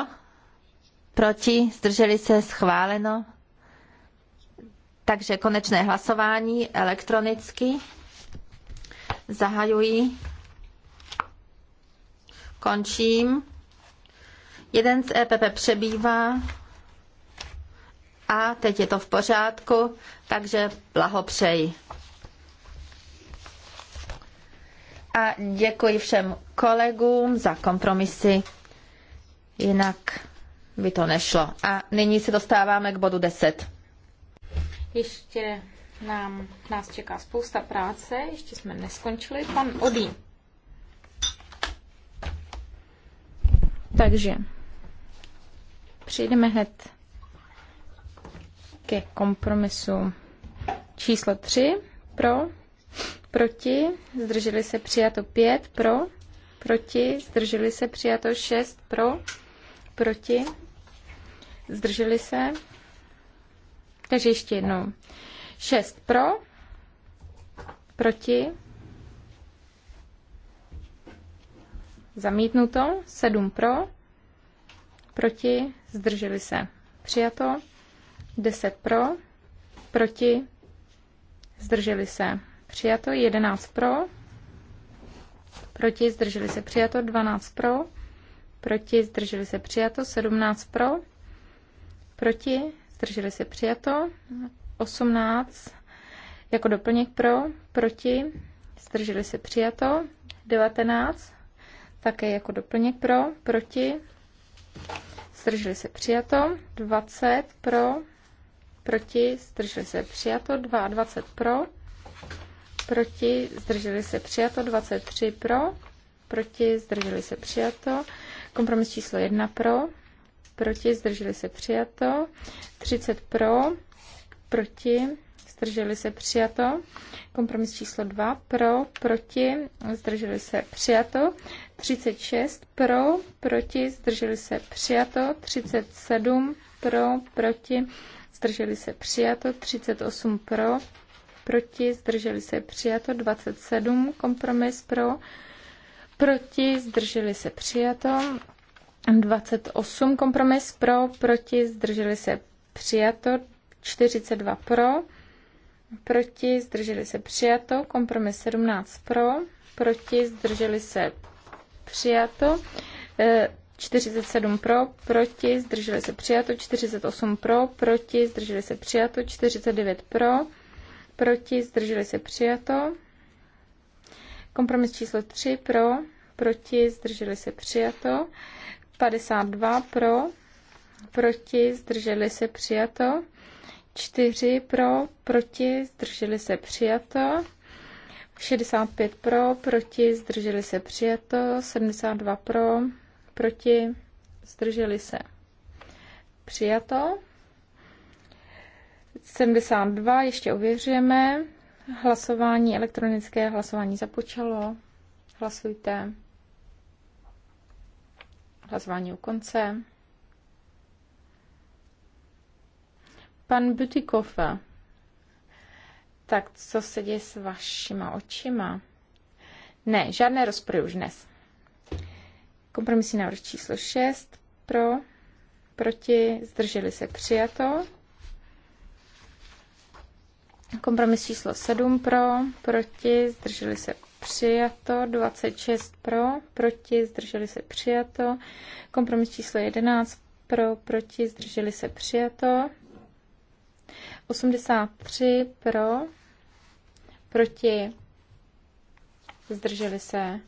C: proti, zdrželi se, schváleno. Takže konečné hlasování elektronicky. Zahajuji. Končím. Jeden z EPP přebývá. A teď je to v pořádku, takže blahopřeji. a děkuji všem kolegům za kompromisy, jinak by to nešlo. A nyní se dostáváme k bodu 10.
B: Ještě nám, nás čeká spousta práce, ještě jsme neskončili. Pan Odí. Takže přejdeme hned ke kompromisu číslo 3 pro, proti, zdrželi se přijato 5 pro, proti, zdrželi se přijato 6 pro, proti, zdrželi se. Takže ještě jednou. 6 pro, proti, zamítnuto, 7 pro, proti, zdrželi se. Přijato, 10 pro, proti, zdrželi se přijato, 11 pro, proti, zdrželi se přijato, 12 pro, proti, zdrželi se přijato, 17 pro, proti, zdrželi se přijato, 18 jako doplněk pro, proti, zdrželi se přijato, 19 také jako doplněk pro, proti, zdrželi se přijato, 20 pro, proti, zdrželi se přijato, 22 pro, proti, zdrželi se přijato, 23 pro, proti, zdrželi se přijato, kompromis číslo 1 pro, proti, zdrželi se přijato, 30 pro, proti, zdrželi se přijato, kompromis číslo 2 pro, proti, zdrželi se přijato, 36 pro, proti, zdrželi se přijato, 37 pro, proti, zdrželi se přijato, 38 pro, proti, zdrželi se přijato, 27 kompromis pro, proti, zdrželi se přijato, 28 kompromis pro, proti, zdrželi se přijato, 42 pro, proti, zdrželi se přijato, kompromis 17 pro, proti, zdrželi se přijato, 47 eh, pro, proti, zdrželi se přijato, 48 pro, proti, zdrželi se přijato, 49 pro, proti, zdrželi se přijato. Kompromis číslo 3 pro, proti, zdrželi se přijato. 52 pro, proti, zdrželi se přijato. 4 pro, proti, zdrželi se přijato. 65 pro, proti, zdrželi se přijato. 72 pro, proti, zdrželi se přijato. 72 ještě ověřujeme. Hlasování elektronické, hlasování započalo. Hlasujte. Hlasování u konce. Pan Butikov. Tak co se děje s vašima očima? Ne, žádné rozpory už dnes. Kompromisní návrh číslo 6 pro, proti, zdrželi se přijato. Kompromis číslo 7 pro, proti, zdrželi se přijato, 26 pro, proti, zdrželi se přijato, kompromis číslo 11 pro, proti, zdrželi se přijato, 83 pro, proti, zdrželi se,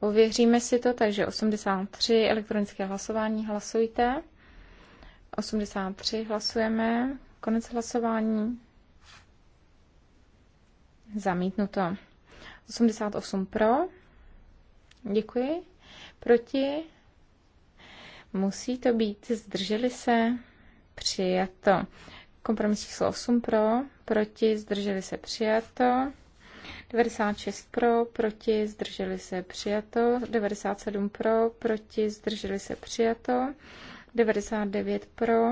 B: ověříme si to, takže 83 elektronické hlasování hlasujte, 83 hlasujeme, konec hlasování, Zamítnuto. 88 pro. Děkuji. Proti. Musí to být. Zdrželi se. Přijato. Kompromis číslo 8 pro. Proti. Zdrželi se. Přijato. 96 pro, proti, zdrželi se přijato, 97 pro, proti, zdrželi se přijato, 99 pro,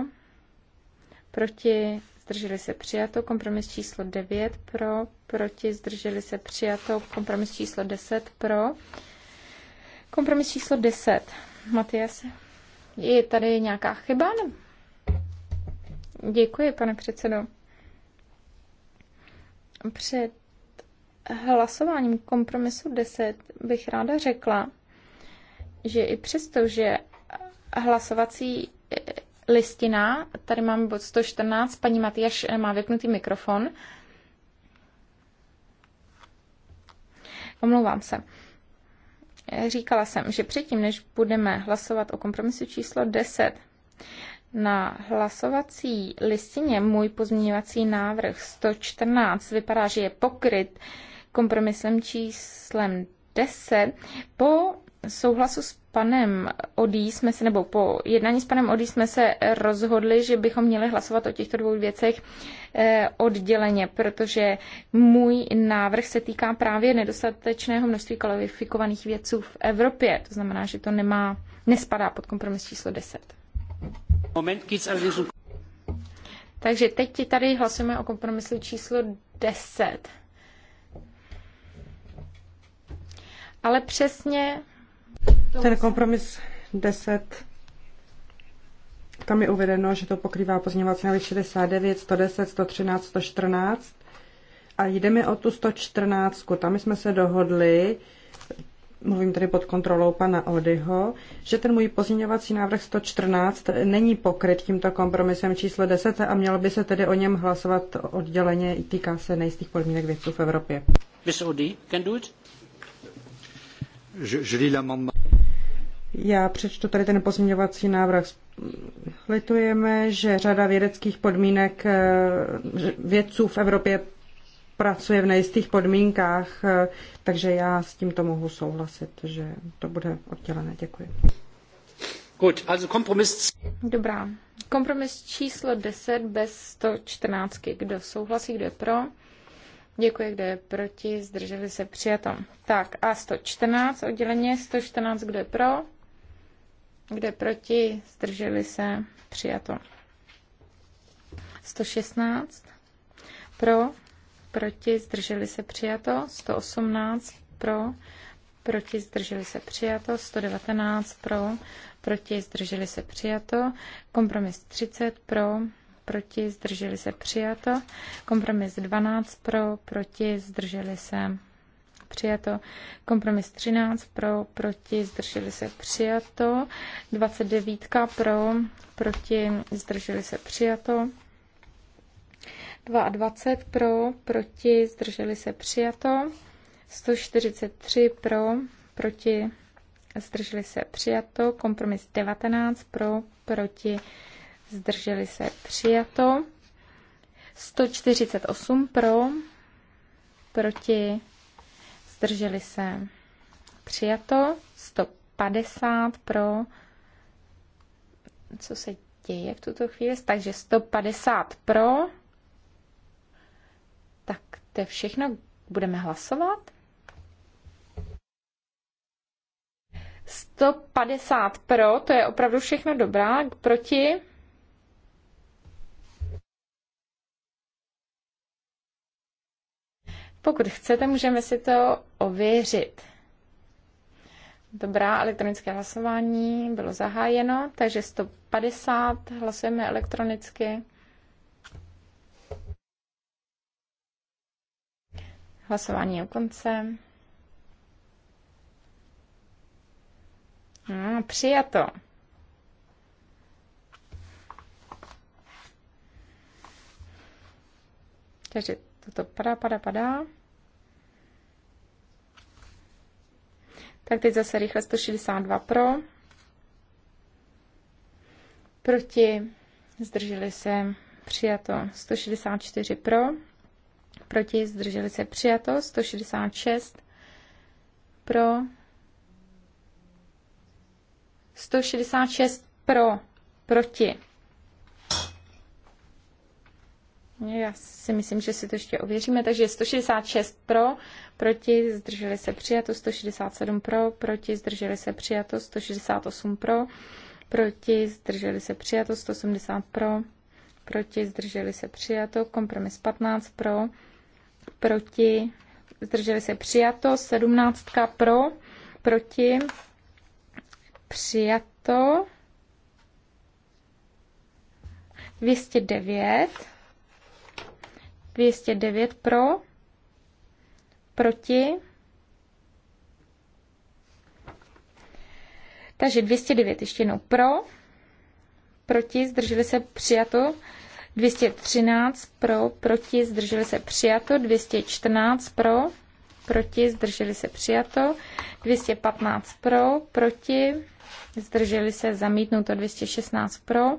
B: proti, zdrželi se přijato, kompromis číslo 9 pro, proti, zdrželi se přijato, kompromis číslo 10 pro, kompromis číslo 10. Matias, je tady nějaká chyba? Ne? Děkuji, pane předsedo. Před hlasováním kompromisu 10 bych ráda řekla, že i přesto, že hlasovací listina, tady máme bod 114, paní Matyáš eh, má vypnutý mikrofon. Omlouvám se. Eh, říkala jsem, že předtím, než budeme hlasovat o kompromisu číslo 10, na hlasovací listině můj pozměňovací návrh 114 vypadá, že je pokryt kompromisem číslem 10 po souhlasu s panem Odí jsme se, nebo po jednání s panem Odí jsme se rozhodli, že bychom měli hlasovat o těchto dvou věcech eh, odděleně, protože můj návrh se týká právě nedostatečného množství kvalifikovaných věců v Evropě. To znamená, že to nemá, nespadá pod kompromis číslo 10. Moment, Takže teď tady hlasujeme o kompromisu číslo 10. Ale přesně ten
A: kompromis 10 tam je uvedeno, že to pokrývá pozměňovací návrh 69, 110, 113, 114. A jdeme o tu 114. Tam jsme se dohodli, mluvím tedy pod kontrolou pana Odyho, že ten můj pozměňovací návrh 114 není pokryt tímto kompromisem číslo 10 a mělo by se tedy o něm hlasovat odděleně. Týká se nejistých podmínek věců v Evropě. Mr. Ody, can do it? Je, je já přečtu tady ten pozměňovací návrh. Litujeme, že řada vědeckých podmínek eh, vědců v Evropě pracuje v nejistých podmínkách, eh, takže já s tímto mohu souhlasit, že to bude oddělené. Děkuji. Gut, also kompromis.
B: Dobrá. Kompromis číslo 10 bez 114. Kdo souhlasí, kdo je pro? Děkuji, kdo je proti, zdrželi se přijatom. Tak a 114 odděleně, 114, kdo je pro? kde proti, zdrželi se, přijato. 116 pro, proti, zdrželi se, přijato. 118 pro, proti, zdrželi se, přijato. 119 pro, proti, zdrželi se, přijato. Kompromis 30 pro, proti, zdrželi se, přijato. Kompromis 12 pro, proti, zdrželi se, přijato. Kompromis 13 pro, proti, zdrželi se přijato. 29 pro, proti, zdrželi se přijato. 22 pro, proti, zdrželi se přijato. 143 pro, proti, zdrželi se přijato. Kompromis 19 pro, proti, zdrželi se přijato. 148 pro, proti, zdrželi se přijato, 150 pro, co se děje v tuto chvíli, takže 150 pro, tak to je všechno, budeme hlasovat. 150 pro, to je opravdu všechno dobrá, proti Pokud chcete, můžeme si to ověřit. Dobrá, elektronické hlasování bylo zahájeno, takže 150 hlasujeme elektronicky. Hlasování je u konce. No, přijato. čtyři. Toto padá, padá, padá. Tak teď zase rychle 162 pro. Proti zdrželi se přijato 164 pro. Proti zdrželi se přijato 166 pro. 166 pro. Proti Já si myslím, že si to ještě ověříme. Takže 166 pro, proti, zdrželi se přijato, 167 pro, proti, zdrželi se přijato, 168 pro, proti, zdrželi se přijato, 180 pro, proti, zdrželi se přijato, kompromis 15 pro, proti, zdrželi se přijato, 17 pro, proti, přijato, 209 209 pro, proti. Takže 209 ještě jednou pro, proti, zdrželi se přijato. 213 pro, proti, zdrželi se přijato. 214 pro, proti, zdrželi se přijato. 215 pro, proti, zdrželi se zamítnuto. 216 pro,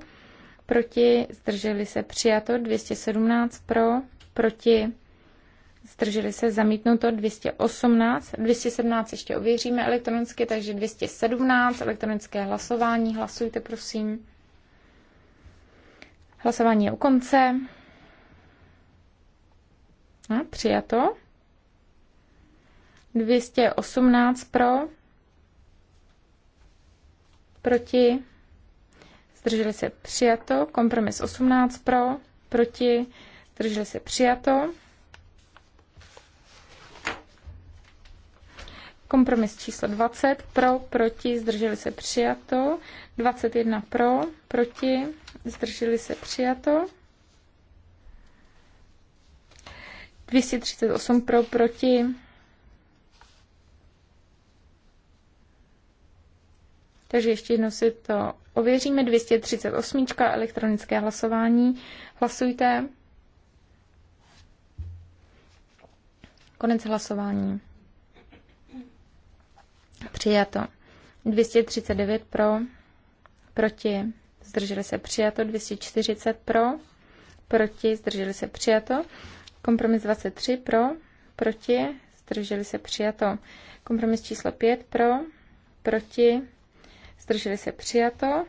B: proti, zdrželi se přijato. 217 pro, proti, zdrželi se zamítnuto 218, 217 ještě ověříme elektronicky, takže 217, elektronické hlasování, hlasujte prosím. Hlasování je u konce. A přijato. 218 pro, proti, zdrželi se přijato, kompromis 18 pro, proti, zdrželi se přijato. Kompromis číslo 20 pro, proti, zdrželi se přijato. 21 pro, proti, zdrželi se přijato. 238 pro, proti. Takže ještě jednou si to ověříme. 238 elektronické hlasování. Hlasujte. Konec hlasování. Přijato. 239 pro, proti, zdrželi se přijato. 240 pro, proti, zdrželi se přijato. Kompromis 23 pro, proti, zdrželi se přijato. Kompromis číslo 5 pro, proti, zdrželi se přijato.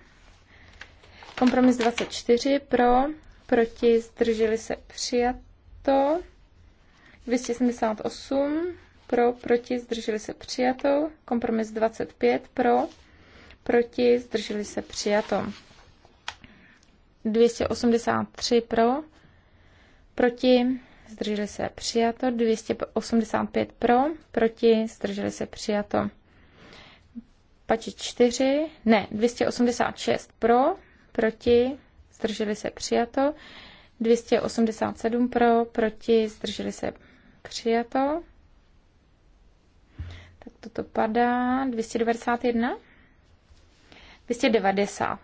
B: Kompromis 24 pro, proti, zdrželi se přijato. 278 pro, proti, zdrželi se přijato. Kompromis 25 pro, proti, zdrželi se přijato. 283 pro, proti, zdrželi se přijato. 285 pro, proti, zdrželi se přijato. Pači 4, ne, 286 pro, proti, zdrželi se přijato. 287 pro, proti, zdrželi se Přijato. Tak toto padá. 291. 290.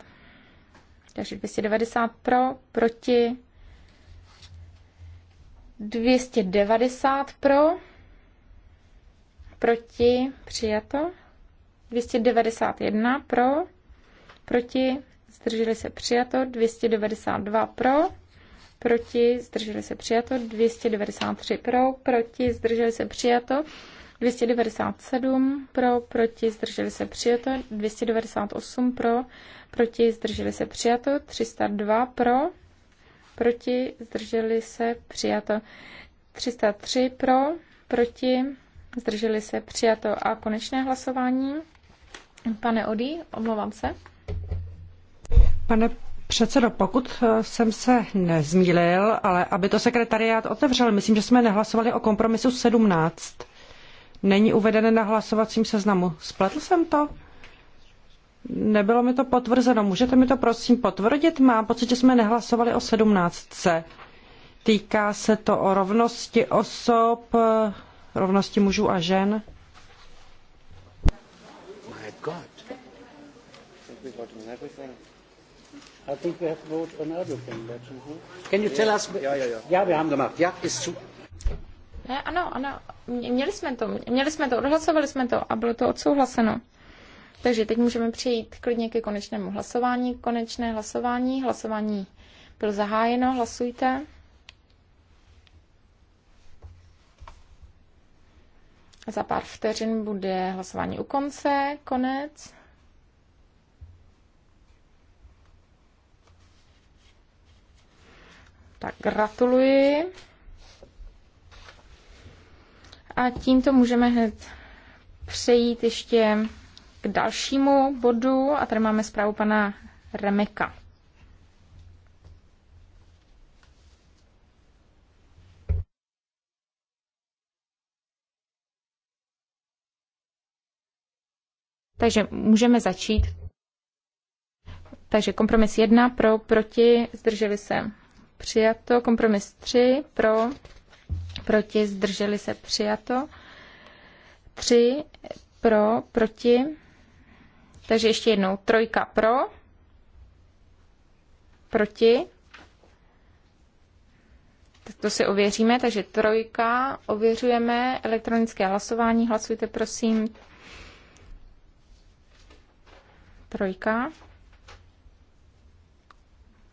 B: Takže 290 pro, proti. 290 pro, proti, přijato. 291 pro, proti, zdrželi se přijato. 292 pro, proti, zdrželi se přijato, 293 pro, proti, zdrželi se přijato, 297 pro, proti, zdrželi se přijato, 298 pro, proti, zdrželi se přijato, 302 pro, proti, zdrželi se přijato, 303 pro, proti, zdrželi se přijato a konečné hlasování. Pane Odí, omlouvám se.
A: Pane předsedo, pokud eh, jsem se nezmílil, ale aby to sekretariát otevřel, myslím, že jsme nehlasovali o kompromisu 17. Není uveden na hlasovacím seznamu. Spletl jsem to? Nebylo mi to potvrzeno. Můžete mi to prosím potvrdit? Mám pocit, že jsme nehlasovali o 17. Týká se to o rovnosti osob, eh, rovnosti mužů a žen. My God. everything. I think we have vote on everything. But, mm Can you tell us? Ja, ja, ja. Ja, wir haben gemacht. Ja, ist zu.
B: Ne, ano, ano. Měli jsme to, měli jsme to, odhlasovali jsme to a bylo to odsouhlaseno. Takže teď můžeme přejít klidně ke konečnému hlasování. Konečné hlasování. Hlasování bylo zahájeno. Hlasujte. Za pár vteřin bude hlasování u konce. Konec. Tak gratuluji. A tímto můžeme hned přejít ještě k dalšímu bodu a tady máme zprávu pana Remeka. Takže můžeme začít. Takže kompromis jedna pro, proti, zdrželi se přijato. Kompromis 3 pro, proti, zdrželi se, přijato. 3 pro, proti. Takže ještě jednou. Trojka pro, proti. Tak to si ověříme, takže trojka, ověřujeme elektronické hlasování, hlasujte prosím. Trojka.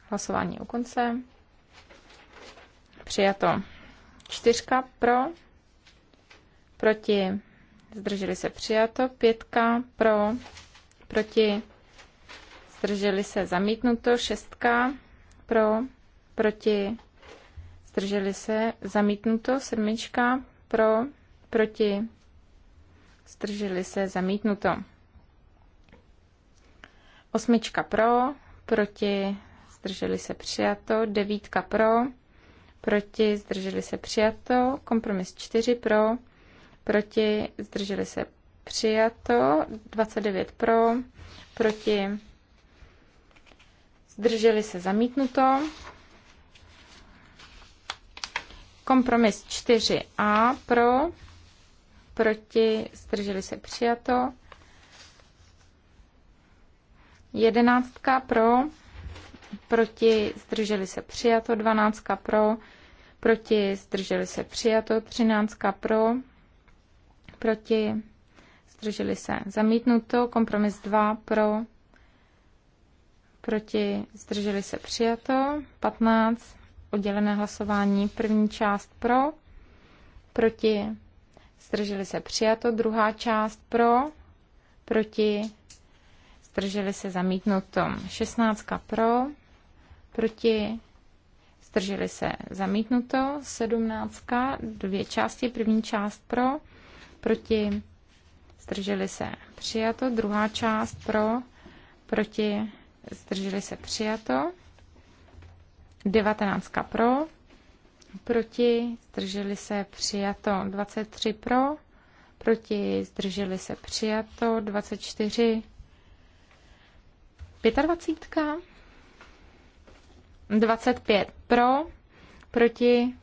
B: Hlasování u konce. Přijato. Čtyřka pro, proti, zdrželi se přijato. Pětka pro, proti, zdrželi se zamítnuto. Šestka pro, proti, zdrželi se zamítnuto. Sedmička pro, proti, zdrželi se zamítnuto. Osmička pro, proti, zdrželi se přijato. Devítka pro, proti, zdrželi se přijato, kompromis 4 pro, proti, zdrželi se přijato, 29 pro, proti, zdrželi se zamítnuto, kompromis 4a pro, proti, zdrželi se přijato, jedenáctka pro, proti, zdrželi se přijato, 12 pro, proti, zdrželi se přijato, 13 pro, proti, zdrželi se zamítnuto, kompromis 2 pro, proti, zdrželi se přijato, 15, oddělené hlasování, první část pro, proti, zdrželi se přijato, druhá část pro, proti, zdrželi se zamítnuto. 16 pro, proti, zdrželi se zamítnuto. 17 dvě části, první část pro, proti, zdrželi se přijato. Druhá část pro, proti, zdrželi se přijato. 19 pro, proti, zdrželi se přijato. 23 pro, proti, zdrželi se přijato. 24 25. 25 pro, proti,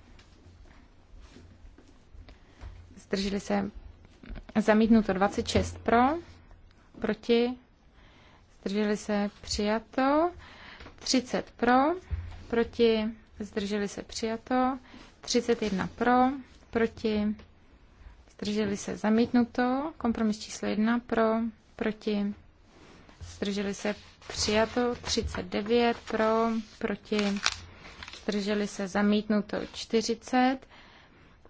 B: zdrželi se zamítnuto 26 pro, proti, zdrželi se přijato, 30 pro, proti, zdrželi se přijato, 31 pro, proti, zdrželi se zamítnuto, kompromis číslo 1 pro, proti, zdrželi se přijato 39 pro, proti, zdrželi se zamítnuto 40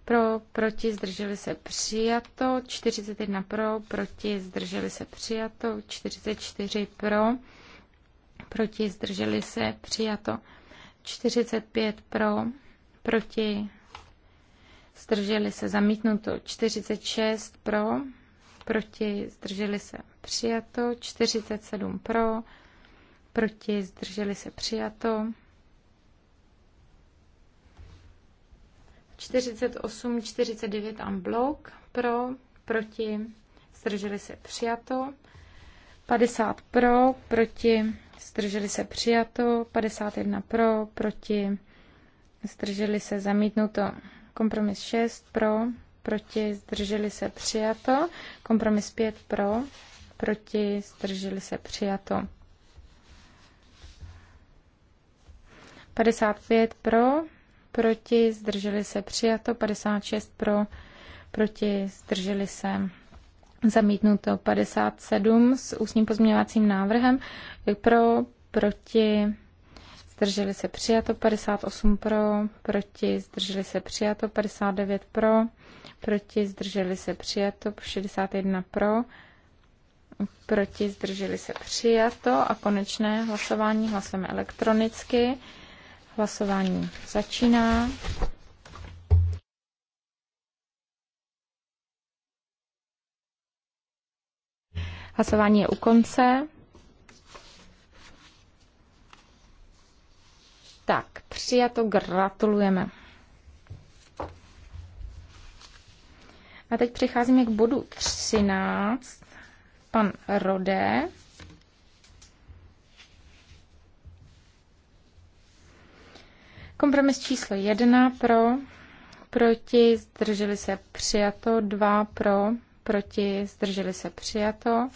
B: pro, proti, zdrželi se přijato 41 pro, proti, zdrželi se přijato 44 pro, proti, zdrželi se přijato 45 pro, proti, zdrželi se zamítnuto 46 pro, proti, zdrželi se přijato, 47 pro, proti, zdrželi se přijato, 48, 49 en blok, pro, proti, zdrželi se přijato, 50 pro, proti, zdrželi se přijato, 51 pro, proti, zdrželi se zamítnuto, kompromis 6 pro, proti, zdrželi se přijato. Kompromis 5 pro, proti, zdrželi se přijato. 55 pro, proti, zdrželi se přijato. 56 pro, proti, zdrželi se zamítnuto. 57 s ústním pozměňovacím návrhem pro, proti, zdrželi se přijato 58 pro, proti zdrželi se přijato 59 pro, proti zdrželi se přijato 61 pro, proti zdrželi se přijato a konečné hlasování hlasujeme elektronicky. Hlasování začíná. Hlasování je u konce. Tak, přijato, gratulujeme. A teď přicházíme k bodu 13. Pan Rode. Kompromis číslo 1 pro, proti, zdrželi se přijato, 2 pro, proti, zdrželi se přijato,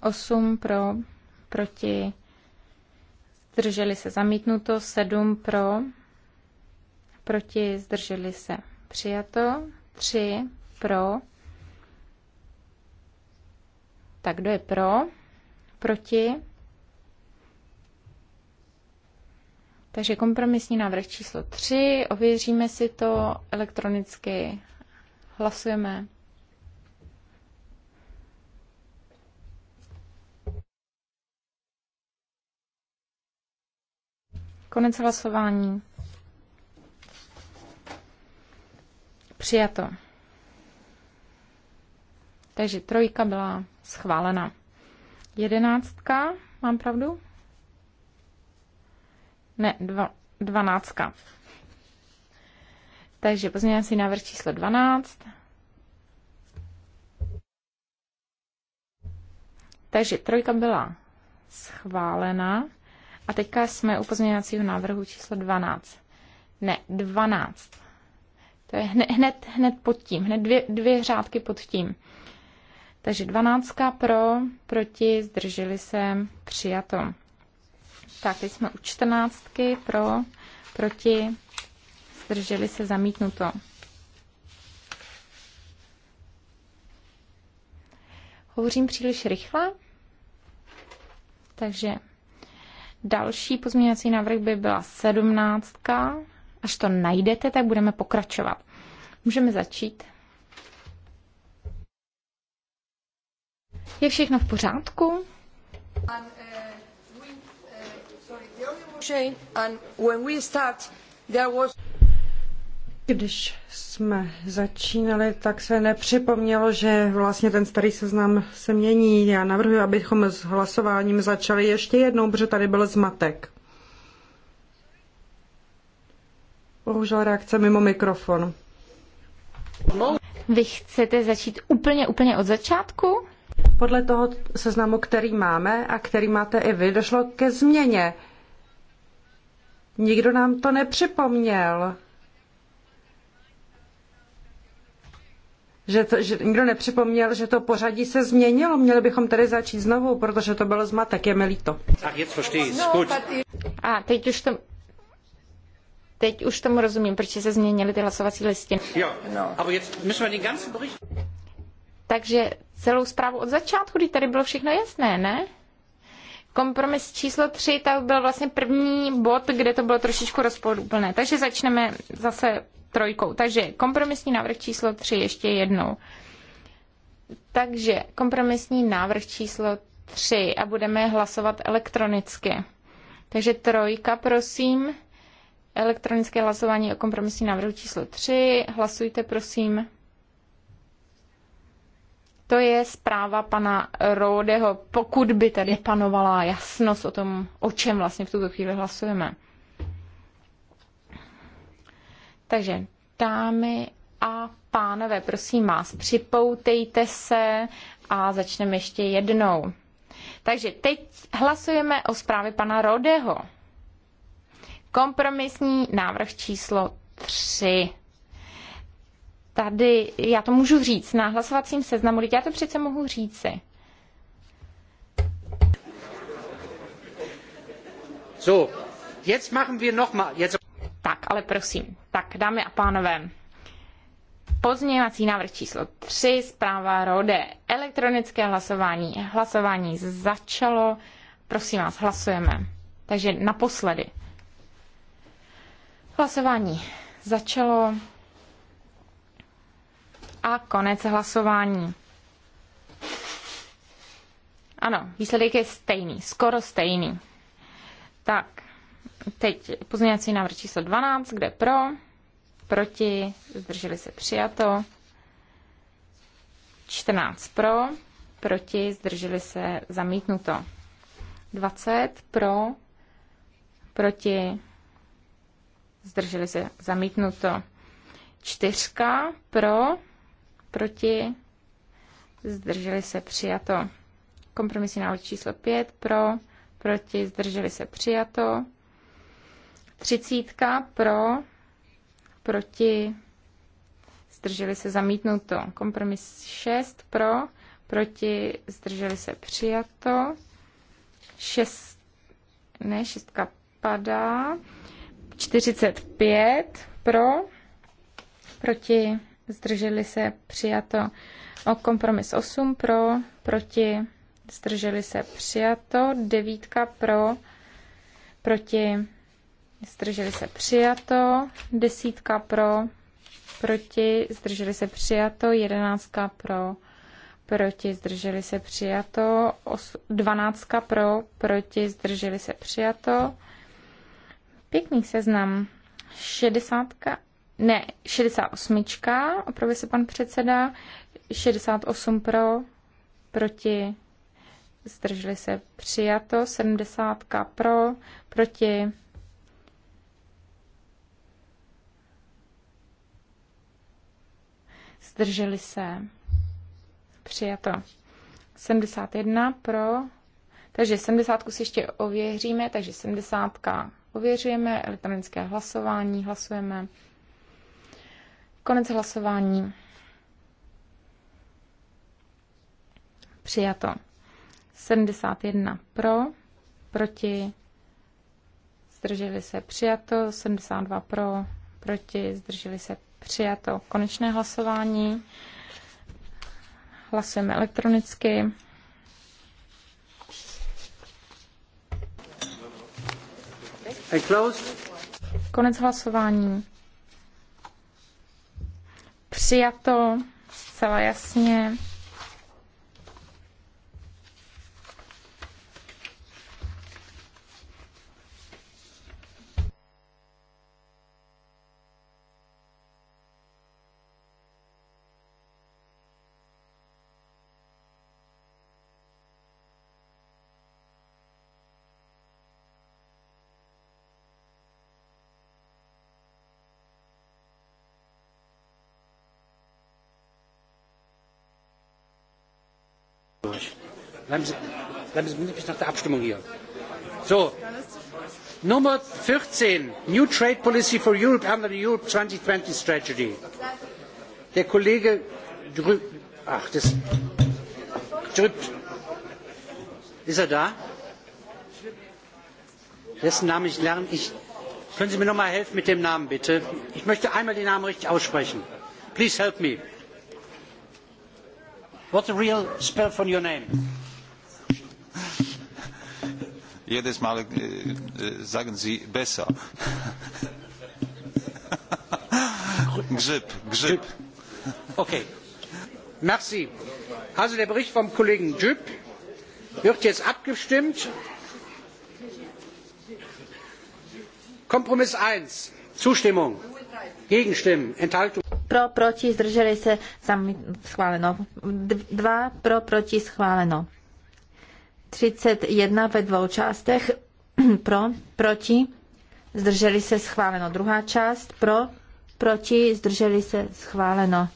B: 8 pro, proti, zdrželi se zamítnuto, 7 pro, proti, zdrželi se přijato, 3 pro, tak kdo je pro, proti, takže kompromisní návrh číslo 3, ověříme si to elektronicky, hlasujeme. Konec hlasování. Přijato. Takže trojka byla schválena. Jedenáctka, mám pravdu? Ne, dva, dvanáctka. Takže pozměňovací návrh číslo 12. Takže trojka byla schválena. A teďka jsme u pozměňovacího návrhu číslo 12. Ne, 12. To je hned, hned, hned pod tím, hned dvě, dvě řádky pod tím. Takže 12 pro, proti, zdrželi se, přijato. Tak, teď jsme u 14 pro, proti, zdrželi se, zamítnuto. Hovořím příliš rychle, takže Další pozměňovací návrh by byla sedmnáctka. Až to najdete, tak budeme pokračovat. Můžeme začít. Je všechno v pořádku?
A: Když jsme začínali, tak se nepřipomnělo, že vlastně ten starý seznam se mění. Já navrhuji, abychom s hlasováním začali ještě jednou, protože tady byl zmatek. Bohužel reakce mimo mikrofon.
B: Vy chcete začít úplně,
A: úplně od začátku? Podle toho seznamu, který máme a který máte i vy, došlo ke změně. Nikdo nám to nepřipomněl. že, to, že nikdo nepřipomněl, že to pořadí se změnilo. Měli bychom tady začít znovu, protože to byl zmatek, je mi líto.
B: No, A teď už to... Teď už tomu rozumím, proč se změnily ty hlasovací listiny. No. Takže celou zprávu od začátku, kdy tady bylo všechno jasné, ne? Kompromis číslo 3, to byl vlastně první bod, kde to bylo trošičku rozporuplné. Takže začneme zase trojkou. Takže kompromisní návrh číslo tři ještě jednou. Takže kompromisní návrh číslo tři a budeme hlasovat elektronicky. Takže trojka, prosím. Elektronické hlasování o kompromisní návrhu číslo tři. Hlasujte, prosím. To je zpráva pana Rodeho, pokud by tady panovala jasnost o tom, o čem vlastně v tuto chvíli hlasujeme. Takže dámy a pánové, prosím vás, připoutejte se a začneme ještě jednou. Takže teď hlasujeme o zprávě pana Rodeho. Kompromisní návrh číslo 3. Tady, já to můžu říct na hlasovacím seznamu, já to přece mohu říci. So, jetzt machen wir noch mal, jetzt... Tak, ale prosím. Tak, dámy a pánové, pozměňovací návrh číslo 3, zpráva RODE, elektronické hlasování. Hlasování začalo. Prosím vás, hlasujeme. Takže naposledy. Hlasování začalo a konec hlasování. Ano, výsledek je stejný, skoro stejný. Tak, Teď pozměňovací návrh číslo 12, kde pro, proti, zdrželi se přijato. 14 pro, proti, zdrželi se zamítnuto. 20 pro, proti, zdrželi se zamítnuto. 4 pro, proti, zdrželi se přijato. Kompromisní návrh číslo 5 pro, proti, zdrželi se přijato. Třicítka pro, proti, zdrželi se zamítnuto. Kompromis 6 pro, proti, zdrželi se přijato. 6, ne, šestka padá. 45 pro, proti, zdrželi se přijato. O kompromis 8 pro, proti, zdrželi se přijato. Devítka pro, proti, zdrželi se přijato, desítka pro, proti, zdrželi se přijato, jedenáctka pro, proti, zdrželi se přijato, os, dvanáctka pro, proti, zdrželi se přijato. Pěkný seznam. Šedesátka, ne, 68, opravdu se pan předseda, 68 pro, proti, zdrželi se přijato, 70 pro, proti, zdrželi se, přijato. 71 pro, takže 70 si ještě ověříme, takže 70 ověřujeme, elektronické hlasování, hlasujeme. Konec hlasování. Přijato. 71 pro, proti, zdrželi se přijato, 72 pro, proti, zdrželi se Přijato. Konečné hlasování. Hlasujeme elektronicky. Konec hlasování. Přijato, zcela jasně. Bleiben Sie, bleiben Sie bis nach der Abstimmung hier.
A: So. Nummer 14, New Trade Policy for Europe under the Europe 2020 Strategy. Der Kollege Drü Ach, das Drü Ist er da? Dessen Namen ich lerne ich. Können Sie mir noch mal helfen mit dem Namen bitte? Ich möchte einmal den Namen richtig aussprechen. Please help me. What's the real spell from your name?
C: jedes Mal äh, sagen e, e, Sie besser. [laughs] Grip, Grip. Okay. Merci.
A: Also der Bericht vom Kollegen Grip wird jetzt abgestimmt.
C: Kompromiss 1. Zustimmung. Gegenstimmen. Enthaltung. Pro, proti, zdrželi se, schváleno. Dva, pro, proti, schváleno. 31 ve dvou částech. [clears throat] Pro, proti, zdrželi se schváleno. Druhá část pro, proti, zdrželi se schváleno.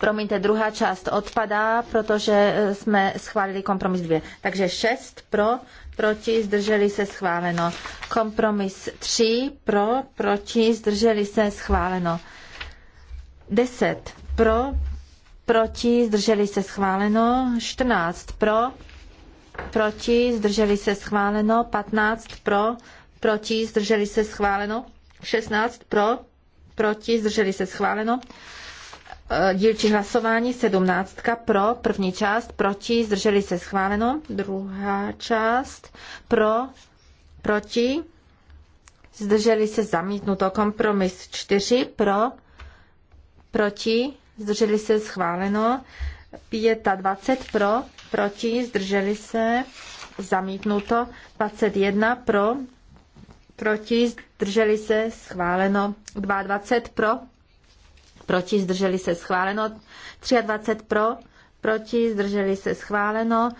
C: Promiňte, druhá část odpadá, protože eh, jsme schválili kompromis 2. Takže 6 pro, proti, zdrželi se schváleno. Kompromis 3 pro, proti, zdrželi se schváleno. 10 pro, proti, zdrželi se schváleno. 14 pro, proti, zdrželi se schváleno. 15 pro, proti, zdrželi se schváleno. 16 pro, proti, zdrželi se schváleno. Eh, dílčí hlasování 17 pro první část, proti, zdrželi se schváleno, druhá část pro, proti, zdrželi se zamítnuto, kompromis 4 pro, proti, zdrželi se schváleno, 25 pro, proti, zdrželi se zamítnuto, 21 pro, proti, zdrželi se schváleno, 22 pro, proti, zdrželi se schváleno, 23 pro, proti, zdrželi se schváleno,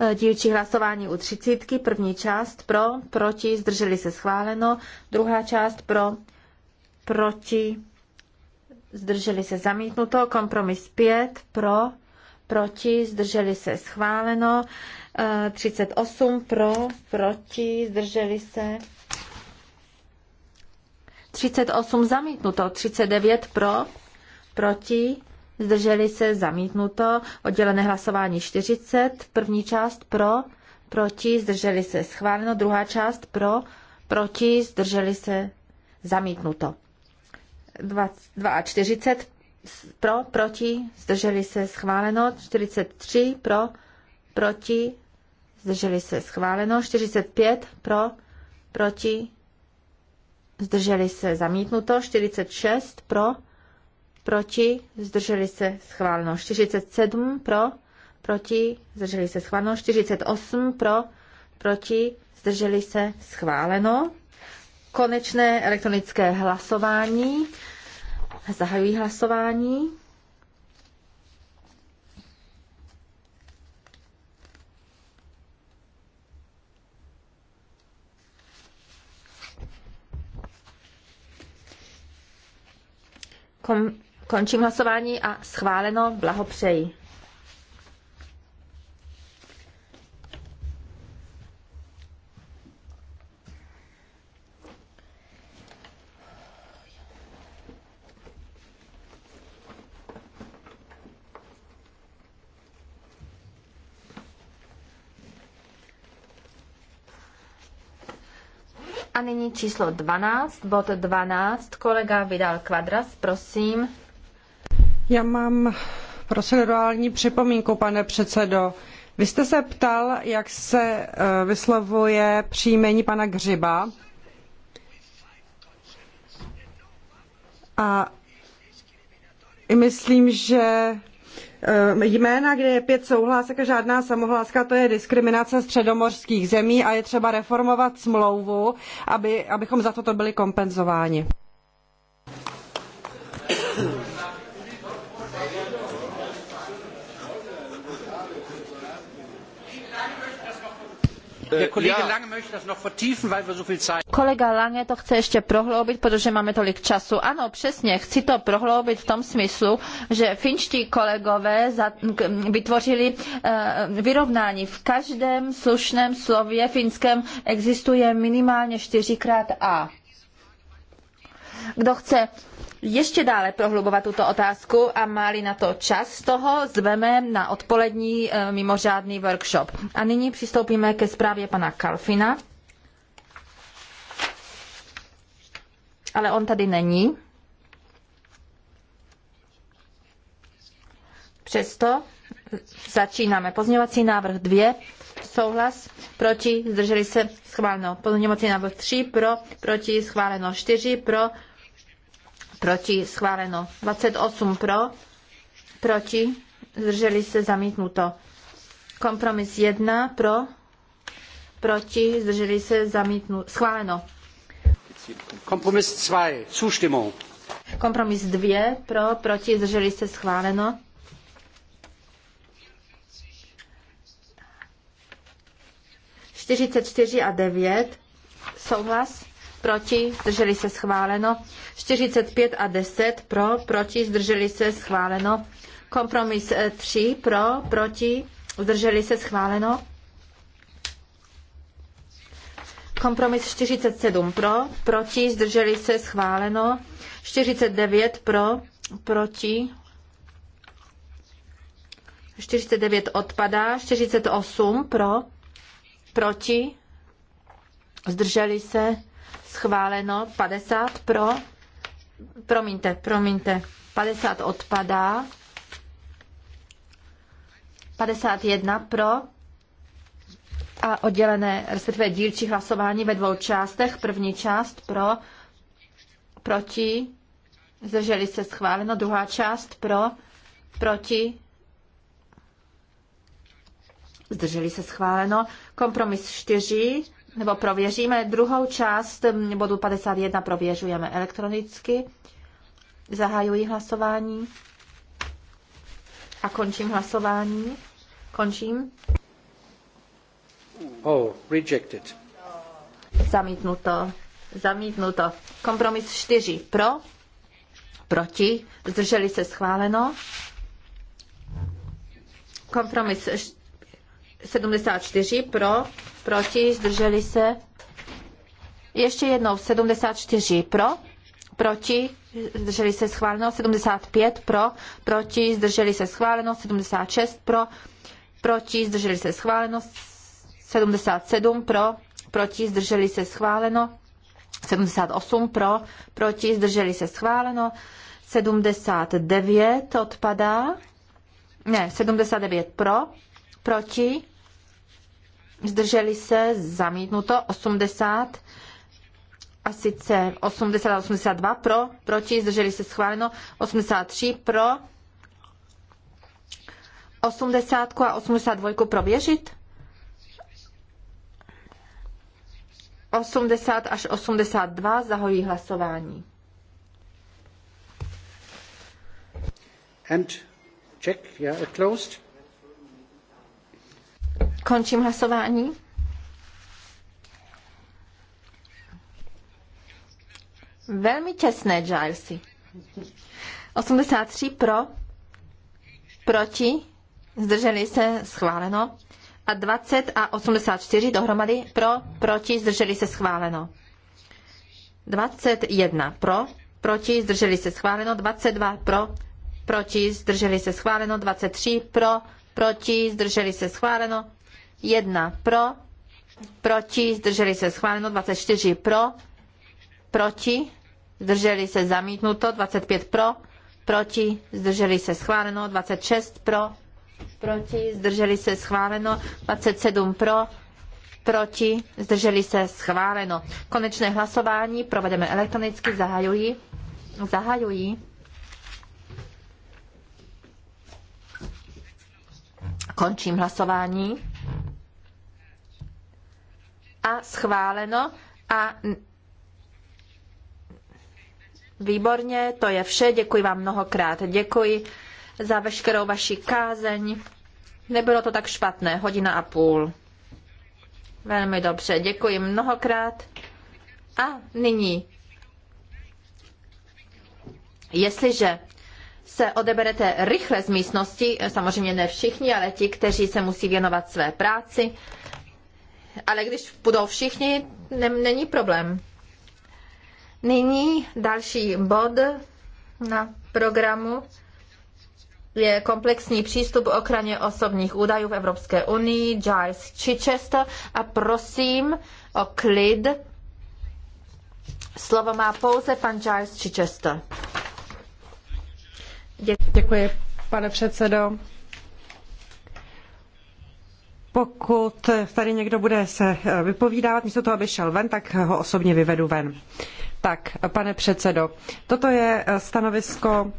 C: e, dílčí hlasování u třicítky, první část pro, proti, zdrželi se schváleno, druhá část pro, proti, zdrželi se zamítnuto, kompromis 5 pro, proti, zdrželi se schváleno, 38 e, pro, proti, zdrželi se 38 zamítnuto, 39 pro, proti, zdrželi se zamítnuto, oddělené hlasování 40, první část pro, proti, zdrželi se schváleno, druhá část pro, proti, zdrželi se zamítnuto. 42 pro, proti, zdrželi se schváleno, 43 pro, proti, zdrželi se schváleno, 45 pro, proti, zdrželi se zamítnuto, 46 pro, proti, zdrželi se schváleno. 47 pro, proti, zdrželi se schváleno. 48 pro, proti, zdrželi se schváleno. Konečné elektronické hlasování. Zahajují hlasování. kom- Končím hlasování a schváleno, blahopřeji. A nyní číslo 12, bod 12, kolega Vidal Kvadras, prosím.
A: Já mám procedurální připomínku, pane předsedo. Vy jste se ptal, jak se eh, vyslovuje příjmení pana Gřiba. A myslím, že eh, jména, kde je pět souhlásek a žádná samohláska, to je diskriminace středomořských zemí a je třeba reformovat smlouvu, aby, abychom za toto byli kompenzováni. Äh,
C: Kolega Lange to chce ještě prohloubit, protože máme tolik času. Ano, přesně, chci to prohloubit v tom smyslu, že finští kolegové vytvořili eh, vyrovnání. V každém slušném slově finském existuje minimálně čtyřikrát A. Kdo chce ještě dále prohlubovat tuto otázku a máli na to čas, z toho zveme na odpolední eh, mimořádný workshop. A nyní přistoupíme ke zprávě pana Kalfina. Ale on tady není. Přesto začínáme. Pozměňovací návrh 2, souhlas, proti, zdrželi se, schváleno. Pozměňovací návrh 3, pro, proti, schváleno. 4, pro, proti, schváleno. 28 pro, proti, zdrželi se, zamítnuto. Kompromis 1 pro, proti, zdrželi se, zamítnuto, schváleno.
A: Kompromis 2, zustimmung.
C: Kompromis 2 pro, proti, zdrželi se, schváleno. Čtyřicet čtyři a devět. Souhlas? proti, zdrželi se schváleno. 45 a 10 pro, proti, zdrželi se schváleno. Kompromis 3 eh, pro, proti, zdrželi se schváleno. Kompromis 47 pro, proti, zdrželi se schváleno. 49 pro, proti. 49 odpadá, 48 pro, proti, zdrželi se schváleno 50 pro, promiňte, promiňte, 50 odpadá, 51 pro a oddělené, respektive dílčí hlasování ve dvou částech. První část pro, proti, zdrželi se schváleno, druhá část pro, proti, zdrželi se schváleno, kompromis 4 nebo prověříme. Druhou část bodu 51 prověřujeme elektronicky. Zahajuji hlasování a končím hlasování. Končím.
A: Oh, rejected.
C: Zamítnuto. Zamítnuto. Kompromis 4 pro, proti, zdrželi se schváleno. Kompromis 74 pro, proti, zdrželi se. Ještě jednou 74 pro, proti, zdrželi se schváleno, 75 pro, proti, zdrželi se schváleno, 76 pro, proti, zdrželi se schváleno, 77 pro, proti, zdrželi se schváleno, 78 pro, proti, zdrželi se schváleno, 79 odpadá, ne, 79 pro, proti, zdrželi se, zamítnuto, 80, a sice 80 a 82 pro, proti, zdrželi se schváleno, 83 pro, 80 a 82 prověřit. 80 až 82 zahojí hlasování.
A: And check, yeah, closed.
C: Končím hlasování. Velmi těsné, Gilesy. 83 pro, proti, zdrželi se, schváleno. A 20 a 84 dohromady pro, proti, zdrželi se, schváleno. 21 pro, proti, zdrželi se, schváleno. 22 pro, proti, zdrželi se, schváleno. 23 pro, proti, zdrželi se, schváleno. 1 pro, proti, zdrželi se schváleno, 24 pro, proti, zdrželi se zamítnuto, 25 pro, proti, zdrželi se schváleno, 26 pro, proti, zdrželi se schváleno, 27 pro, proti, zdrželi se schváleno. Konečné hlasování provedeme elektronicky, zahajuji. Zahajuji. Končím hlasování a schváleno a výborně, to je vše, děkuji vám mnohokrát, děkuji za veškerou vaši kázeň. Nebylo to tak špatné, hodina a půl. Velmi dobře, děkuji mnohokrát. A nyní, jestliže se odeberete rychle z místnosti, samozřejmě ne všichni, ale ti, kteří se musí věnovat své práci. Ale když budou všichni, ne, není problém. Nyní další bod na programu je komplexní přístup k ochraně osobních údajů v Evropské unii, Giles Chichester a prosím o klid. Slovo má pouze pan Giles Chichester.
A: Děkuji, pane předsedo. Pokud tady někdo bude se eh, vypovídat, místo toho, aby šel ven, tak ho osobně vyvedu ven. Tak, pane předsedo, toto je eh, stanovisko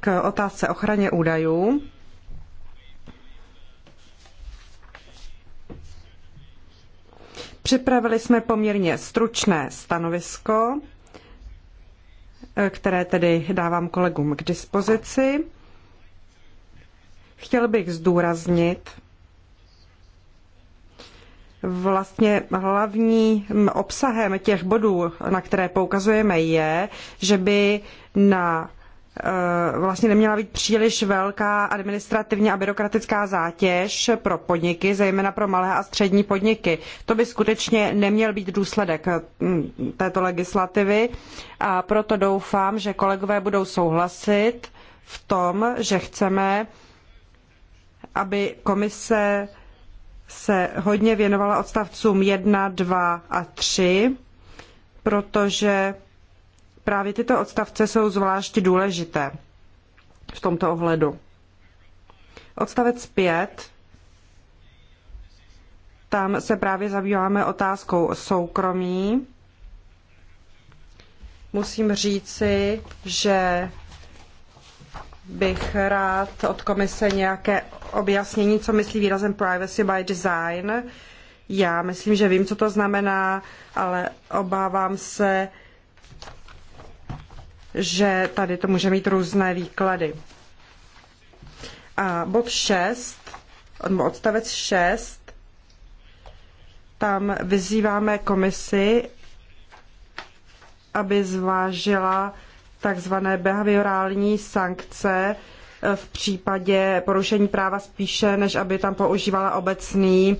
A: k otázce ochraně údajů. Připravili jsme poměrně stručné stanovisko které tedy dávám kolegům k dispozici. Chtěl bych zdůraznit vlastně hlavním obsahem těch bodů, na které poukazujeme, je, že by na Eh, vlastně neměla být příliš velká administrativní a byrokratická zátěž pro podniky, zejména pro malé a střední podniky. To by skutečně neměl být důsledek eh, hm, této legislativy a proto doufám, že kolegové budou souhlasit v tom, že chceme, aby komise se hodně věnovala odstavcům 1, 2 a 3, protože právě tyto odstavce jsou zvlášť důležité v tomto ohledu. Odstavec 5. Tam se právě zabýváme otázkou soukromí. Musím říci, že bych rád od komise nějaké objasnění, co myslí výrazem privacy by design. Já myslím, že vím, co to znamená, ale obávám se, že tady to může mít různé výklady. A bod 6, odstavec 6, tam vyzýváme komisi, aby zvážila takzvané behaviorální sankce eh, v případě porušení práva spíše, než aby tam používala obecný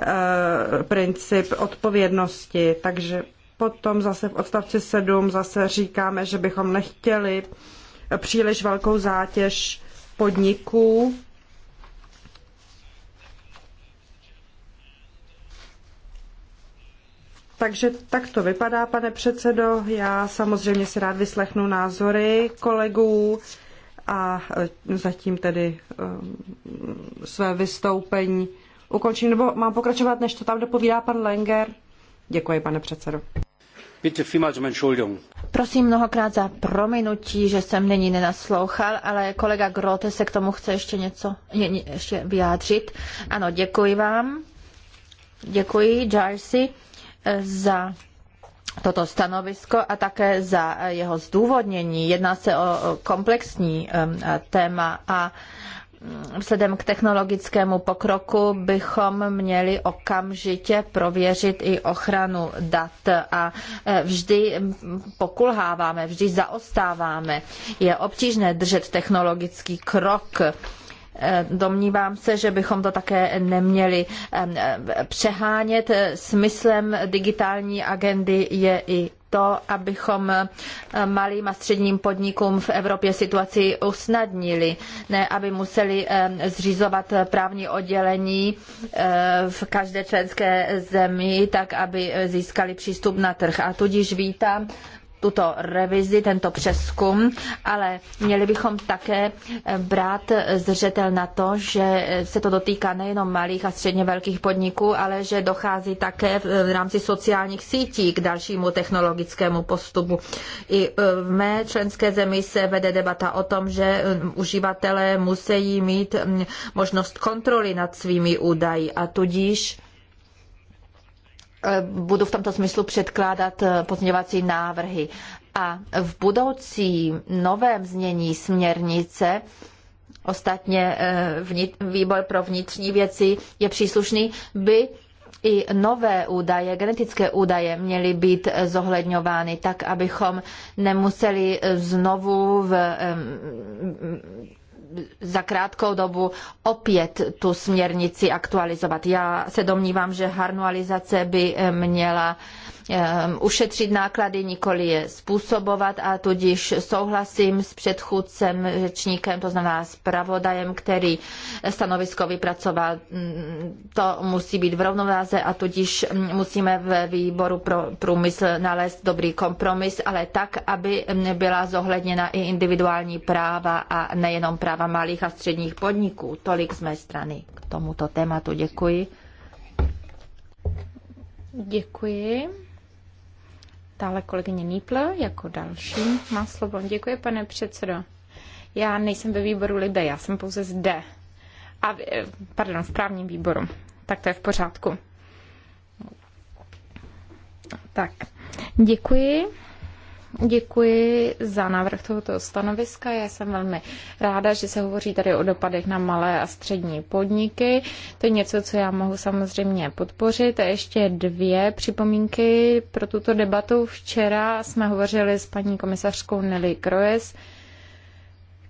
A: eh, princip odpovědnosti. Takže potom zase v odstavci 7 zase říkáme, že bychom nechtěli příliš velkou zátěž podniků. Takže tak to vypadá, pane předsedo. Já samozřejmě si rád vyslechnu názory kolegů a e, zatím tedy e, své vystoupení ukončím, nebo
C: mám pokračovat, než to tam dopovídá pan Lenger?
A: Děkuji, pane předsedo. Um
C: Prosím mnohokrát za prominutí, že jsem nyní nenaslouchal, ale kolega Grote se k tomu chce ještě něco ještě vyjádřit. Ano, děkuji vám. Děkuji, Jarsi, za toto stanovisko a také za jeho zdůvodnění. Jedná se o komplexní um, téma a vzhledem k technologickému pokroku bychom měli okamžitě prověřit i ochranu dat a e, vždy pokulháváme, vždy zaostáváme. Je obtížné držet technologický krok. E, domnívám se, že bychom to také neměli e, přehánět. Smyslem digitální agendy je i to, abychom eh, malým a středním podnikům v Evropě situaci usnadnili, ne aby museli eh, zřizovat právní oddělení eh, v každé členské zemi, tak aby získali přístup na trh. A tudíž vítám tuto revizi, tento přeskum, ale měli bychom také eh, brát zřetel na to, že se to dotýká nejenom malých a středně velkých podniků, ale že dochází také v rámci sociálních sítí k dalšímu technologickému postupu. I eh, v mé členské zemi se vede debata o tom, že eh, uživatelé musí mít mm, možnost kontroly nad svými údaji a tudíž Eh, budu v tomto smyslu předkládat eh, pozměňovací návrhy. A v budoucím novém znění směrnice ostatně eh, vnit, výbor pro vnitřní věci je příslušný, by i nové údaje, genetické údaje měly být zohledňovány tak, abychom nemuseli znovu v za krátkou dobu opět tu směrnici aktualizovat. Já se domnívám, že harmonizace by eh, měla uh, Ehm, ušetřit náklady, nikoli je způsobovat a tudíž souhlasím s předchůdcem řečníkem, to znamená s pravodajem, který stanovisko vypracoval. Mm, to musí být v rovnováze a tudíž mm, musíme ve výboru pro průmysl nalézt dobrý kompromis, ale tak, aby mm, byla zohledněna i individuální práva a nejenom práva malých a středních podniků. Tolik z mé strany k tomuto tématu. Děkuji.
B: Děkuji. Dále kolegyně Nýpl jako další má slovo. Děkuji, pane předsedo. Já nejsem ve výboru Libe, já jsem pouze zde. A, eh, pardon, v právním výboru. Tak to je v pořádku. Tak, děkuji. Děkuji za návrh tohoto stanoviska. Já jsem velmi ráda, že se hovoří tady o dopadech na malé a střední podniky. To je něco, co já mohu samozřejmě podpořit. A ještě dvě připomínky pro tuto debatu. Včera jsme hovořili s paní komisařkou Nelly Kroes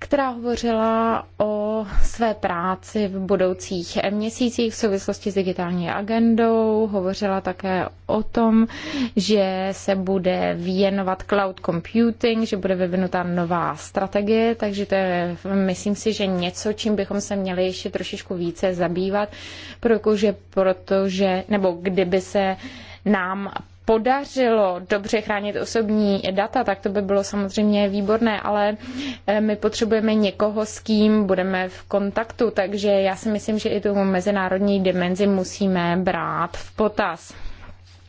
B: která hovořila o své práci v budoucích měsících v souvislosti s digitální agendou. Hovořila také o tom, že se bude věnovat cloud computing, že bude vyvinuta nová strategie, takže to je, myslím si, že něco, čím bychom se měli ještě trošičku více zabývat, protože, protože nebo kdyby se nám podařilo dobře chránit osobní data, tak to by bylo samozřejmě výborné, ale eh, my potřebujeme někoho, s kým budeme v kontaktu, takže já si myslím, že i tu mezinárodní dimenzi musíme brát v potaz.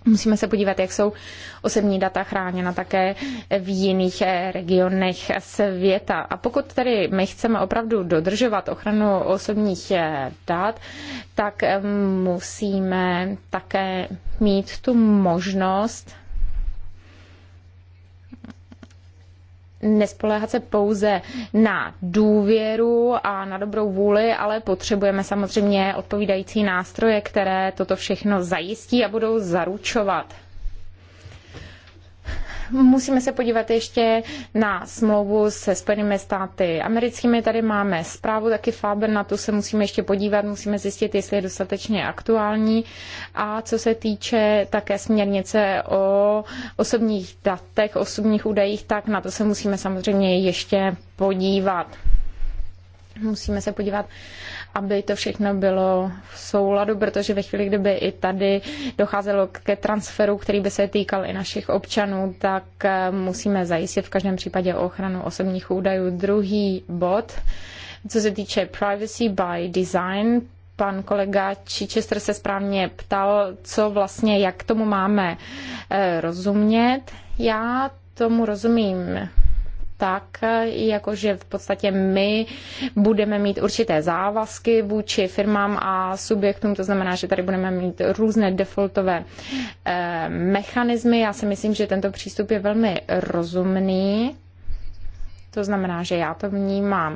B: Musíme se podívat, jak jsou osobní data chráněna také v jiných eh, regionech světa. A pokud tedy my chceme opravdu dodržovat ochranu osobních eh, dat, tak eh, musíme také mít tu možnost nespoléhat se pouze na důvěru a na dobrou vůli, ale potřebujeme samozřejmě odpovídající nástroje, které toto všechno zajistí a budou zaručovat musíme se podívat ještě na smlouvu se Spojenými státy americkými. Tady máme zprávu taky Faber, na to se musíme ještě podívat, musíme zjistit, jestli je dostatečně aktuální. A co se týče také směrnice o osobních datech, osobních údajích, tak na to se musíme samozřejmě ještě podívat. Musíme se podívat aby to všechno bylo v souladu, protože ve chvíli, kdyby i tady docházelo ke transferu, který by se týkal i našich občanů, tak eh, musíme zajistit v každém případě ochranu osobních údajů. Druhý bod, co se týče privacy by design, pan kolega Chichester se správně ptal, co vlastně, jak tomu máme eh, rozumět. Já tomu rozumím tak, jakože v podstatě my budeme mít určité závazky vůči firmám a subjektům, to znamená, že tady budeme mít různé defaultové eh, mechanismy. Já si myslím, že tento přístup je velmi rozumný. To znamená, že já to vnímám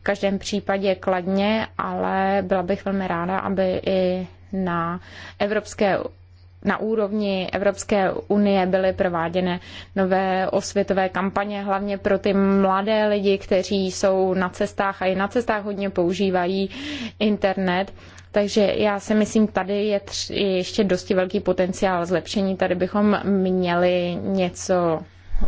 B: v každém případě kladně, ale byla bych velmi ráda, aby i na evropské na úrovni Evropské unie byly prováděny nové osvětové kampaně, hlavně pro ty mladé lidi, kteří jsou na cestách a i na cestách hodně používají internet. Takže já si myslím, tady je, tři, je ještě dosti velký potenciál zlepšení. Tady bychom měli něco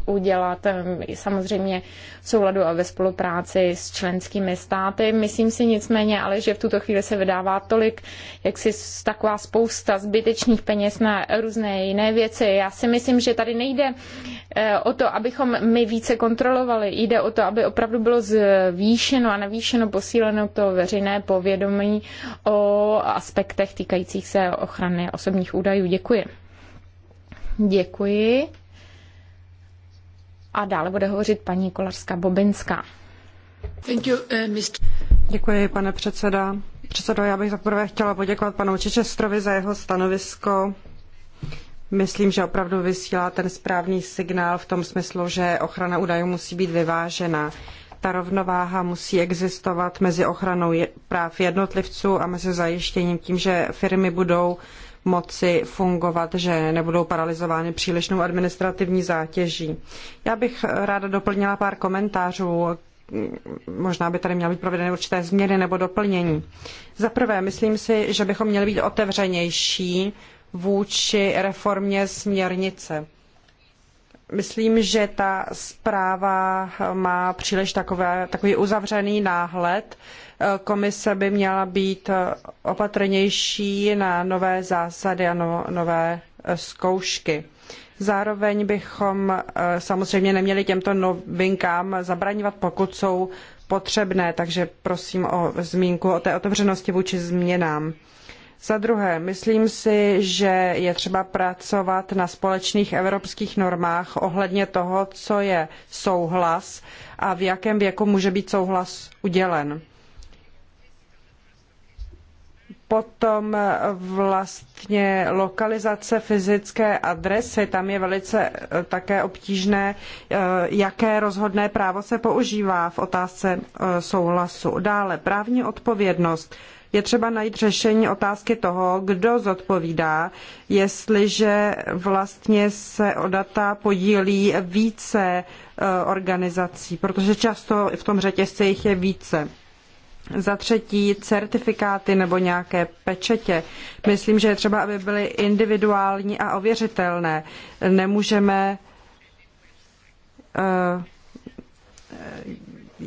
B: udělat samozřejmě v souladu a ve spolupráci s členskými státy. Myslím si nicméně, ale že v tuto chvíli se vydává tolik, jak si taková spousta zbytečných peněz na různé jiné věci. Já si myslím, že tady nejde eh, o to, abychom my více kontrolovali. Jde o to, aby opravdu bylo zvýšeno a navýšeno, posíleno to veřejné povědomí o aspektech týkajících se ochrany osobních údajů. Děkuji. Děkuji a dále bude hovořit paní Kolarská bobinská eh,
A: Děkuji, pane předseda. Předsedo, já bych zaprvé chtěla poděkovat panu Čečestrovi za jeho stanovisko. Myslím, že opravdu vysílá ten správný signál v tom smyslu, že ochrana údajů musí být vyvážena. Ta rovnováha musí existovat mezi ochranou práv jednotlivců a mezi zajištěním tím, že firmy budou moci fungovat, že nebudou paralizovány přílišnou administrativní zátěží. Já bych ráda doplnila pár komentářů možná by tady měly být provedeny určité změny nebo doplnění. Za prvé, myslím si, že bychom měli být otevřenější vůči reformě směrnice. Myslím, že ta zpráva má příliš takové, takový uzavřený náhled. Komise by měla být opatrnější na nové zásady a no, nové zkoušky. Zároveň bychom eh, samozřejmě neměli těmto novinkám zabraňovat, pokud jsou potřebné, takže prosím o zmínku o té otevřenosti vůči změnám. Za druhé, myslím si, že je třeba pracovat na společných evropských normách ohledně toho, co je souhlas a v jakém věku může být souhlas udělen. Potom vlastně lokalizace fyzické adresy, tam je velice eh, také obtížné, eh, jaké rozhodné právo se používá v otázce eh, souhlasu. Dále právní odpovědnost je třeba najít řešení otázky toho, kdo zodpovídá, jestliže vlastně se o data podílí více eh, organizací, protože často v tom řetězci jich je více. Za třetí certifikáty nebo nějaké pečetě. Myslím, že je třeba, aby byly individuální a ověřitelné. Nemůžeme uh,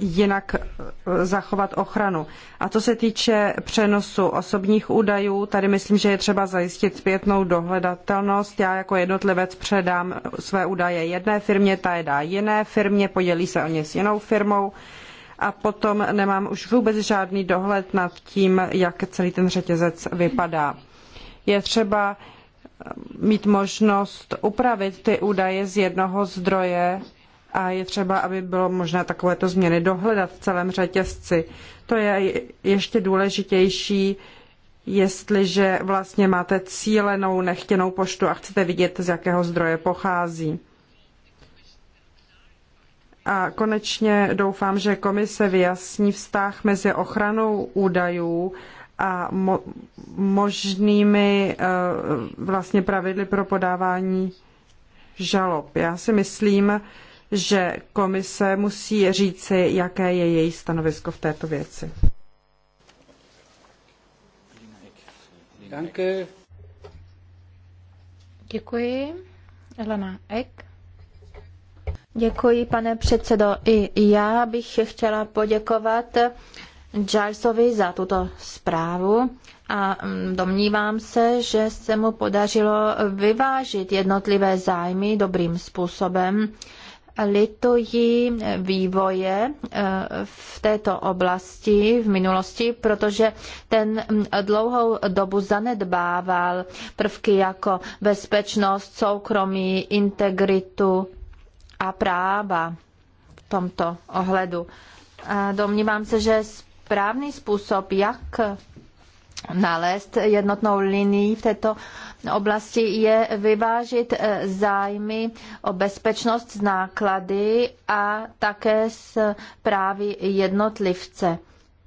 A: jinak eh, zachovat ochranu. A co se týče přenosu osobních údajů, tady myslím, že je třeba zajistit zpětnou dohledatelnost. Já jako jednotlivec předám své údaje jedné firmě, ta je dá jiné firmě, podělí se o ně s jinou firmou a potom nemám už vůbec žádný dohled nad tím, jak celý ten řetězec vypadá. Je třeba eh, mít možnost upravit ty údaje z jednoho zdroje a je třeba, aby bylo možné takovéto změny dohledat v celém řetězci. To je ještě důležitější, jestliže vlastně máte cílenou nechtěnou poštu a chcete vidět, z jakého zdroje pochází. A konečně doufám, že komise vyjasní vztah mezi ochranou údajů a mo- možnými eh, vlastně pravidly pro podávání žalob. Já si myslím, že komise musí říci, jaké je její stanovisko v této věci.
B: Danke. Děkuji. Elena Eck.
C: Děkuji, pane předsedo. I já bych chtěla poděkovat Gilesovi za tuto zprávu a mm, domnívám se, že se mu podařilo vyvážit jednotlivé zájmy dobrým způsobem lituji vývoje eh, v této oblasti v minulosti, protože ten mm, dlouhou dobu zanedbával prvky jako bezpečnost, soukromí, integritu a práva v tomto ohledu. domnívám se, že správný způsob, jak nalézt jednotnou linii v této oblasti je vyvážit eh, zájmy o bezpečnost z náklady a také s právy jednotlivce.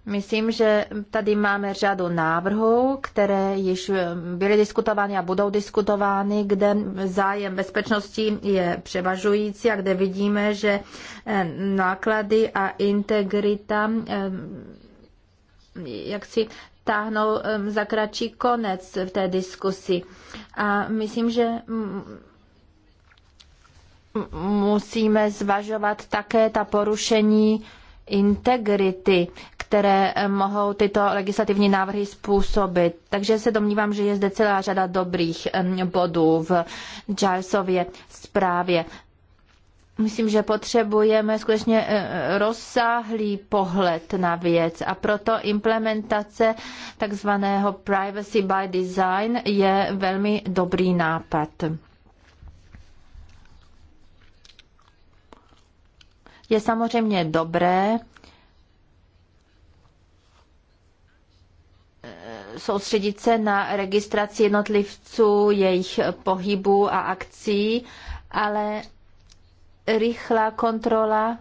C: Myslím, že tady máme řadu návrhů, které již eh, byly diskutovány a budou diskutovány, kde zájem bezpečnosti je převažující a kde vidíme, že eh, náklady a integrita jak si táhnou za kratší konec v té diskusi. A myslím, že musíme zvažovat také ta porušení integrity, které mohou tyto legislativní návrhy způsobit. Takže se domnívám, že je zde celá řada dobrých bodů v Gilesově zprávě. Myslím, že potřebujeme skutečně eh, rozsáhlý pohled na věc a proto implementace takzvaného privacy by design je velmi dobrý nápad. Je samozřejmě dobré eh, soustředit se na registraci jednotlivců, jejich pohybů a akcí, ale rychlá kontrola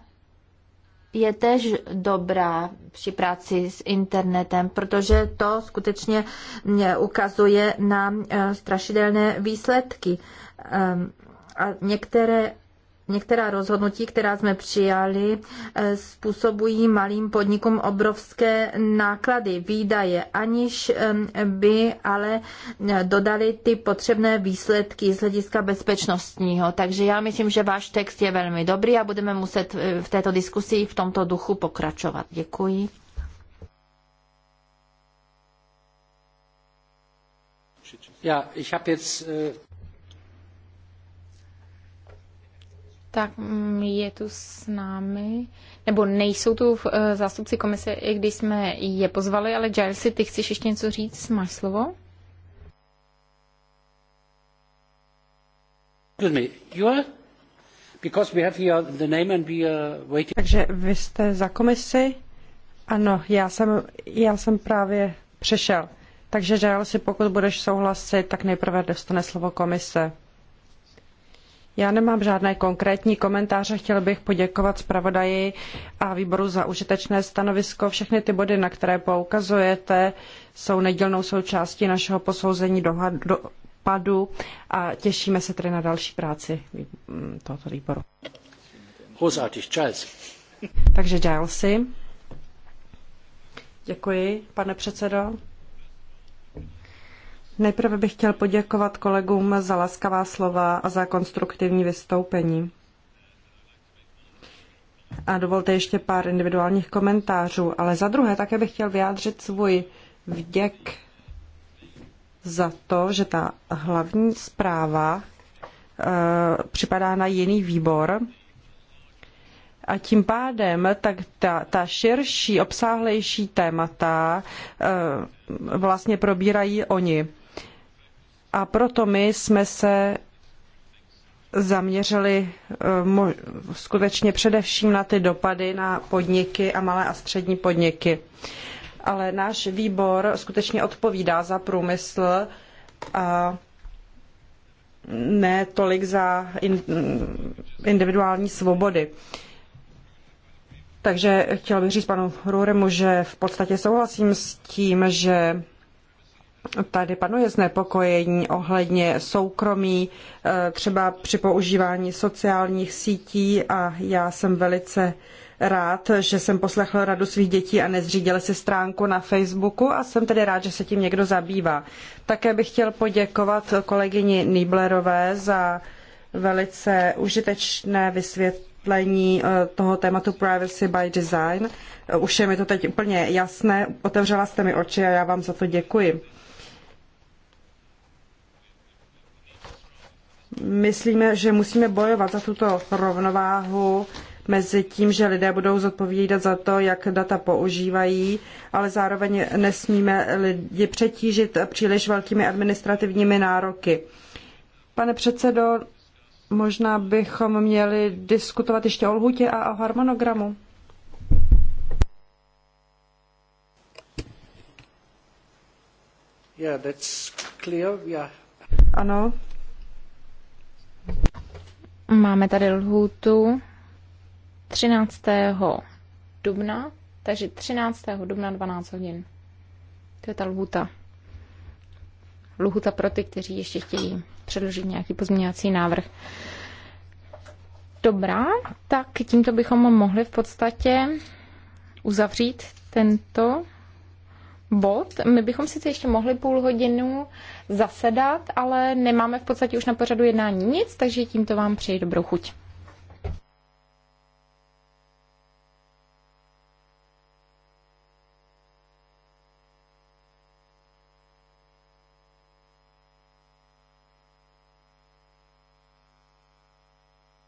C: je tež dobrá při práci s internetem, protože to skutečně ukazuje na eh, strašidelné výsledky. Ehm, a některé Některá rozhodnutí, která jsme přijali, eh, způsobují malým podnikům obrovské náklady, výdaje, aniž by ale eh, dodali ty potřebné výsledky z hlediska bezpečnostního. Takže já myslím, že váš text je velmi dobrý a budeme muset eh, v této diskusi v tomto duchu pokračovat. Děkuji.
B: Já, ich jetzt, tak mm, je tu s námi, nebo nejsou tu eh, zástupci komise, i když jsme je pozvali, ale Gilesy, ty chceš ještě něco říct, máš slovo?
A: Takže vy jste za komisi? Ano, já jsem, já jsem právě přešel. Takže Gilesy, pokud budeš souhlasit, tak nejprve dostane slovo komise. Já nemám žádné konkrétní komentáře, chtěl bych poděkovat zpravodaji a výboru za užitečné stanovisko. Všechny ty body, na které poukazujete, jsou nedílnou součástí našeho posouzení dopadu a těšíme se tedy na další práci tohoto výboru. Großartig, Giles. Takže Děkuji, pane předsedo. Nejprve bych chtěl poděkovat kolegům za laskavá slova a za konstruktivní vystoupení. A dovolte ještě pár individuálních komentářů, ale za druhé také bych chtěl vyjádřit svůj vděk za to, že ta hlavní zpráva e, připadá na jiný výbor. A tím pádem tak ta, ta širší, obsáhlejší témata e, vlastně probírají oni. A proto my jsme se zaměřili eh, skutečně především na ty dopady na podniky a malé a střední podniky. Ale náš výbor skutečně odpovídá za průmysl a ne tolik za individuální svobody. Takže chtěl bych říct panu Ruremu, že v podstatě souhlasím s tím, že Tady panuje znepokojení ohledně soukromí, e, třeba při používání sociálních sítí a já jsem velice rád, že jsem poslechl radu svých dětí a nezřídil si stránku na Facebooku a jsem tedy rád, že se tím někdo zabývá. Také bych chtěl poděkovat kolegyni Niblerové za velice užitečné vysvětlení e, toho tématu Privacy by Design. E, už je mi to teď úplně jasné, otevřela jste mi oči a já vám za to děkuji. myslíme, že musíme bojovat za tuto rovnováhu mezi tím, že lidé budou zodpovídat za to, jak data používají, ale zároveň nesmíme lidi přetížit příliš velkými administrativními nároky. Pane předsedo, možná bychom měli diskutovat ještě o lhutě a o harmonogramu. Yeah, that's clear.
B: Yeah. Ano, Máme tady lhůtu 13. dubna, takže 13. dubna 12 hodin. To je ta lhůta. Lhůta pro ty, kteří ještě chtějí předložit nějaký pozměňovací návrh. Dobrá, tak tímto bychom mohli v podstatě uzavřít tento bod. My bychom sice ještě mohli půl hodinu zasedat, ale nemáme v podstatě už na pořadu jednání nic, takže tímto vám přeji dobrou chuť.